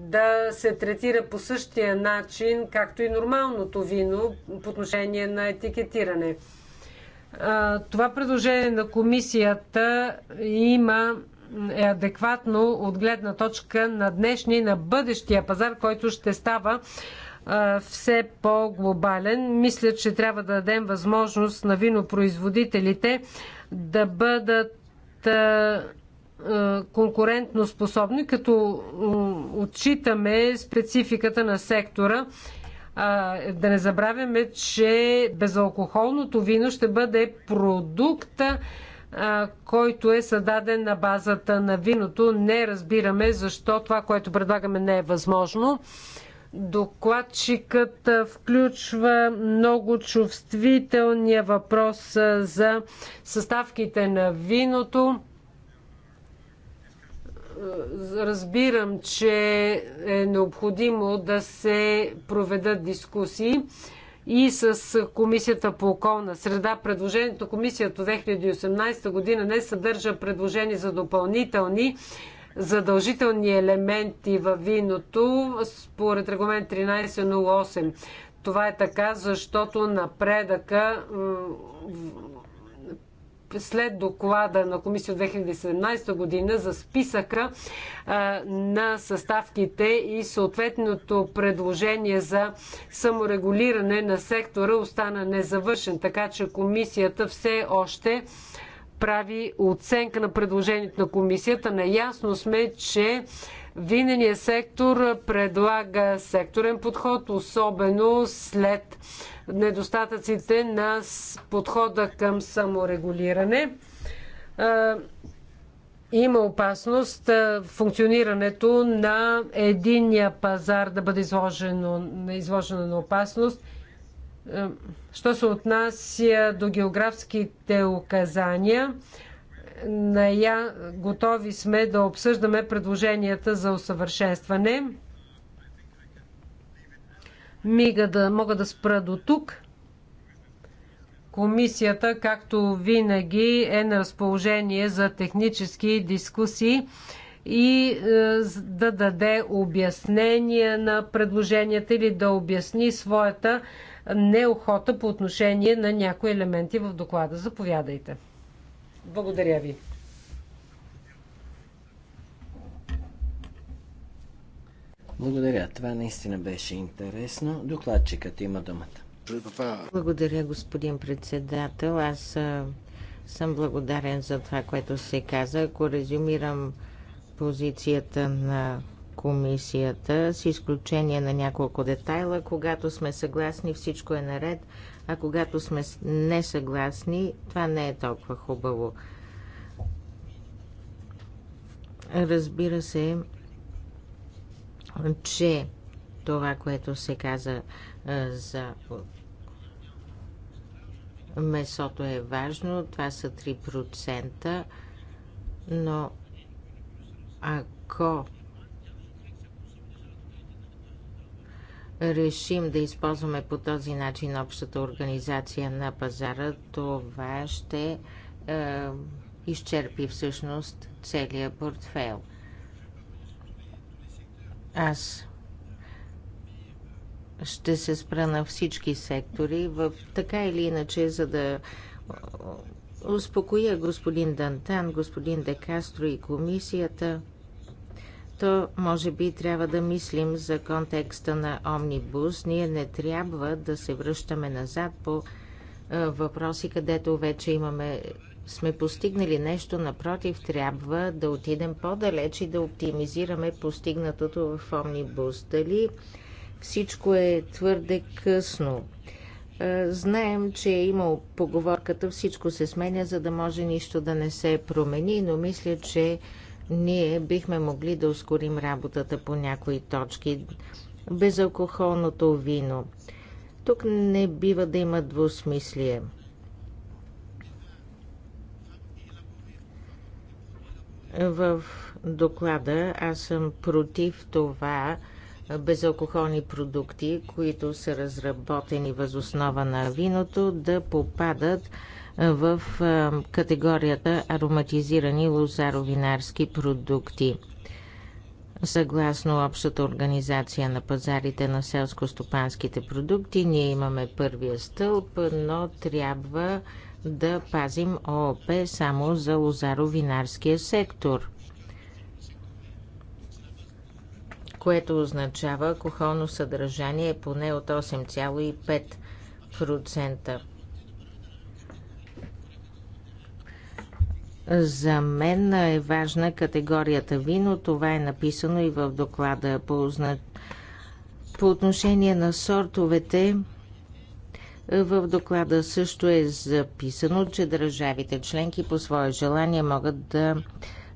да се третира по същия начин, както и нормалното вино по отношение на етикетиране. Това предложение на комисията има е адекватно от гледна точка на днешния и на бъдещия пазар, който ще става все по-глобален. Мисля, че трябва да дадем възможност на винопроизводителите да бъдат е, конкурентно способни, като отчитаме спецификата на сектора. Да не забравяме, че безалкохолното вино ще бъде продукта, който е създаден на базата на виното. Не разбираме защо това, което предлагаме, не е възможно. Докладчикът включва много чувствителния въпрос за съставките на виното е, разбирам, че е необходимо да се проведат дискусии и с Комисията по околна среда. Предложението Комисията 2018 година не съдържа предложение за допълнителни задължителни елементи във виното според регламент 1308. Това е така, защото напредъка след доклада на комисия от 2017 година за списъка на съставките и съответното предложение за саморегулиране на сектора остана незавършен, така че комисията все още прави оценка на предложението на комисията. Наясно сме, че Винения сектор предлага секторен подход, особено след недостатъците на подхода към саморегулиране. Има опасност функционирането на единия пазар да бъде изложено, изложено на опасност. Що се отнася до географските указания, ная... готови сме да обсъждаме предложенията за усъвършенстване. Мига да мога да спра до тук. Комисията, както винаги, е на разположение за технически дискусии и е, да даде обяснение на предложенията или да обясни своята неохота по отношение на някои елементи в доклада. Заповядайте. Благодаря ви. Благодаря. Това наистина беше интересно. Докладчикът има думата. Благодаря, господин председател. Аз съм благодарен за това, което се каза. Ако резюмирам позицията на комисията, с изключение на няколко детайла, когато сме съгласни, всичко е наред а когато сме несъгласни, това не е толкова хубаво. Разбира се, че това, което се каза за месото е важно, това са 3%, но ако решим да използваме по този начин общата организация на пазара, това ще е, изчерпи всъщност целия портфел. Аз ще се спра на всички сектори, в, така или иначе, за да е, успокоя господин Дантан, господин Декастро и комисията то може би трябва да мислим за контекста на Омнибус. Ние не трябва да се връщаме назад по е, въпроси, където вече имаме сме постигнали нещо, напротив, трябва да отидем по-далеч и да оптимизираме постигнатото в Омнибус. Дали всичко е твърде късно? Е, знаем, че е имал поговорката всичко се сменя, за да може нищо да не се промени, но мисля, че ние бихме могли да ускорим работата по някои точки. Безалкохолното вино. Тук не бива да има двусмислие. В доклада аз съм против това безалкохолни продукти, които са разработени възоснова на виното, да попадат в категорията ароматизирани лозаровинарски продукти. Съгласно общата организация на пазарите на селско-стопанските продукти, ние имаме първия стълб, но трябва да пазим ООП само за лозаровинарския сектор. което означава алкохолно съдържание поне от 8,5%. За мен е важна категорията вино. Това е написано и в доклада по, по отношение на сортовете. В доклада също е записано, че държавите членки по свое желание могат да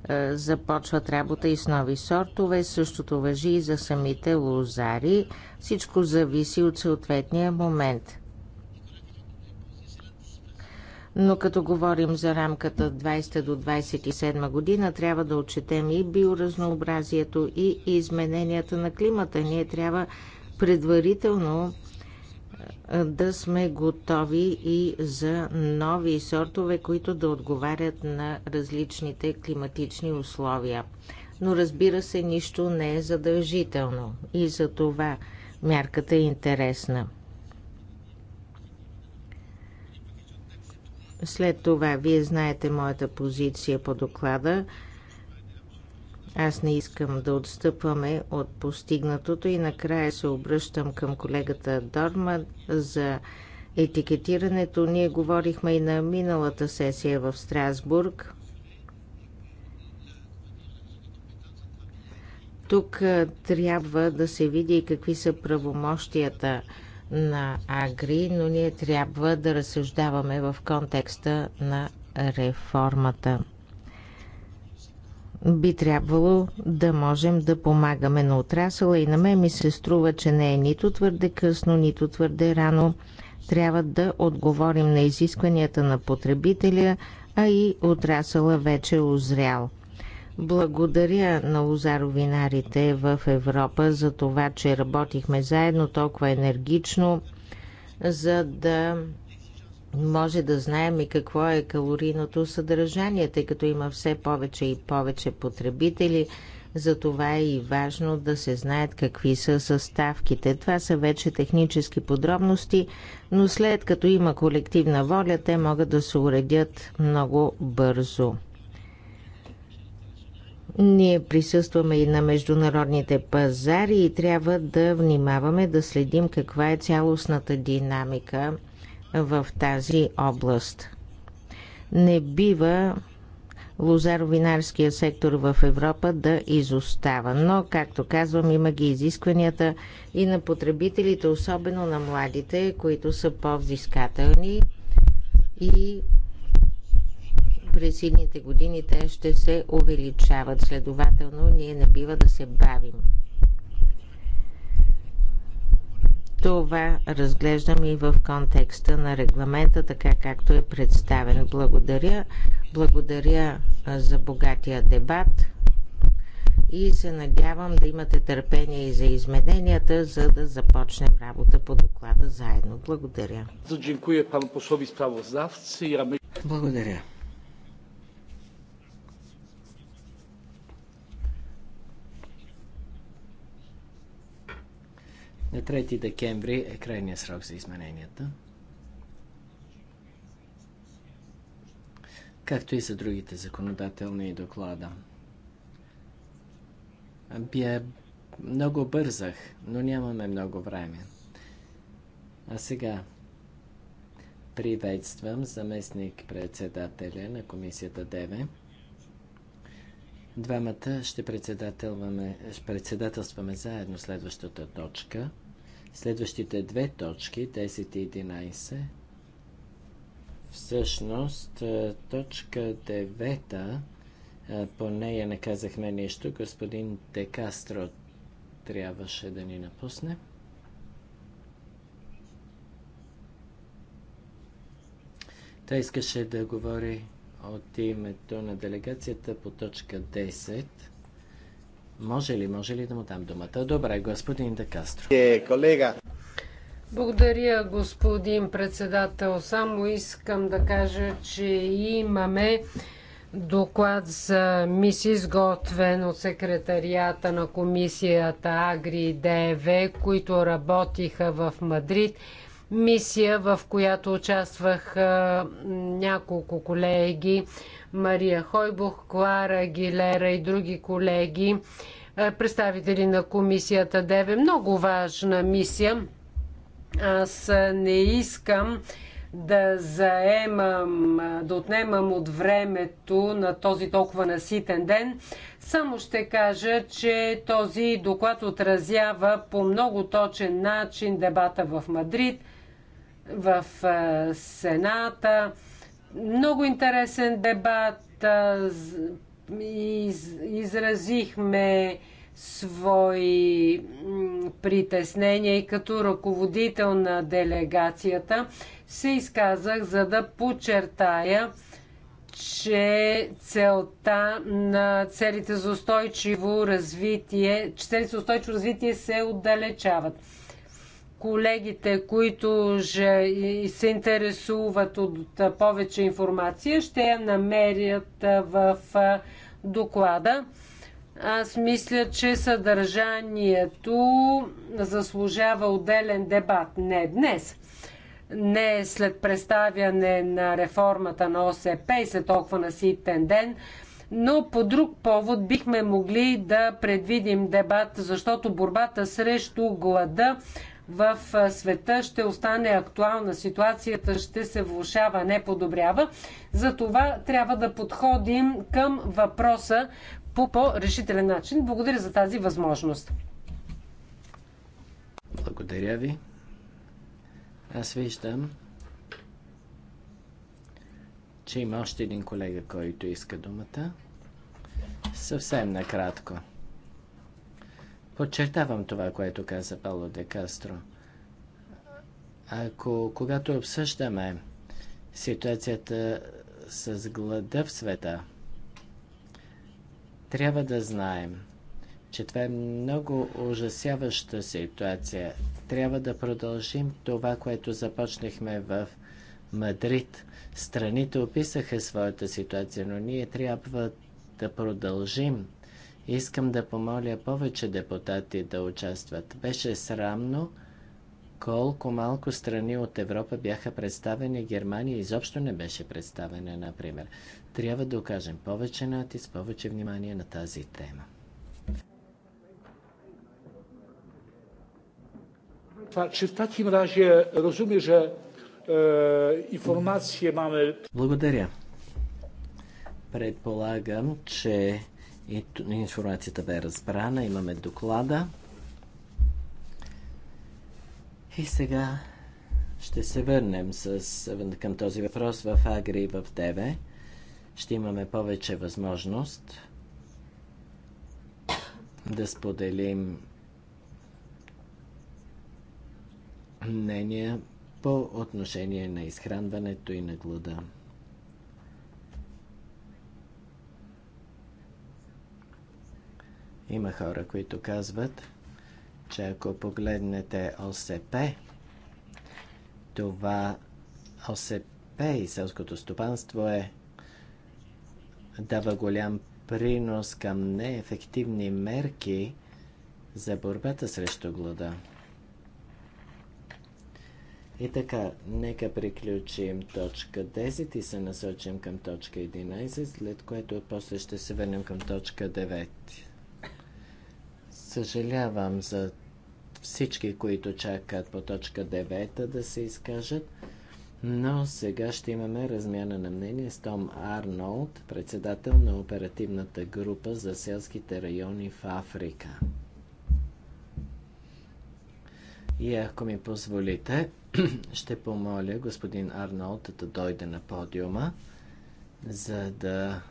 е, започват работа и с нови сортове. Същото въжи и за самите лозари. Всичко зависи от съответния момент но като говорим за рамката 20 до 27 година, трябва да отчетем и биоразнообразието и измененията на климата. Ние трябва предварително да сме готови и за нови сортове, които да отговарят на различните климатични условия. Но разбира се, нищо не е задължително и за това мярката е интересна. След това, вие знаете моята позиция по доклада. Аз не искам да отстъпваме от постигнатото и накрая се обръщам към колегата Дорман за етикетирането. Ние говорихме и на миналата сесия в Страсбург. Тук трябва да се види какви са правомощията на Агри, но ние трябва да разсъждаваме в контекста на реформата. Би трябвало да можем да помагаме на отрасъла и на мен ми се струва, че не е нито твърде късно, нито твърде рано. Трябва да отговорим на изискванията на потребителя, а и отрасъла вече е озрял – благодаря на лозаровинарите в Европа за това, че работихме заедно толкова енергично, за да може да знаем и какво е калорийното съдържание, тъй като има все повече и повече потребители. Затова е и важно да се знаят какви са съставките. Това са вече технически подробности, но след като има колективна воля, те могат да се уредят много бързо. Ние присъстваме и на международните пазари и трябва да внимаваме да следим каква е цялостната динамика в тази област. Не бива лозаровинарския сектор в Европа да изостава. Но, както казвам, има ги изискванията и на потребителите, особено на младите, които са по-взискателни и през едните години те ще се увеличават. Следователно, ние не бива да се бавим. Това разглеждам и в контекста на регламента, така както е представен. Благодаря. Благодаря за богатия дебат и се надявам да имате търпение и за измененията, за да започнем работа по доклада заедно. Благодаря. Благодаря. На 3 декември е крайният срок за измененията. Както и за другите законодателни доклада. Бе много бързах, но нямаме много време. А сега приветствам заместник председателя на комисията ДЕВЕ. Двамата ще председателстваме заедно следващата точка – Следващите две точки, 10 и 11, всъщност точка 9, по нея не казахме нищо, господин Декастро трябваше да ни напусне. Той искаше да говори от името на делегацията по точка 10. Може ли, може ли да му дам думата? Добре, господин Декастро. Е, колега. Благодаря, господин председател. Само искам да кажа, че имаме доклад за мисия, изготвен от секретарията на комисията Агри ДВ, които работиха в Мадрид мисия, в която участвах няколко колеги, Мария Хойбух, Клара Гилера и други колеги, представители на комисията ДЕВЕ. Много важна мисия. Аз не искам да заемам, да отнемам от времето на този толкова наситен ден. Само ще кажа, че този доклад отразява по много точен начин дебата в Мадрид – в Сената. Много интересен дебат. Изразихме свои притеснения и като ръководител на делегацията се изказах, за да подчертая, че целта на целите за устойчиво развитие, че целите за устойчиво развитие се отдалечават колегите, които же се интересуват от повече информация, ще я намерят в доклада. Аз мисля, че съдържанието заслужава отделен дебат. Не днес. Не след представяне на реформата на ОСП и след толкова наситен ден, но по друг повод бихме могли да предвидим дебат, защото борбата срещу глада в света ще остане актуална, ситуацията ще се влушава, не подобрява. Затова трябва да подходим към въпроса по по-решителен начин. Благодаря за тази възможност. Благодаря ви. Аз виждам, че има още един колега, който иска думата. Съвсем накратко. Подчертавам това, което каза Пало де Кастро. Ако, когато обсъждаме ситуацията с глада в света, трябва да знаем, че това е много ужасяваща ситуация. Трябва да продължим това, което започнахме в Мадрид. Страните описаха своята ситуация, но ние трябва да продължим Искам да помоля повече депутати да участват. Беше срамно колко малко страни от Европа бяха представени. Германия изобщо не беше представена, например. Трябва да окажем повече натиск, повече внимание на тази тема. Е, информация Благодаря. Предполагам, че и информацията бе разбрана, имаме доклада. И сега ще се върнем с, към този въпрос в Агри и в ТВ. Ще имаме повече възможност да споделим мнения по отношение на изхранването и на глада. Има хора, които казват, че ако погледнете ОСП, това ОСП и селското стопанство е дава голям принос към неефективни мерки за борбата срещу глада. И така, нека приключим точка 10 и се насочим към точка 11, след което после ще се върнем към точка 9. Съжалявам за всички, които чакат по точка 9 да се изкажат. Но сега ще имаме размяна на мнение с Том Арнолд, председател на оперативната група за селските райони в Африка. И ако ми позволите, ще помоля господин Арнолд да дойде на подиума, за да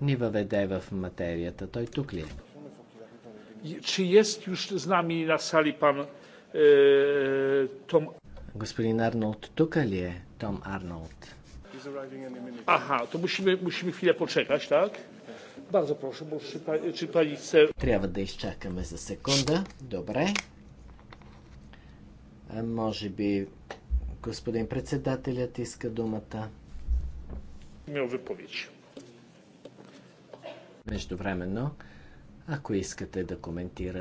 ни въведе в материята. Той тук ли е? Czy jest już z nami na sali pan e, Tom? Господин Арнолд, тук ли е Том Арнолд? Aha, to musimy, musimy chwilę poczekać, tak? Bardzo proszę, bo czy, pa, czy pani chce... Трябва да изчакаме за секунда. Добре. А е, може би господин председателят иска думата. Miał wypowiedź. Междувременно ако искате да коментирате,